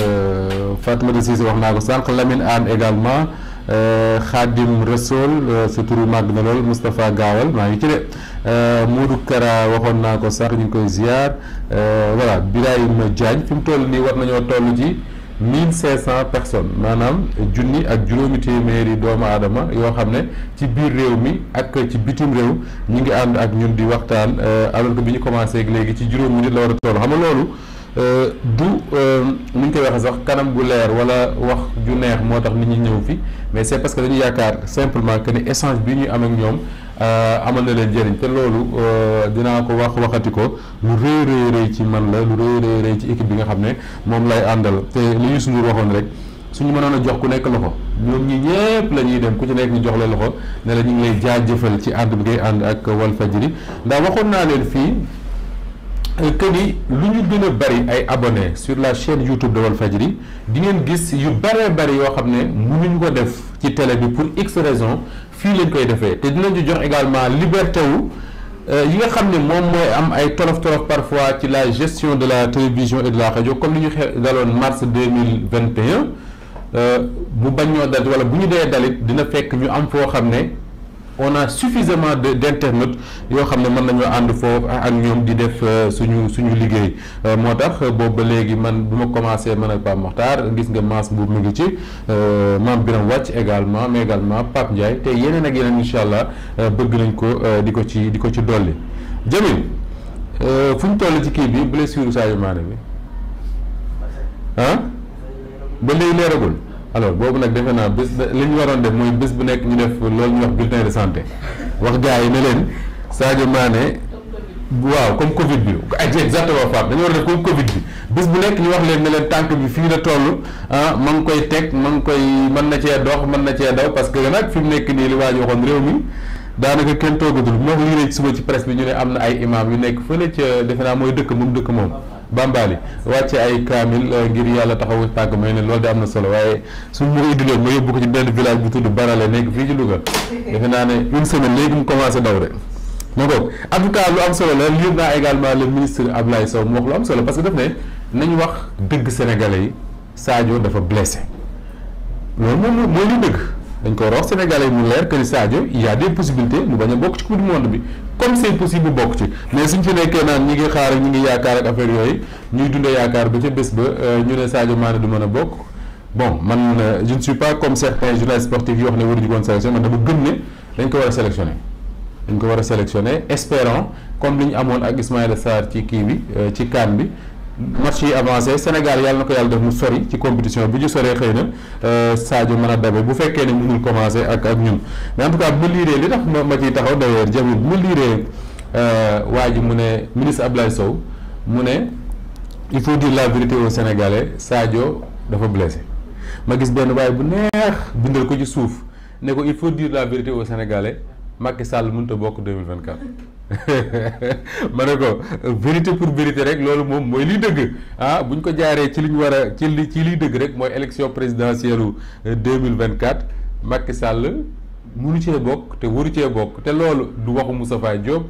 euh, Fatma Cissé wax naa ko sànq Lamine Anne également euh, Khadim Rasoul sa turu màgg na lool Moustapha Gaawal maa ngi ci de Modou Kara waxoon naa ko sànq ñu ngi koy ziar voilà Birahima Diagne fi mu toll nii war nañoo toll ci mille cinq cent personnes maanaam junni ak juróomi téeméeri doomu aadama yoo xam ne ci biir réew mi ak ci bitim réew ñu ngi ànd ak ñun di waxtaan alors que bi ñu commencé léegi ci juróomi nit la war toll xam nga loolu. Euh, du euh, nu ñu koy waxee sax kanam gu leer wala wax ju neex moo tax nit ñi ñëw fi mais c'est parce que dañu yaakaar simplement que ni échange bi ñuy am ak ñoom euh, amal na leen jëriñ te loolu dinaa ko wax waxati ko lu rëy rëy ci man la lu rëy rëy rëy ci équipe bi nga xam ne moom lay àndal te li ñu suñu waxoon rek suñu mënoon a jox ku nekk loxo ñoom ñi ñëpp la ñuy dem ku ci nekk ñu jox la loxo ne la ñu ngi lay jaajëfal ci ànd bi ngay ànd ak Walfadjri ndax waxoon naa Euh, que ni lu ñu gën a bari ay abonnés sur la chaîne YouTube de Walfadjri di ngeen gis yu bëree bëri yoo xam ne ñu ko def ci télé bi pour x raison fii lañ koy defee te dinañu jox également liberté wu euh, yi nga xam ne moom mooy am ay tolof tolof parfois ci la gestion de la télévision et de la radio comme li ñu xe daloon mars deux mille vingt et un mu euh, bañ ñoo dal wala bu ñu dee dalit dina fekk ñu am foo xam ne. on a suffisamment de d'internautes yoo xam ne mën nañoo ànd foofu ak ñoom di def euh, suñu suñu liggéey euh, moo tax boobu ba léegi man bu ma commencé man ak Pape Mokhtar gis nga maas bu mu ngi ci euh, maam Biram wàcc également mais également Pape Ndiaye te yeneen ak yeneen incha allah bëgg nañ ko di ko ci di ko ci dolli Jamil fu ñu toll ci kii bi blessure Sadio Mané bi ah ba léegi leeragul alors boobu nag defe naa bés li ñu waroon def mooy bés bu nekk ñu def loolu ñu wax bulletin de santé wax gars yi ne leen Sadio Mané waaw comme Covid bi ak exactement Fap dañu war a def comme Covid bi bés bu nekk ñu wax leen ne leen tànk bi fii la toll ah ma ngi koy teg ma koy mën na cee dox man na cee daw parce que nag fi mu nekk nii li waa ji waxoon réew mi. daanaka kenn toogatul moo ko lii suba ci presse bi ñu ne am na ay imam yu nekk fële ca defe naa mooy dëkk moom dëkk moom bambali wàcce ay kaamil euh, ngir yàlla taxawu tàgg may ne loolu de am na solo waaye suñ ma indi loolu ma yóbbu ko ci benn village bu tudd Barale nekk fii ci Louga defe naa ne une semaine léegi mu commencé daw de ma ko en tout cas lu am solo la lire naa également le ministre Ablaye Sow mu wax lu am solo parce que daf ne nañ wax dëgg sénégalais yi Sadio dafa blessé loolu moom mooy li dëgg dañ ko wax Sénégalais mu leer que ni Sadio il y a des possibilités mu bañ a bokk ci coupe du monde bi comme c'est possible bokk ci mais suñ fi nekkee naan ñi ngi xaar ak ñi ngi yaakaar ak affaire yooyu ñuy dundee yaakaar ba ca bés ba euh, ñu ne Sadio Mané du mën a bokk bon man euh, je ne suis pas comme certains journalistes sportifs yoo xam ne waruñu koon man dama gëm ne dañ ko war a sélectionné dañ ko war a sélectionné espérant comme li ñu amoon ak Ismaïla ci kii bi euh, ci CAN bi match yi avancé Sénégal yàlla na ko yàlla def mu sori ci compétition bu ñu soree xëy na saajo mën a dabe bu fekkee ne mënul commencé ak ak ñun mais en tout cas bu ma liiree li tax ma ma ciy taxaw d'ailleurs Jamil bu liiree euh, waa ji mu ne ministre Abdoulaye Sow mu ne il faut dire la vérité aux Sénégalais Sadio dafa blessé ma gis benn waaye bu neex bindal ko ci suuf ne ko il faut dire la vérité aux Sénégalais Macky Sall mënut a bokk 2024. ma ne ko vérité pour vérité rek loolu moom mooy liy dëgg ah bu ko jaaree ci li ñu war a ci li ci liy dëgg rek mooy élection présidentielle euh, deux mille vingt quatre Macky Sall mënu cee bokk te waru cee bokk te loolu du waxu Moustapha Diop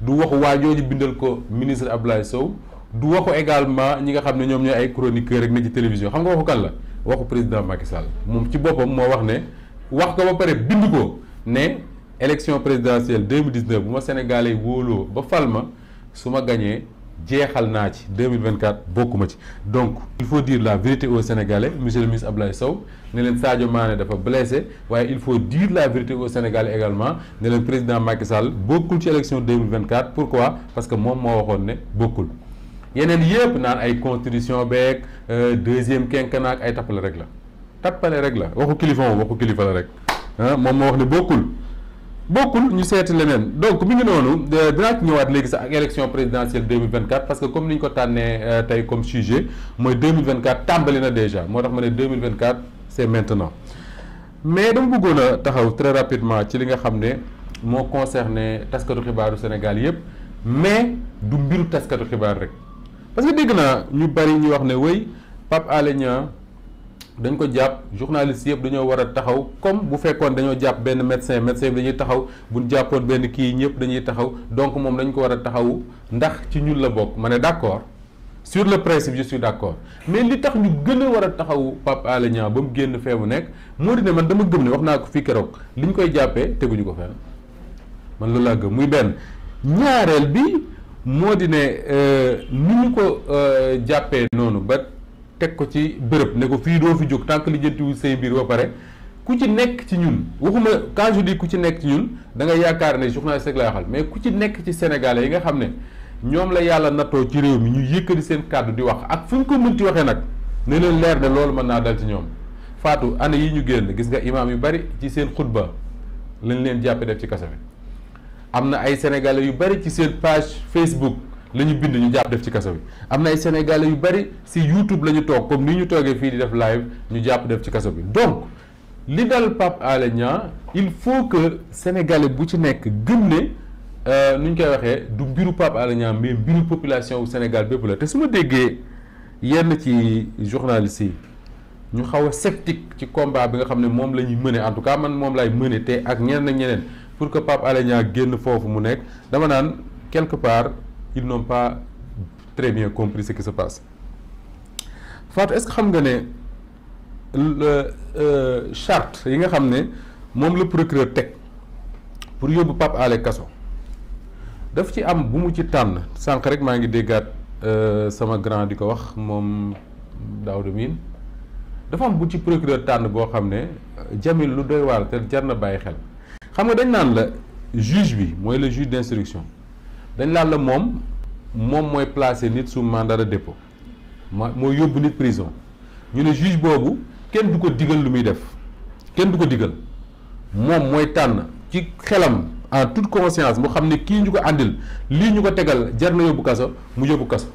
du waxu waa jooju bindal ko ministre Abdoulaye Sow du waxu également ñi nga xam ne ñoom ñooy ay chroniqueur rek ni ci télévision xam nga waxu kan la waxu président Macky Sall moom ci boppam moo wax ne wax ko ba pare bind ko ne. élection présidentielle 2019 bu ma Sénégalais wóoloo ba fal ma su ma gañee jeexal naa ci 2024 bokkuma ci donc il faut diir la vérité au Sénégalais monsieur le ministre Abdoulaye Sow ne leen Sadio Mané dafa blessé waaye il faut dire la vérité aux Sénégalais également ne leen président Macky Sall bokkul ci élection 2024 pourquoi parce que moom moo waxoon ne bokkul yeneen yëpp naan ay constitution beeg euh, deuxième quinquennat ak ay tappale rek la tappale rek la waxu kilifa moom waxu kilifa la rek moom moo wax ne bokkul bokkul ñu seeti leneen donc mi ngi noonu euh, dinaa ci ñëwaat léegi sa ak élection présidentielle 2024 parce que comme ni ñu ko tànnee euh, tey comme sujet mooy 2024 tàmbali na déjà moo tax ma ne 2024 c'est maintenant mais dama bëggoon a taxaw très rapidement ci li nga xam ne moo concerné taskatu xibaaru Sénégal yépp mais du mbiru taskatu xibaar rek parce que dégg naa ñu bari ñu wax ne wéy Pape Alé Niang dañ ko jàpp journaliste yëpp dañoo war a taxaw comme bu fekkoon dañoo jàpp benn médecin médecin bi dañuy taxaw bu jàppoon benn kii ñëpp dañuy taxaw donc moom dañ ko war a taxawu ndax ci ñun la bokk ma ne d'accord sur le principe je suis d'accord mais li tax ñu gën a war a taxawu Pape Alé Niang ba mu génn fee mu nekk moo di ne man dama gëm ne wax naa ko fi keroog li ñu koy jàppee teguñu ko fenn man loolu laa gëm muy benn ñaareel bi moo di ne euh, ni ñu ko euh, jàppee noonu ba. teg ko ci bërëb ne ko fii doo fi jóg tant que lijjantiwu say biir ba pare ku ci nekk ci ñun waxuma quand je ku ci nekk ci da nga yaakaar ne journaliste rek lay waxal mais ku ci nekk ci sénégalais yi nga xam ne ñoom la yàlla nattoo ci réew mi ñu yëkkati seen kàddu di wax ak fu ñu ko mënti waxee nag ne leen leer ne loolu mën naa dal ci ñoom Fatou année yi ñu génn gis nga imaam yu bari ci seen xutba lañ leen jàppe def ci kaso am na ay sénégalais yu bari ci seen page Facebook la ñu bind ñu jàpp def ci kaso bi am na ay sénégalais yu bari si youtube la ñu toog comme ni ñu toogee fii di def live ñu jàpp def ci kaso bi donc li dal Pape Alé il faut que sénégalais bu ci nekk gëm ne euh, nu ñu koy waxee du mbiru Pape Alé Niang mais mbiru population wu Sénégal bépp la te su ma déggee yenn ci journalistes yi ñu xaw a sceptique ci combat bi nga xam ne moom la ñuy mëne en tout cas man moom lay mëne te ak ñeneen ak ñeneen pour que Pape Alé génn foofu mu nekk dama naan quelque part ils n'ont pas très bien compris ce qui se passe Fatou est-ce xam nga ne euh, charte yi nga xam ne moom la procureur teg pour yóbbu Pape Alé kaso daf ci am bu mu ci tànn sànq rek maa ngi déggaat euh, sama grand di ko wax moom Daouda Mine dafa am bu ci procureur tànn boo xam ne Jamil lu doy waar te jar na bàyyi xel xam nga dañ naan la juge bi mooy le juge d'instruction dañ laal la moom moom mooy placer nit sous mandat de dépôt ma moo yóbbu nit prison ñu ne juge boobu kenn du ko digal lu muy def kenn du ko digal moom mooy tànn ci xelam en toute conscience mu xam ne kii ñu ko àndil lii ñu ko tegal jar na yóbbu kaso mu yóbbu kaso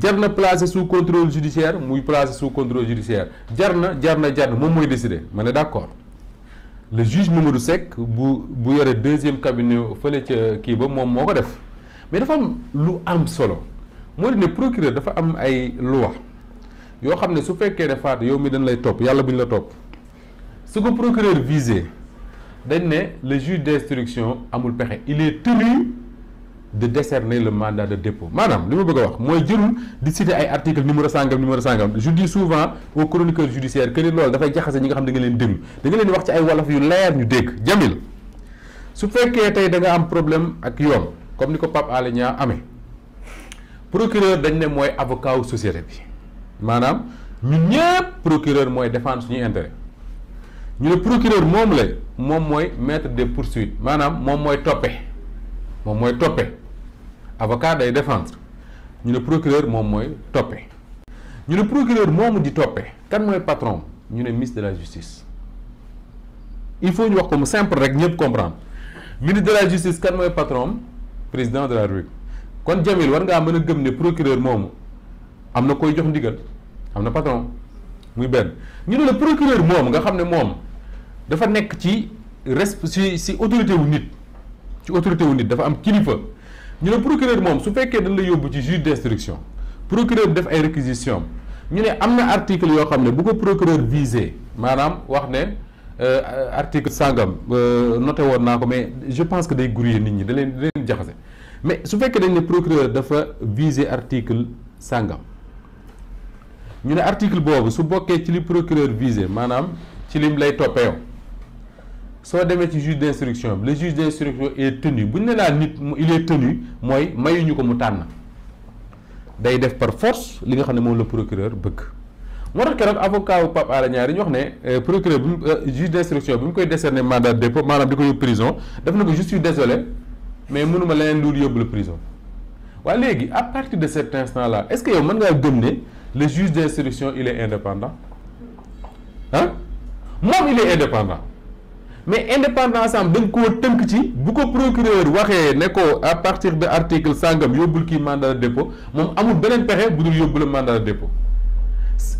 jar na placé sous contrôle judiciaire muy placé sous contrôle judiciaire jar na jar na jar na moom mooy décider ma ne d'accord le juge Mamadou Seck bu bu yore deuxième cabinet fële ca kii ba moom moo ko def mais dafa am lu am solo moo di ne procureur dafa am ay loi yoo xam ne su fekkee ne faatu yow mi dañ lay topp yàlla bu ñu la topp su ko procureur visé dañ ne le juge d'instruction amul pexe il est tenu de décerner le mandat de dépôt maanaam li ma bëgg a wax mooy jërul di citer ay article numéro sangam numéro sangam je dis souvent aux chroniqueurs judiciaires que ni loolu dafay jaxase ñi nga xam da nga leen déglu da nga leen wax ci ay wolof yu leer ñu dégg jamil su fekkee tey da am problème ak yoon comme ni ko Pape Alé Niang amee procureur dañ ne mooy avocat wu société bi maanaam ñun ñëpp procureur mooy défendre suñuy intérêt ñu ne procureur moom la moom mooy maître des poursuites maanaam moom mooy toppee. moom mooy toppe avocat day défendre ñu ne procureur moom mooy toppe ñu ne procureur moomu di toppe kan mooy patron ñu ne ministre de la justice il faut ñu wax ko mu simple rek ñëpp comprendre ministre de la justice kan mooy patron président de la République kon Jamil war ngaa mën a gëm ne procureur moomu am na koy jox ndigal am na patron muy benn ñu ne la procureur moomu nga xam ne moom dafa nekk ci resp ci ci autorité wu nit ci autorité wu nit dafa am kilifa ñu ne procureur moom su fekkee dañ la yóbbu ci juge d'instruction procureur bi def ay réquisition ñu ne am na article yoo xam ne bu ko procureur visé maanaam wax ne euh, article sangam euh, noté woon naa ko mais je pense que day grouiller nit ñi da leen da leen jaxase mais su fekkee dañ ne procureur dafa visé article sangam ñu ne article boobu su bokkee ci li procureur visé maanaam ci lim lay toppee yow soo demee ci juge d'instruction bi le juge d'instruction est tenu bu ñu ne laa nit il est tenu mooy mayuñu ko mu tànn day def par force li nga xam ne moom la procureur bëgg moo tax keroog avocat wu Pape Alé Niang ñu wax ne euh, procureur bi mu euh, juge d'instruction bi mu koy décerner mandat de dépôt maanaam di ko yóbbu prison def na ko je suis désolé mais mënuma leneen loolu yóbbu la prison waaye léegi à partir de cet instant là est-ce que yow mën ngaa gëm ne le juge d'instruction il est indépendant ah moom indépendant mais indépendance am dañ koo tënk ci bu ko procureur waxee ne ko à partir de article sàngam yóbbul kii mandat de moom amul beneen pexe bu dul yóbbu la mandat de dépôt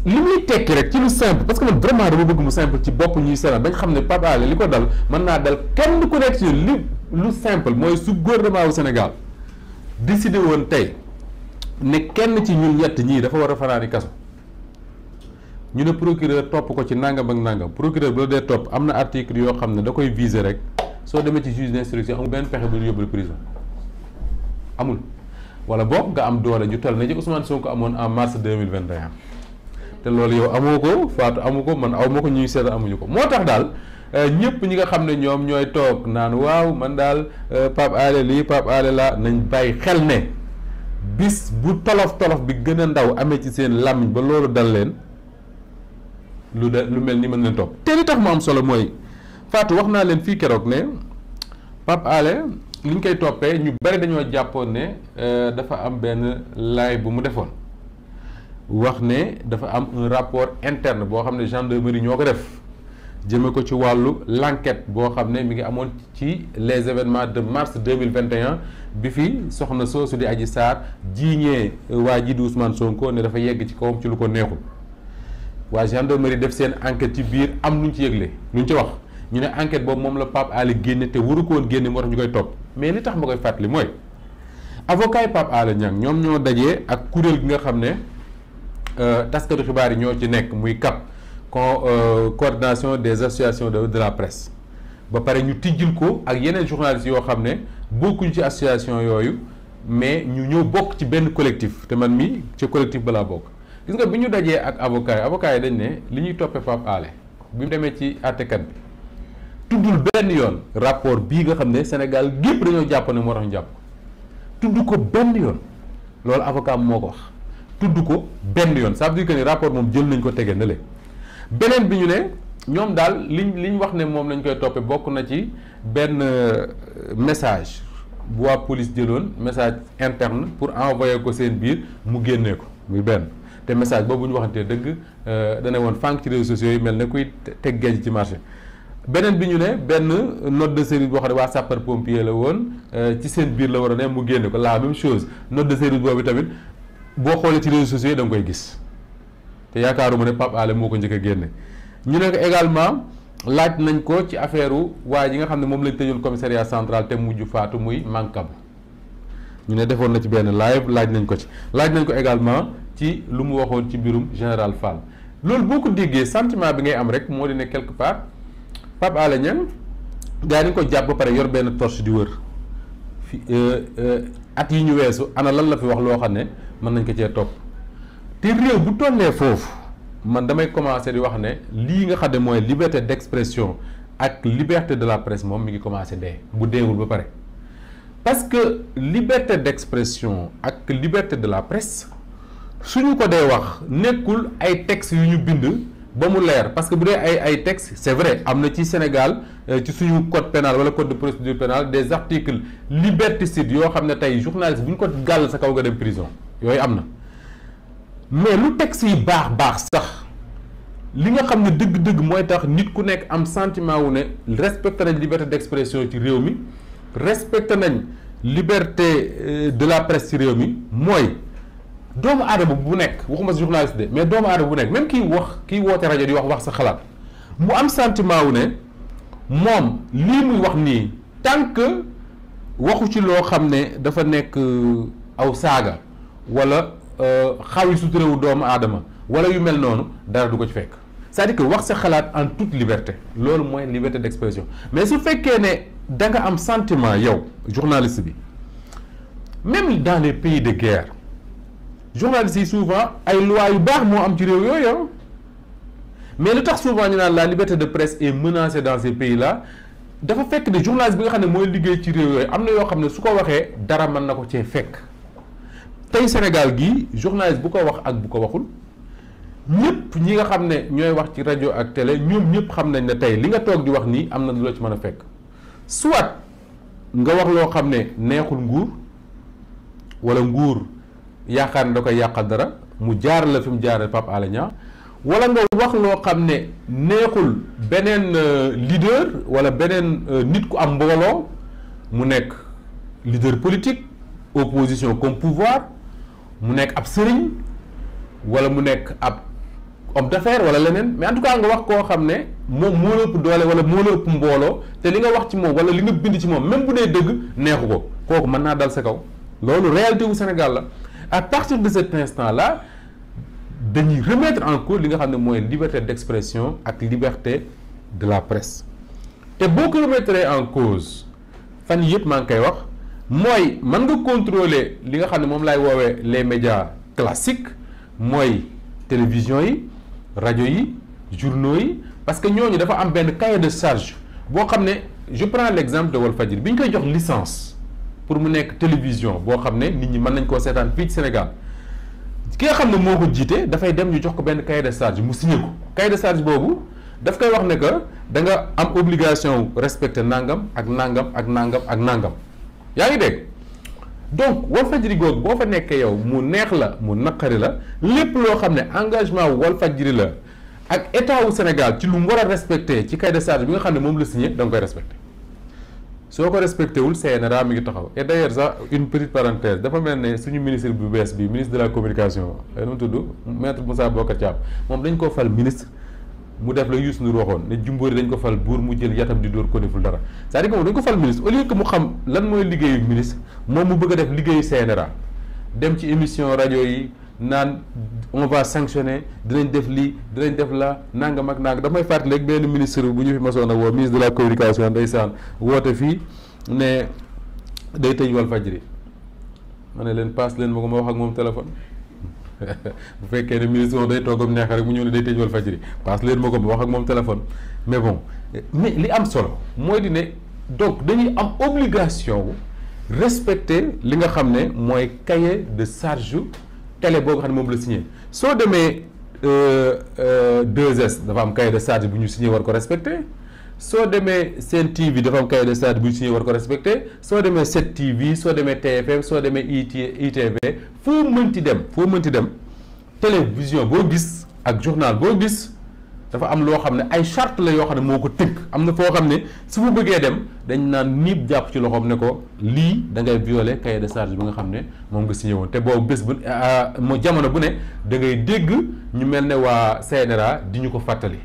li muy tekki rek ci lu simple parce que man vraiment dama bëgg mu simple ci bopp ñuy seetaan bañ xam ne Pape li ko dal mën naa dal kenn ku nekk ci li lu simple mooy su gouvernement wu Sénégal décidé woon tey ne kenn ci ñun ñett ñii dafa war a fanaani kaso ñu ne procureur topp ko ci nangam ak nangam procureur bu la dee topp am na article yoo xam ne da koy viser rek soo demee ci juge d'instruction amul benn pexe bu ñu yóbbul prison amul wala boog nga am doole ñu toll ne ci Ousmane Sonko amoon en mars 2021 te loolu yow amoo ko Fatou amu ko man aw ma ko ñuy seet amuñu ko moo tax daal euh, ñëpp ñi nga xam ne ñoom ñooy toog naan waaw man daal euh, Pape Alé lii Pape Alé laa nañ bàyyi xel ne bis bu tolof tolof bi gën a ndaw amee ci seen làmmiñ ba loolu dal leen lu de lu mel ni mën leen topp te li tax mu am solo mooy Fatou wax naa leen fii keroog ne Pape Alé li ñu koy toppee ñu bari dañoo jàppoon ne euh, dafa am benn laay bu mu defoon wax ne dafa am un rapport interne boo xam ne gendarmerie ñoo ko def jëme ko ci wàllu l'enquête boo xam ne mi ngi amoon ci les événements de mars 2021 bi fi soxna soosu di Adji Sarr jiiñee waa ji di Ousmane Sonko ne dafa yegg ci kawam ci lu ko neexul waa gendarmerie def seen enquête ci biir am lu ñu ci yëgle lu ñu ci wax ñu ne enquête boobu moom la Pape Alé génne te waru ko woon génne moo tax ñu koy topp mais li tax ma koy fàttali mooy avocat yi Pape Alé ñoom ñoo dajee ak kuréel gi nga xam ne euh, taskatu xibaar yi ñoo ci nekk muy CAP con euh, coordination des associations de de la presse ba pare ñu tijjil ko ak yeneen journalistes yoo xam ne bokkuñ ci association yooyu mais ñu ñëw bokk ci benn collectif te man mi ci collectif balaa bokk. gis nga bi ñu dajee ak avocat yi avocat yi dañ ne li ñuy toppee Pape Alé bi mu demee ci àttekat bi tuddul benn yoon rapport bii nga xam ne Sénégal gépp dañoo jàpp ne moo tax ñu jàpp tudd ko benn yoon loolu avocat moo ko wax tudd ko benn yoon ça veut dire que rapport moom jël nañ ko tege na beneen bi ñu ne ñoom daal li liñ wax ne moom lañ koy toppee bokk na ci benn euh, message bu waa police jëloon message interne pour envoyer ko seen biir mu génnee ko muy benn. te message boobu ñu waxantee dëgg euh, dana woon fànk ci réseaux sociaux yi mel ne kuy teg géej ci marché beneen bi ñu ne benn note de service boo xam ne waa sapeur pompier la woon euh, ci seen biir la war a ne mu génne ko laa même chose note de service boobu tamit boo xoolee ci réseaux sociaux yi da koy gis te yaakaaruma ne Pape Alé moo ko njëkk a génne ñu ne ko également laaj nañ ko ci affaire waaye yi nga xam ne moom lañ tëjoon commissariat central te mujj faatu muy Mankab ñu ne defoon na ci benn live laaj nañ ko ci laaj nañ ko également ci lu mu waxoon ci mbirum général Fall loolu boo ko déggee sentiment bi ngay am rek moo di ne quelque part Pape Alé Niang gaa yi ko jàpp ba pare yor benn torche di wër fi euh, euh, at yi ñu weesu ana lan la fi wax loo xam ne mën nañ ko cee topp te réew bu tollee foofu man damay commencer di wax ne lii nga xam ne mooy liberté d'expression ak liberté de la presse moom mi ngi commencer dee bu deewul ba pare parce que liberté d'expression ak liberté de la presse suñu ko dee wax nekkul ay textes yu ñu bind ba mu leer parce que bu dee ay ay textes c'est vrai am na ci Sénégal euh, ci suñu code pénal wala code de procédure pénale des articles liberticides yoo xam ne tey journaliste bu ko gàll sa kaw nga dem prison yooyu am na mais lu textes yi baax baax sax li nga xam ne dëgg-dëgg mooy tax nit ku nekk am sentiment wu ne respecté nañ liberté d'expression ci réew mi respecté nañ liberté euh, de la presse ci réew mi mooy. doomu aadama bu nekk waxuma si journaliste de mais doomu aadama bu nekk même kii wax kii woote rajo di wax wax sa xalaat mu am sentiment wu ne moom lii muy wax nii tant que waxu ci loo xam ne dafa nekk euh, aw saaga wala euh, xaw yi suturéwu doomu aadama wala yu mel noonu dara du ko ci fekk cest à wax sa xalaat en toute liberté loolu mooy liberté d'expression mais su fekkee ne da nga am sentiment yow journaliste bi même dans les pays de guerre journalistes yi souvent ay loi yu baax moo am ci réew yooyu ah. mais lu tax souvent ñu naan la liberté de presse est menacée dans ces pays là dafa fekk ne journaliste bi nga xam ne mooy liggéey ci réew yooyu am na yoo xam ne su ko waxee dara mën na ko cee fekk tey Sénégal gii journaliste bu ko wax ak bu ko waxul ñëpp ñi nga xam ne ñooy wax ci rajo ak tele ñoom ñëpp xam nañ ne tey li nga toog di wax nii am na lu la ci mën a fekk soit nga wax loo xam ne neexul nguur walla nguur. yaakaar ne da koy yàqal dara mu jaar la fi mu jaarale Pape Alé Niang wala nga wax loo xam ne neexul beneen euh, leader wala beneen euh, nit ku am mbooloo mu nekk leader politique opposition comme pouvoir mu nekk ab sëriñ wala mu nekk ab homme d'affaires wala leneen mais en tout cas nga wax koo xam ne moom moo la ëpp doole wala moo la ëpp mbooloo te li nga wax ci moom wala li nga bind ci moom même bu dee dëgg neexu ko kooku mën naa dal sa kaw loolu réalité wu Sénégal à partir de cet instant là dañuy remettre en cause li nga xam ne mooy liberté d'expression ak liberté de la presse te boo ko remettre en cause fan yëpp maa ngi koy wax mooy mën nga contrôler li nga xam ne moom laay woowe les médias classiques mooy télévision yi rajo yi journaux yi parce que ñooñu dafa am benn cahier de charge boo xam ne je prends l'exemple de Walfadjri bi ñu koy jox licence pour mu nekk télévision boo xam ne nit ñi mën nañ koo seetaan fii ci Sénégal ki nga xam ne moo ko jiite dafay dem ñu jox ko benn cahier de charge mu signé ko kay de charge boobu daf koy wax ne que da nga am obligation respecter nangam ak nangam ak nangam ak nangam yaa ngi dégg. donc Walfadjri googu boo fa nekkee yow mu neex la mu naqari la lépp loo xam ne engagement Walfadjri la ak état wu Sénégal ci lu mu war a respecté ci cahier de charge bi nga xam ne moom la signé da koy respecté. soo ko respecté wul CNRA mi ngi taxaw et d'ailleurs sax une petite parenthèse dafa mel ne suñu ministre bu bees bi ministre de la communication euh, nu mu tudd maître Moussa Bocar Thiam moom dañ koo fal ministre mu def la Youssou Ndour waxoon ne jumbóori dañ ko fal buur mu jël yatam di dóor ko deful dara c'est-à-dire que moom dañ ko fal ministre au lieu que mu xam lan mooy liggéeyu ministre moom mu bëgg a def liggéeyu CNRA dem ci émission rajo yi naan on va sanctionner dinañ def lii dinañ def la nangam ak nangam damay fàttali rek benn ministre bu ñu fi masoon a woo ministre de la communication ndeysaan woote fii ne day tëj Walfadjri ma ne leen paas leen ma ko ma wax moom téléphone bu fekkee ne ministre moom day toogam neex rek mu ñëw ne day tëj Walfadjri paas leen ma ko ma wax ak moom téléphone mais bon mais li am solo mooy di ne donc dañuy am obligation respecte li nga xam ne mooy cahier de charge télé boo xam ne moom la signé soo demee 2S euh, euh, dafa am cahier de charge bu ñu signé war ko respecte soo demee Sen TV dafa am cahier de charge bu ñu signé war ko respecte soo demee 7TV soo demee TFM soo demee IT ITV foo mënti dem foo mënti dem télévision boo gis ak journal boo gis. dafa am loo xam ne ay charte la yoo xam ne moo ko tënk am na foo xam ne su mu bëggee dem dañu naan niib jàpp ci loxoom ne ko lii da ngay violer cahier de bi nga xam ne moom nga signé woon te boobu bés bu euh, mo jamono bu ne da dégg ñu mel ne waa CNRA di ñu ko fàttali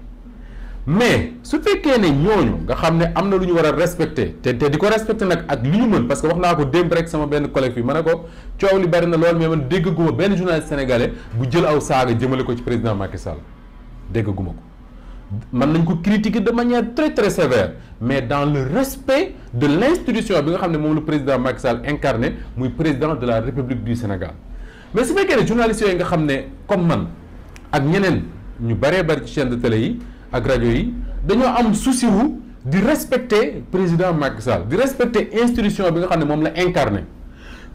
mais su fekkee ne ñooñu nga xam ne am na lu ñu war a respecté te te di ko respecté nag ak lu ñu mën parce que wax naa ko démb rek sama benn collègue fii ma ne ko coow li bari na lool mais man dégg guma benn journaliste sénégalais bu jël aw saaga jëmale ko ci président Macky Sall dégg ko man nañ ko critiquer de manière très très sévère mais dans le respect de l'institution bi nga xam ne moom la président Macky Sall muy président de la République du Sénégal mais su fekkee ne journalistes yooyu nga xam ne comme man ak ñeneen ñu bëree bari ci chaîne de télé yi ak rajo yi dañoo am souci wu di respecter président Macky Sall di respecter institution bi nga xam ne moom la incarné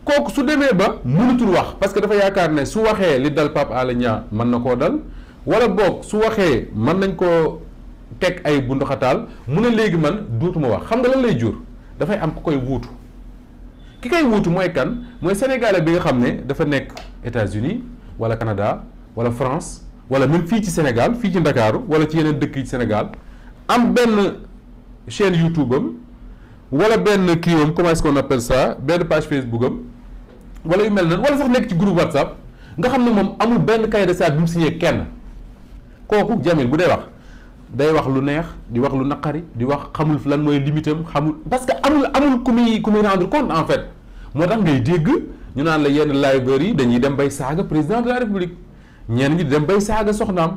kooku su demee ba mënatul wax parce que dafa yaakaar ne su waxee li dal Pape Alé Niang mën na koo dal wala boog su waxee man nañ ko teg ay bunduxataal mu ne léegi man duutuma wax xam nga lan lay jur dafay am ku koy wuutu ki koy wuutu mooy kan mooy sénégalais bi nga xam ne dafa nekk états uni wala kanada wala France wala même fii ci Sénégal fii ci Ndakaaru wala ci yeneen dëkk yi Sénégal am benn chaîne YouTube am walla benn kii am comment est-ce qu'on benn page Facebook am wala yu mel noonu wala sax nekk ci groupe WhatsApp nga xam ne moom amul benn cahier de kenn. kooku Jamil bu dee wax day wax lu neex di wax lu naqari di wax xamul lan mooy limitam xamul parce que amul amul ku muy ku muy rendre compte en fait moo tax ngay dégg ñu naan la yenn librairies yi dañuy dem bay saaga président de la république ñenn ñi di dem bay saaga soxnaam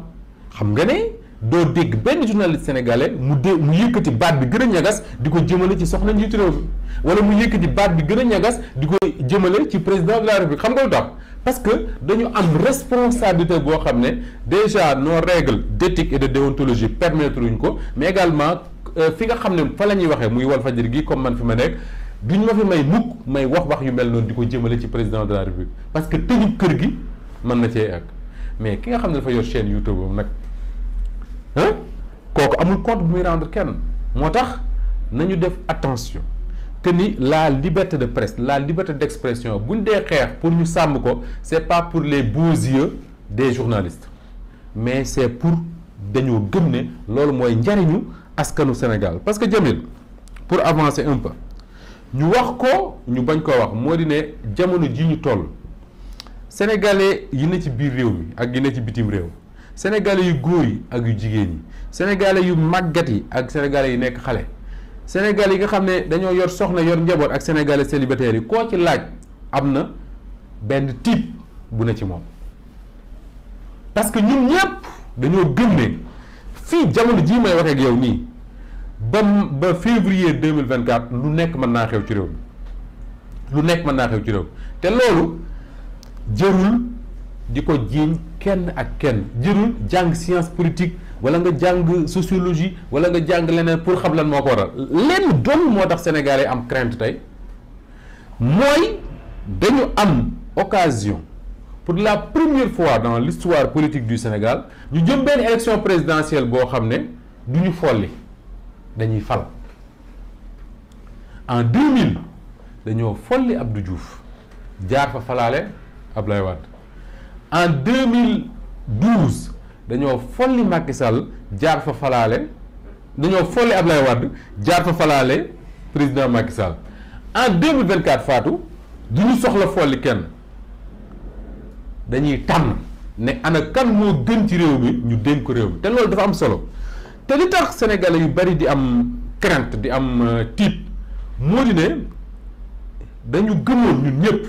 xam nga ne doo dégg benn journaliste sénégalais mu dé mu yëkkati baat bi gën a ñagas di ko jëmale ci soxna njiitu réew mi wala mu yëkkati baat bi gën a ñagas di ko jëmale ci président de la xam nga lu parce que dañu am responsabilité boo xam ne déjà nos règles d'éthique et de déontologie permettre ñu ko mais également euh, fi nga xam ne fa la ñuy waxee muy Walfadjri gi comme man fi ma nekk duñ ma fi may mukk may wax wax yu mel noonu di ko jëmale ci président de la République parce que tëjub kër gi mën na cee ak mais ki nga xam ne dafa yor chaîne YouTube am nag ah kooku amul compte bu muy rendre kenn moo tax nañu def attention que ni la liberté de presse la liberté d'expression buñ dee xeex pour ñu sàmm ko c'est pas pour les beaux yeux des journalistes mais c'est pour dañoo gëm ne loolu mooy njariñu askanu Sénégal parce que Jamil pour avancer un peu ñu wax ko ñu bañ koo wax moo di ne jamono ji ñu toll sénégalais yi ne ci biir réew mi ak yi ne ci bitim réew sénégalais yu góor yi ak yu jigéen yi sénégalais yu màggat yi ak sénégalais yu nekk xale Sénégal yi nga xam ne dañoo yor soxna yor njaboot ak sénégalais célibataires yi koo ci laaj am na benn type bu ne ci moom parce que ñun ñëpp dañoo gëm ne fii jamono jii may wax ak yow nii ba ba février deux mille vingt quatre lu nekk mën naa xew ci réew mi lu nekk mën naa xew ci réew mi te loolu jërul di ko jiiñ kenn ak kenn jërul jàng science politique. wala nga jàng sociologie wala nga jàng leneen pour xam lan moo ko waral lenn dong moo tax sénégalais am crainte tey mooy dañu am occasion pour la première fois dans l'histoire politique du Sénégal ñu jëm benn élection présidentielle boo xam ne du ñu folli dañuy fal en 2000 dañoo folli Abdou Diouf jaar fa falaale Abdoulaye Wade en dañoo folli Macky Sall jaar fa falaale dañoo folli Ablaye Wade jaar fa falaale président Macky Sall en 2024 Fatou du ñu soxla folli kenn dañuy tànn ne ana kan moo gën ci réew mi ñu dénk ko réew mi te loolu dafa am solo te li tax sénégalais yu bari di am crainte di am euh, tiit moo di ne dañu gëmoon ñun ñëpp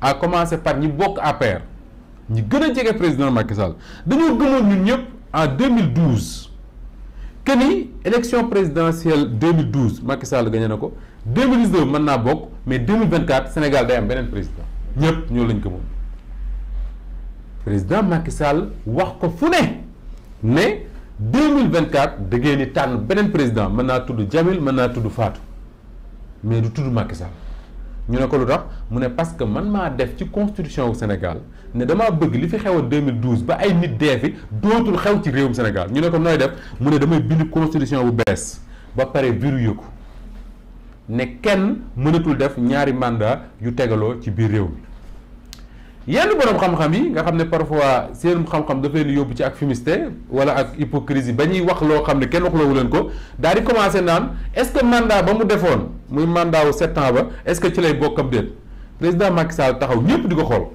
à commencer par ñi bokk APR ñi gën a jege président Macky Sall dañoo gëmoon ñun ñëpp en 2012 que ni élection présidentielle 2012 Macky Sall gagné ne ko 2019 mën naa bokk mais 2024 Sénégal day am beneen président ñëpp ñoo lañ gëmoon président Macky wax ko fu ne ne 2024 da ngeen ni tànn beneen président mën naa tudd Jamil mën naa tudd faatu mais du tudd Macky ñu ne ko lu tax mu ne parce que man maa def ci constitution wu Sénégal ne damaa bëgg li fi xew a 2012 ba ay nit dee fi dootul xew ci réewum Sénégal ñu ne ko nooy def mu ne damay bind constitution bu bees ba pare verrouillé ko ne kenn mënatul def ñaari mandat yu tegaloo ci biir réew mi. yenn borom xam-xam yi nga xam ne parfois seen xam-xam daf leen yóbbu ci ak fumiste wala ak hypocrisie ba ñuy wax loo xam ne kenn waxloowu leen ko daal di commencé naan est-ce que mandat ba mu defoon muy mandat wu sept ce que ci lay bokk ab déet président Macky Sall taxaw ñëpp di ko xool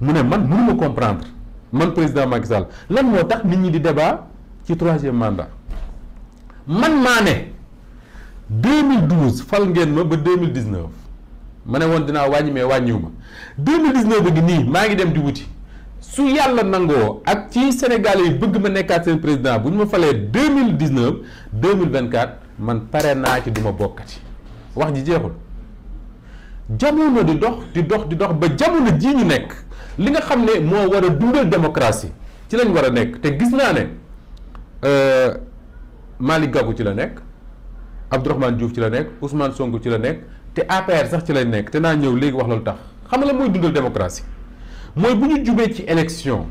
mu ne man mënuma comprendre man président Macky lan moo tax nit ñi di débat ci troisième mandat man maa ne 2012 fal ngeen ma ba 2019. ma ne woon dinaa wàññi mais wàññiwu ma 2019 bi nii maa ngi dem di wuti su yàlla nangoo ak ci Sénégal yi bëgg ma nekkaat seen président bu ñu ma falee mille mille 2019 2024 man pare naa ci du ma bokkati wax ji jeexul jamono di dox di dox di dox ba jamono jii ñu nekk li nga xam ne moo war a dundal démocratie ci lañ war a nekk te gis naa ne euh, Malick Gakou ci la nekk Abdourahmane Diouf ci la nekk Ousmane Sonko ci la nekk te APR sax ci lay nekk te naa ñëw léegi wax loolu tax xam nga la mooy dundal démocratie mooy bu ñu jubee ci élection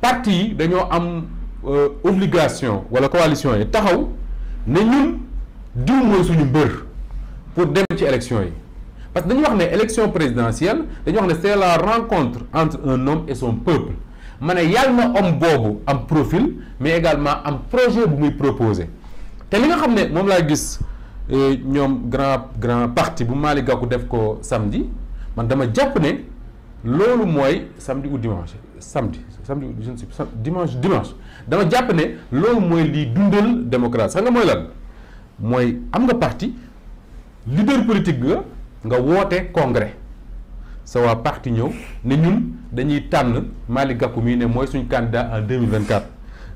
parti yi dañoo am euh, obligation wala coalition yi taxaw ne ñun diw mooy suñu mbër pour dem ci élection yi parce que dañu wax ne élection présidentielle dañu wax ne c'est la rencontre entre un homme et son peuple ma ne yàlla na homme boobu am profil mais également am projet bu muy proposé te li nga xam ne moom laa gis ñoom grand grand parti bu Malick Gakou def ko samedi man dama jàpp ne loolu mooy samedi ou dimanche samedi samedi je ne sais dama jàpp ne loolu mooy lii dundal démocratie xam nga mooy lan mooy am nga parti leader politique nga nga woote congrès sa waa parti ñëw ne ñun dañuy tànn Malick Gakou mii ne mooy suñ candidat en 2024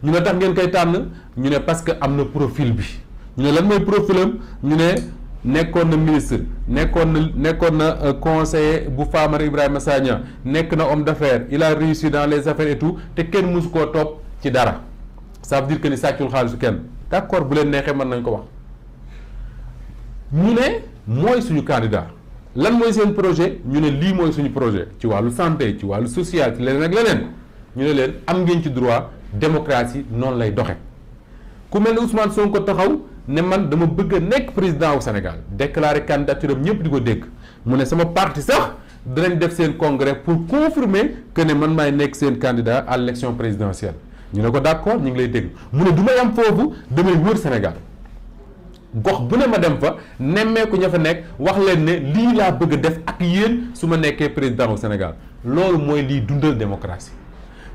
ñu ne tax ngeen koy tànn ñu ne parce que am na profil bi ñu ne lan mooy profilam ñu ne nekkoon na ministre nekkoon na nekkoon na euh, conseiller bu Famara Ibrahima Sagna nekk na homme d'affaires il a réussi dans les affaires et te kenn mosu koo topp ci dara saa veut dire que ni sàccul xaalisu kenn d'accord bu leen neexee mën nañ ko wax ñu ne mooy suñu candidat lan mooy seen projet ñu ne lii mooy suñu projet ci wàllu santé ci wàllu social ci leneen ak leneen ñu ne leen am ngeen ci droit démocratie noonu lay doxe ku mel ne Ousmane ko taxaw ne man dama bëgg a nekk président wu Sénégal déclaré candidature am ñëpp di ko dégg mu ne sama parti sax danañ def seen congrès pour confirmer que ne man may nekk seen candidat à l' élection présidentielle ñu ne ko d' accord ñu ngi lay dégg mu ne du may am foofu damay wër senegal gox bu ne ma dem fa nemmeeku ña fa nekk wax leen ne lii laa bëgg a def ak yéen su ma nekkee président wu Sénégal loolu mooy lii dundal démocratie.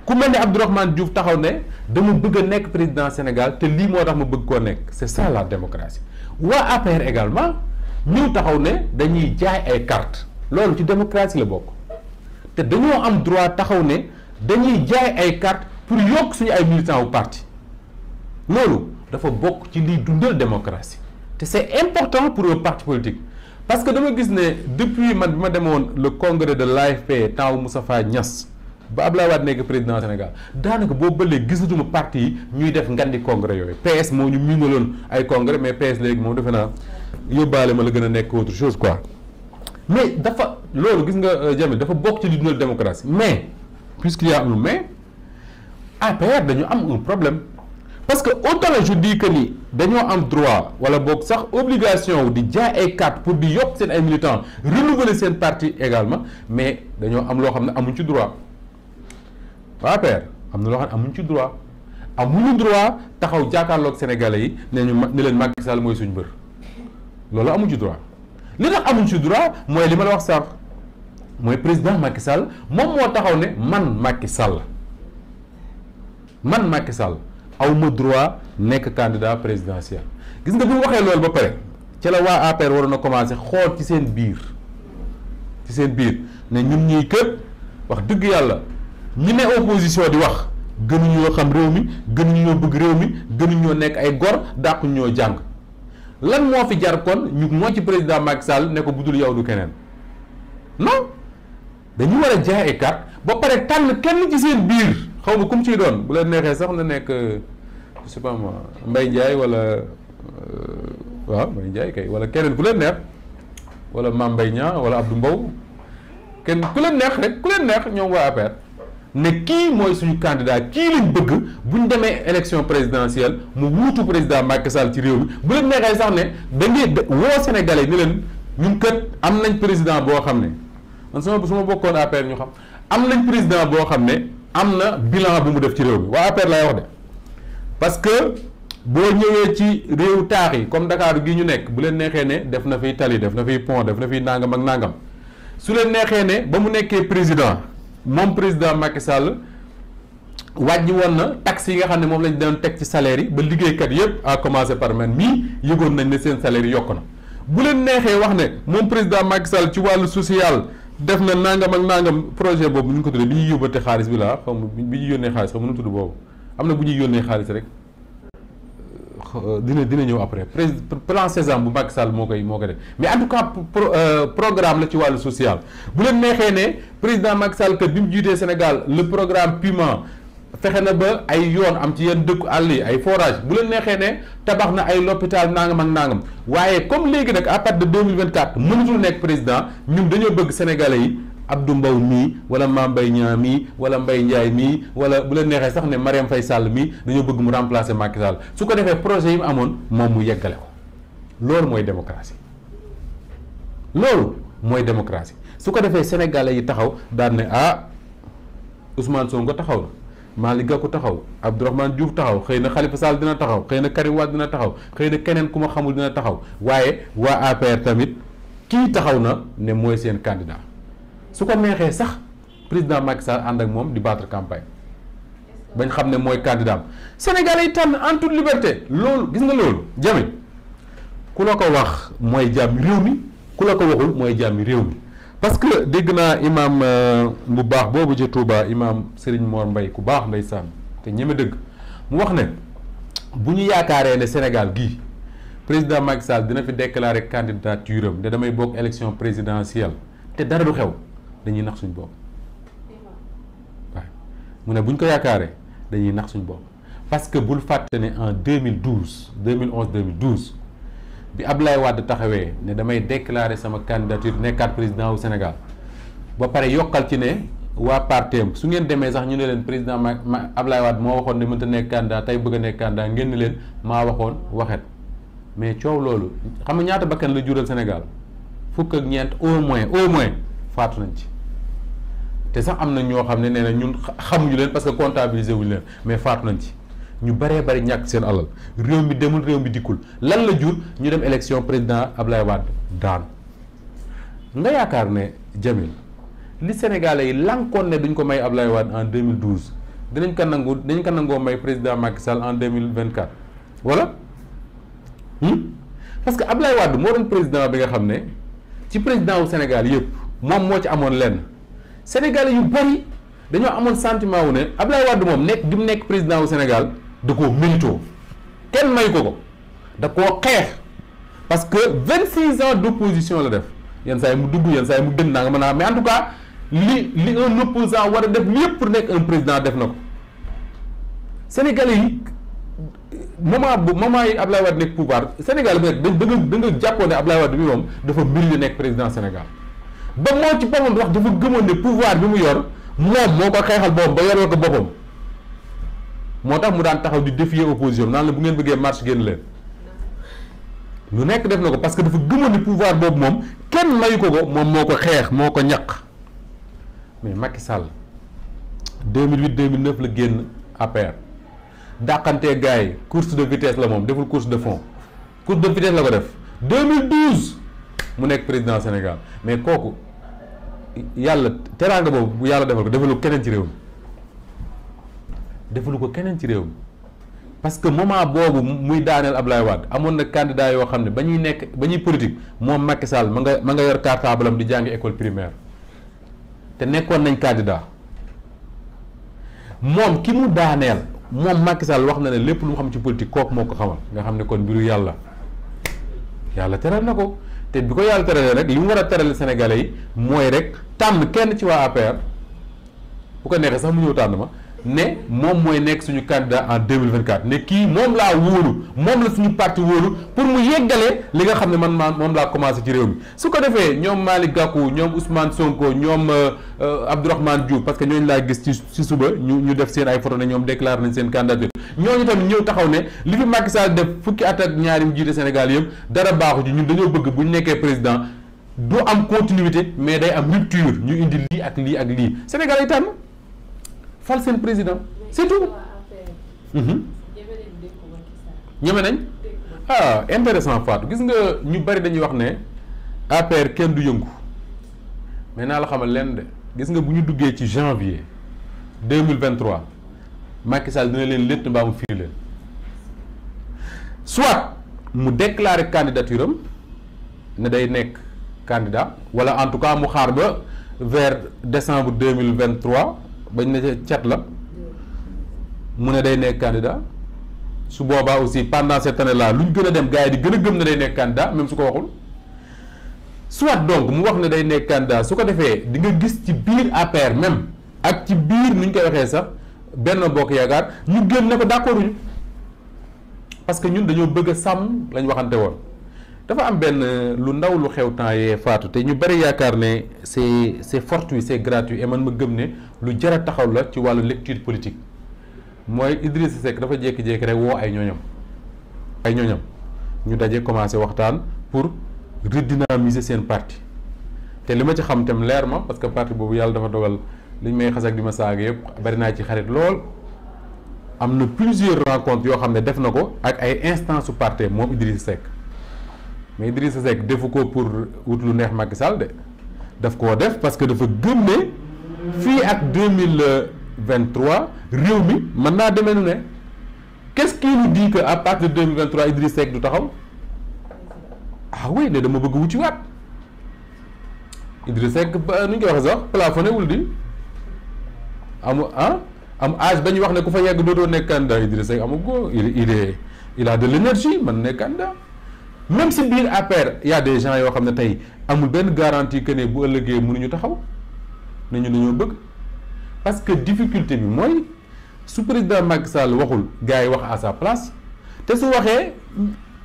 ku mel ne Abdourahmane Diouf taxaw ne dama bëgg a nekk président Sénégal te lii moo tax ma bëgg koo nekk c'est ça la démocratie waa APR également ñëw taxaw ne dañuy jaay ay carte loolu ci démocratie la bokk te dañoo am droit taxaw ne dañuy jaay ay carte pour yokk suñu ay militants bu parti loolu dafa bokk ci liy dundal démocratie te c'est important pour un parti politique parce que dama gis ne depuis man bi ma demoon le congrès de l'AFP temps wu Moustapha Niass ba Abdoulaye Wade nekk président Sénégal daanaka boobu bëlee gisatuma parti yi ñuy def ngandi congrès yooyu PS moo ñu miinaloon ay congrès mais PS léegi moom defe naa yóbbaale ma la gën a nekk autre chose quoi mais dafa loolu gis nga euh, Jamil dafa bokk ci li dundal démocratie mais puisqu'il mais APR dañu am un problème parce que autant je dis que ni dañoo am droit wala boog sax obligation wu di jaay ay carte pour di yokk seen ay militants renouveler seen parti également mais dañoo am loo xam ne amuñ ci droit waa APR am na loo xam ne amuñ ci droit mu droit taxaw jàkkaarloog sénégalais yi ne ñu ne leen màkki Sall mooy suñu bër loolu amuñ ci droit li tax amuñ ci droit mooy li ma la wax sànq mooy président Macky Sall moom moo taxaw ne man Macky sàll man Macky Sall aw ma droit nekk président présidentiel gis nga bu ñu waxee loolu ba pare ci la waa APR waroon a commencé xool ci seen biir ci seen biir ne ñun ñuy kër wax dëgg yàlla. ñu ne opposition di wax gënuñoo xam réew mi gënuñoo bëgg réew mi gënuñoo nekk ay gor dàquñoo ñoo jàng lan moo fi jar kon ñu moo ci président Macky Sall ne ko budul yow du keneen non dañu war a jaay ay carte ba pare tànn kenn ci biir xaw ma kum ciy doon bu leen neexee sax na nekk euh, je sais pas wala euh, waaw Mbaye Ndiaye kay wala keneen ku leen neex wala Mame Mbaye wala Abdou Mbow kenn ku leen neex rek ku leen neex ñoom waa APR. ne kii mooy suñu candidat kii lañ bëgg bu ñu demee élection présidentielle mu wuutu président Macky Sall ci réew mi bu leen neexee sax ne da ngeen woo Sénégalais ni leen ñun kat am nañ président boo xam ne man sama su ma bokkoon APR ñu xam am nañ président boo xam ne am na bilan bu mu def ci réew bi waa APR lay wax de parce que boo ñëwee ci réew taax yi comme Dakar gi ñu nekk bu leen neexee ne def na fi tali def na fiy pont def na fiy nangam ak nangam su leen neexee ne ba mu nekkee président. moom président Macky Sall wàññi woon na taxes yi nga xam ne moom lañ daan teg ci salaire yi ba liggéeykat yëpp à commencer par man mii yëgoon nañ ne seen salaire yokk na bu leen neexee wax ne moom président Macky Sall ci wàllu social def na nangam ak nangam projet boobu nu ñu ko tuddee bi ñuy yóbbante xaalis bi laa xaw ma bi ñuy yónnee xaalis xaw ma nu mu boobu am na bu ñuy yónnee xaalis rek. Euh, dina dina ñëw après plan Sésame bu Macky Sall moo koy moo koy def mais en tout cas euh, programme la ci wàllu social bu leen neexee ne président Macky Sall bi mu jiitee Sénégal le programme Piment fexe na ba ay yoon am ci yenn dëkku àll yi ay forage bu leen neexee ne tabax na ay l'hôpital nangam ak nangam waaye comme léegi nag à partir de 2024 mënatul nekk président ñun dañoo bëgg sénégalais yi Abdou mbaw mii wala Mame mbay ñaa mii wala Mbaye Ndiaye mii wala bu la neexee sax ne Marième fay sàll mii dañoo bëgg mu remplacer Macky Sall su ko defee projet yi mu amoon moom mu yeggale ko loolu mooy démocratie loolu mooy démocratie su ko defee sénégalais yi taxaw daan ne ah Ousmane Sonko taxaw na Malick Gakou taxaw Abdourahmane Diouf taxaw xëy na Khalifa Sall dina taxaw xëy na Karim dina taxaw xëy na keneen ku ma xamul dina taxaw waaye waa APR tamit kii taxaw na ne mooy seen candidat su ko neexee sax président Macky Sall ànd ak moom di battre campagne bañ xam ne mooy candidat sénégal Sénégalais yi tànn en toute liberté loolu gis nga loolu jame ku la ko wax mooy jàmmi réew mi ku la ko waxul mooy jàmmi réew mi parce que dégg naa imam euh, bu baax boobu ci Touba imam Serigne Mor Mbaye ku baax ndeysaan te ñeme dëgg mu wax ne bu ñu yaakaaree ne Sénégal gii président Macky Sall dina fi déclarer candidature am te damay bokk élection présidentielle te dara du xew dañuy nax suñ bopp waaw mu ne buñ ko yaakaaree dañuy nax suñ bopp parce que bul fàtte ne en 2012 2011 2012 bi ab lay Wade taxawee ne damay déclarer sama candidature nekkaat président wu senegal ba pare yokkal ci ne waa parteem su ngeen demee sax ñu ne leen président ma ma Abdoulaye Wade moo waxoon ne mënta nekk candidat tey bëgg a nekk candidat ngeen ne leen maa waxoon waxet mais coow loolu xam nga ñaata bakkan la jural Sénégal fukk ak ñeent au moins au moins faatu nañ ci te sax am na ñoo xam ne nee na ñun xamuñu leen parce que comptabiliser wuñu leen mais faatu nañ ci ñu bëree bëri ñàkk seen alal réew mi demul réew mi dikkul lan la jur ñu dem élection président Ablaye Wade daan nga yaakaar ne Jamil li Sénégalais yi lànkoon ne duñ ko may ab Ablaye Wade en mille 2012 dinañ ko nangu dinañ ko nangoo may président Macky Sall en 2024 voilà hmm? parce que Ablaye Wade moo doon président bi nga xam ne ci président wu Sénégal yëpp moom moo ci amoon lenn. Sénégalais yu bëri dañoo amoon sentiment wu ne Abdoulaye Wade moom nekk gi mu nekk président wu Sénégal du koo mérito kenn may ko ko da ko xeex parce que vingt six ans d' position la def yenn saa yi mu dugg yenn saa yi mu gën naa nga mën a mais en tout cas li li un opposant war a def lépp pour nekk un président def na ko Sénégalais yi moment bu moment yi Abdoulaye Wade nekk pouvoir Sénégal bi rek da nga da nga jàppoon ne Abdoulaye Wade bi moom dafa mbir nekk président Sénégal ba moom ci boppam wax dafa gëmoon ne pouvoir bi mu yor moom moo ko xeexal boppam ba yoral ko boppam moo tax mu daan taxaw di défier opposition naa la bu ngeen bëggee marche génn leen nekk def na ko parce que dafa gëmoon ne pouvoir boobu moom kenn mayu ko ko moom moo ko xeex moo ko ñaq mais Macky Sall 2008 2009 la génn APR dàqante gars yi course de vitesse la moom deful course de fond course de vitesse la ko def 2012 mu nekk président Sénégal mais kooku. yàlla teraanga boobu bu yàlla defal ko defalu ko keneen ci réew mi defalu ko keneen ci réew mi parce que moment boobu muy daaneel ab lay Wade amoon na candidat yoo xam ne ba ñuy nekk ba ñuy politique moom Macky Sall nga ma nga yor cartable am di jàngi école primaire te nekkoon nañ candidat moom ki mu daaneel moom Macky wax na ne lépp lu mu xam ci politique kooku moo ko xamal nga xam ne kon mbiru yàlla yàlla teral na ko te bi ko yàlla teralee rek li mu war a terale Sénégalais mooy rek tànn kenn ci waa APR bu ko neexee sax mu ñëw tànn ma ne moom mooy nekk suñu candidat en 2024 ne kii moom laa wóolu moom la suñu parti wóolu pour mu yeggalee li nga xam ne man maa moom laa commencé ci réew mi su ko defee ñoom Malick Gakou ñoom Ousmane Sonko ñoom euh, euh, Abdourahmane Diouf parce que ñooñu laa gis ci suba ñu ñu def seen ay photo ne ñoom déclaré nañ seen candidature ñooñu tamit ñëw taxaw ne li fi Macky Sall def fukki at ak ñaari mu jiite Sénégal yëpp dara baaxu ji ñu dañoo bëgg bu ñu nekkee président du am continuité mais day am rupture ñu indi lii ak lii ak lii Sénégal yi tànn fal seen président c'est tout mhm. ñeme nañ ah intéressant Fatou gis nga ñu bari dañuy wax ne APR kenn du yëngu mais naa la xamal lenn de gis nga bu ñu duggee ci janvier deux mille vingt trois Macky Sall dina leen létt mbaa mu firi leen soit mu déclarer candidature am ne day nekk candidat wala en tout cas mu xaar ba vers décembre deux mille vingt bañ ne cat la mu ne day nekk candidat su boobaa aussi pendant cette année là luñ gën a dem gars yi di gën a gëm ne day nekk candidat même su ko waxul soit donc mu wax ne day nekk candidat su ko defee di nga gis ci biir APR même ak ci biir nu ñu koy waxee sax benn bokk yaakaar ñu gën ne ko d'accord uñu parce que ñun dañoo bëgg a sàmm lañ waxante woon. dafa am benn euh, lu ndaw lu xew temps yee faatu te ñu bëri yaakaar ne c'est c'est fortuit c'est gratuit et man ma gëm ne lu jar a taxaw la ci wàllu lecture politique mooy Idrissa Seck dafa jékki-jékki rek woo ay ñooñam ay ñooñam ñu daje commencé waxtaan pour redynamiser seen parti te li ma ci xam tam leer ma parce que parti boobu yàlla dafa dogal liñ may xas di ma saaga yëpp bari naa ci xarit lool am na plusieurs rencontres yoo xam ne def na ko ak ay instances su parti moom Idrissa Seck mais Idrissa Seck defu ko pour wut lu neex Macky Sall de daf koo def parce que dafa gëm ne fii ak deux mille vingt trois réew mi mën naa demee nu ne qu'est-ce qui nous dit à partir de deux mille vingt trois Idrissa Seck du taxaw ah oui de dama bëgg ci waat Idrissa Seck nu ñu koy waxee sax plafonné di amu ah am âge ba ñu wax ne ku fa yegg dootoo nekk candidat Idrissa Seck amu ko il il est il a de l'énergie man nekk candidat même si biir APR y a gens yoo xam ne tey amul benn garantie que ne bu ëllëgee ñu taxaw nañu dañoo bëgg parce que difficulté bi mooy su président Macky Sall waxul gars yi wax à sa place te su waxee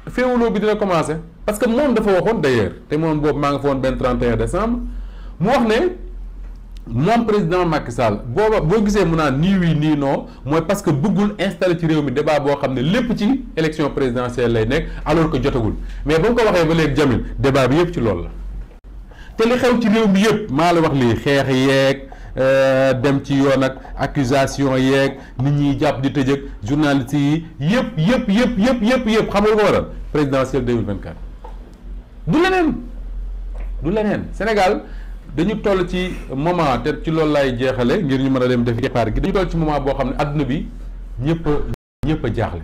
féewuloo bi dina commencé parce que moom dafa waxoon d'ailleurs te moom boobu maa nga fa woon benn 31 décembre mu wax ne. moom président Macky Sall booba boo gisee mu naan nii oui nii no mooy parce que bëggul installé ci réew mi débat boo xam ne lépp ci élection présidentielle lay nekk alors que jotagul mais ba nga ko waxee ba léegi Jamil débat bi yëpp ci loolu la. te li xew ci réew mi yëpp maa la wax lii xeex yeeg euh, dem ci yoon ak accusation yeeg nit ñi jàpp di tëjëg journaliste yi yëpp yëpp yëpp yëpp yëpp yëpp xam nga ko waral présidentielle 2024 du leneen du leneen Sénégal. dañu toll ci moment te ci loolu laay jeexale ngir ñu mën a dem def départ gi dañu toll ci moment boo xam ne adduna bi ñëpp a ñëpp a jaaxle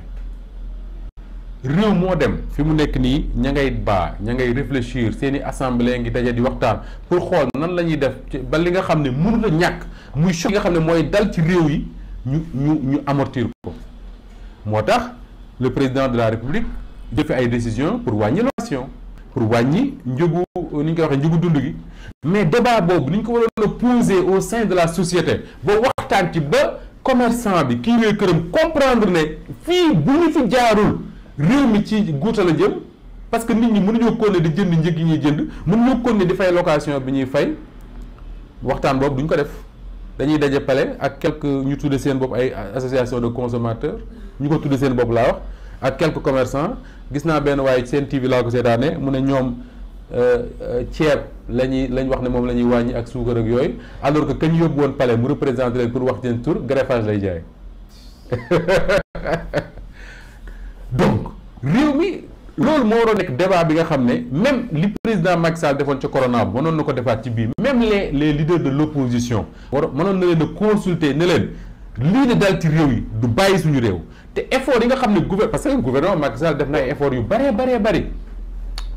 réew moo dem fi mu nekk nii ña ngay baa ña ngay réfléchir seen i assemblée ngi daje di waxtaan pour xool nan la ñuy def ba li nga xam ne mënul a ñàkk muy choc nga xam ne mooy dal ci réew yi ñu ñu ñu amortir ko moo tax le président de la république jëfe ay décision pour wàññi location pour wàññi njëgu ni ñu koy waxee njëgu dund gi mais débat boobu ni ñu ko waroon a poser au sein de la société ba waxtaan ci ba commerçant bi kii yooyu këram comprendre ne fii bu ñu fi jaarul réew mi ci guuta la jëm parce que nit ñi mënuñoo kon ne di jënd njëg yi ñuy jënd mënuñoo kon ne di fay location bi ñuy fay waxtaan boobu duñ ko def dañuy daje pale ak quelques ñu tudde seen bopp ay association de consommateurs ñu ko tudde seen bopp laa wax ak quelques commerçants gis naa benn waaye seen TV laa ko seetaane mu ne ñoom Euh, euh, ceeb la ñuy lañ wax ne moom la ñuy wàññi ak suukar ak yooyu alors que kañ yóbbu woon palais mu représenté leen pour wax en tur greffage lay jaay donc réew mi loolu moo waroon nekk débat bi nga xam ne même li président Macky Sall defoon ca corona bi mënoon na ko defaat ci biir même les les leaders de l'opposition war mënoon na leen a consulter ne leen lii de dal ci réew yi du bàyyi suñu réew te effort yi nga xam ne gouver parce que gouvernement Macky Sall def na ay yu bëree bëree bëri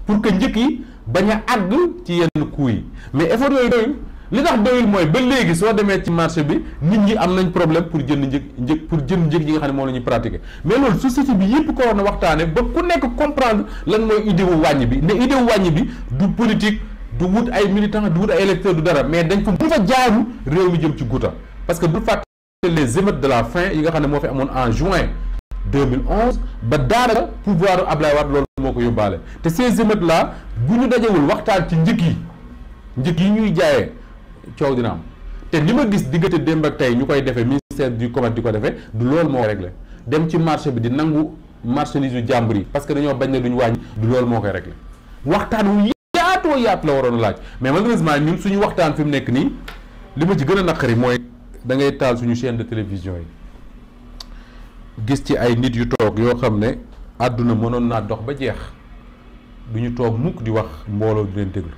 pour que njëkk yi bañ a àgg ci yenn coûts yi mais effort yooyu doyul li tax doyul mooy ba léegi soo demee ci marché bi nit ñi am nañ problème pour jënd njëg njëg pour jënd njëg yi nga xam ne moom la ñuy pratiquer mais loolu yëpp ko war na waxtaane ba ku nekk comprendre lan mooy bi ne idée wu wàññi bi du politique du wut ay militants du wut ay du dara mais dañ ko bu fa jaaru réew mi jëm ci guuta parce que bu fàtte les émeutes de la faim yi nga xam ne moo fi amoon en juin 2011 ba daanaka pouvoir u Ablaye Wade loolu moo ko yóbbaale te ces émeutes là bu ñu dajewul waxtaan ci njëg yi njëg yi ñuy jaaye coow dina am te li ma gis diggante démb ak tey ñu koy defee ministère du commerce di ko defee du lool moo réglé dem ci marché bi di nangu marchandise yu jàmbur yi parce que dañoo bañ ne duñ wàññi du loolu moo koy réglé waxtaan wu yaatoo yaatu la waroon laaj mais malheureusement ñun suñu waxtaan fi mu nekk nii li ma ci gën a naqari mooy da taal suñu chaîne de télévision yi gis ci ay nit yu toog yoo xam ne àdduna mënoon naa dox ba jeex du ñu toog mukk di wax mbooloo di leen déglu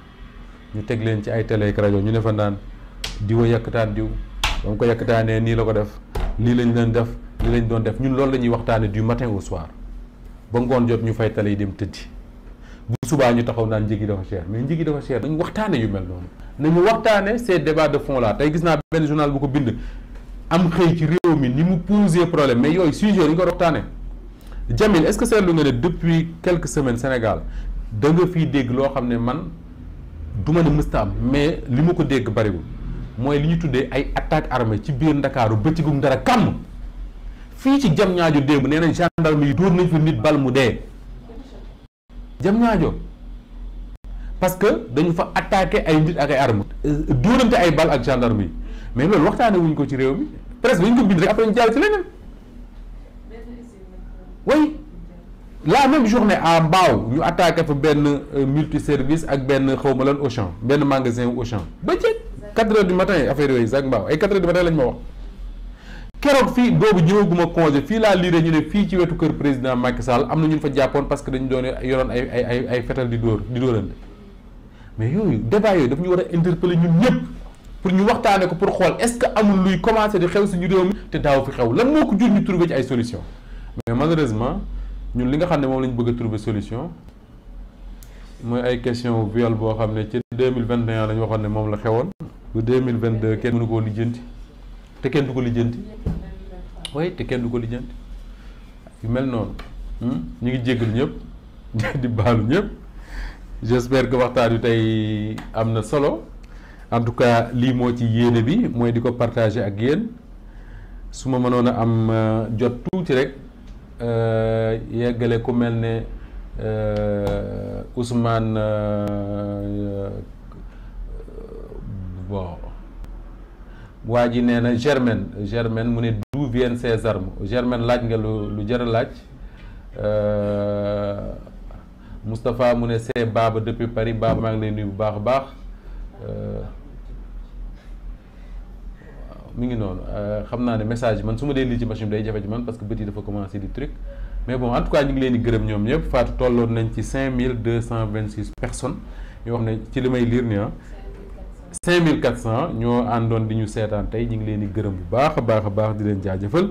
ñu teg leen ci ay télé ak ñu ne fa naan diwa yàkkataan diw ba mu ko yàkkataanee nii la ko def lii lañ def lii lañ doon def ñun loolu la ñuy waxtaane du matin au soir ba ngoon jot ñu fay télé yi dem tëddi bu subaa ñu taxaw naan njëgi dafa cher mais njëgi dafa cher nañu waxtaanee yu mel noonu nañu waxtaane ces débats de fond là tey naa benn bu ko bind am xëy ci réew mi ni mu poser problème mais yooyu sujet yi ñu ko waxtaanee Jamil est-ce que seetlu nga ne depuis quelques semaines Sénégal da nga fiy dégg loo xam ne man du ma ne mësta am mais li mu ko dégg bariwul mooy li ñu tuddee ay attaque arme ci biir Ndakaaru bëccëgu dara kàmm fii ci jam ñaajo démb nee nañ gendarme yi dóor nañ fi nit bal mu dee jam ñaajo parce que dañu fa attaqué ay nit ak ay armes euh, dóorante ay bal ak gendarme yi mais loolu waxtaane wuñ ko ci réew mi presse bi ko bind rek après ñu jaay ci leneen. oui la même journée à mbaaw ñu attaqué fa benn euh, multi service ak benn xaw ma lan Auchan benn magasin wu Auchan ba jeeg 4 heures du matin affaire yooyu ak Mbao ay 4 heures du matin lañ ma wax. keroog fii boobu ñëwaguma congé fii laa liiree ñu ne fii ci wetu kër président Macky Sall am na ñu fa jàppoon parce que dañu doon yoroon ay ay ay ay fetal di dóor di dóorante mais yooyu débat yooyu daf ñu war ñëpp. pour ñu waxtaane ko pour xool est-ce que amul luy commencer di xew suñu réew mi te daaw fi xew lan moo ko jur ñu trouver ci ay solution mais malheureusement ñun li nga xam ne moom la ñu bëgg a trouver solution mooy ay question viol boo xam ne deux mille vingt et un la ne moom la xewoon bu deux mille vingt deux kenn mënu koo lijjanti te kenn du ko lijjanti way te kenn du ko lijjanti yu mel noonu hmm? ñu ngi jéggalu ñëpp di baalu ñëpp j'espère que waxtaan wi tey am na solo en tout lii moo ci yéene bi mooy di ko partager ak yéen su ma mënoon a am euh, jot tuuti rek euh, yeggale ku mel ne euh, Ousmane bon waa ji nee na Germaine Germaine mu ne d'où viennent ces armes Germaine laaj nga lu lu jar a laaj Moustapha mu ne c'est Baba depuis Paris Baba maa ngi lay bu baax a baax. mi ngi noonu euh, xam naa ne message man su ma dee lii ci machine bi day jafe ci man parce que bët yi dafa commencé di truc mais bon en tout ngi leen di gërëm ñoom ñëpp Fatou tolloon nañ ci cinq mille deux cent vingt six personnes yoo xam ne ci li may liir nii ah. mille quatre cent ñoo àndoon di ñu seetaan tey ñu ngi leen di gërëm bu baax a baax a baax di leen jaajëfal.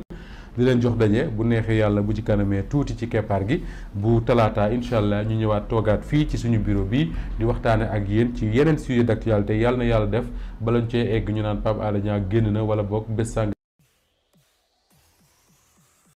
di leen jox daje bu neexee yàlla bu ci kanamee tuuti ci keppaar gi bu talaata incha allah ñu ñëwaat toogaat fii ci suñu bureau bi di waxtaane ak yéen ci yeneen sujet d'actualité yàlla na yàlla def balañ cee egg ñu naan Pape Alé Niang génn na wala boog bés sàng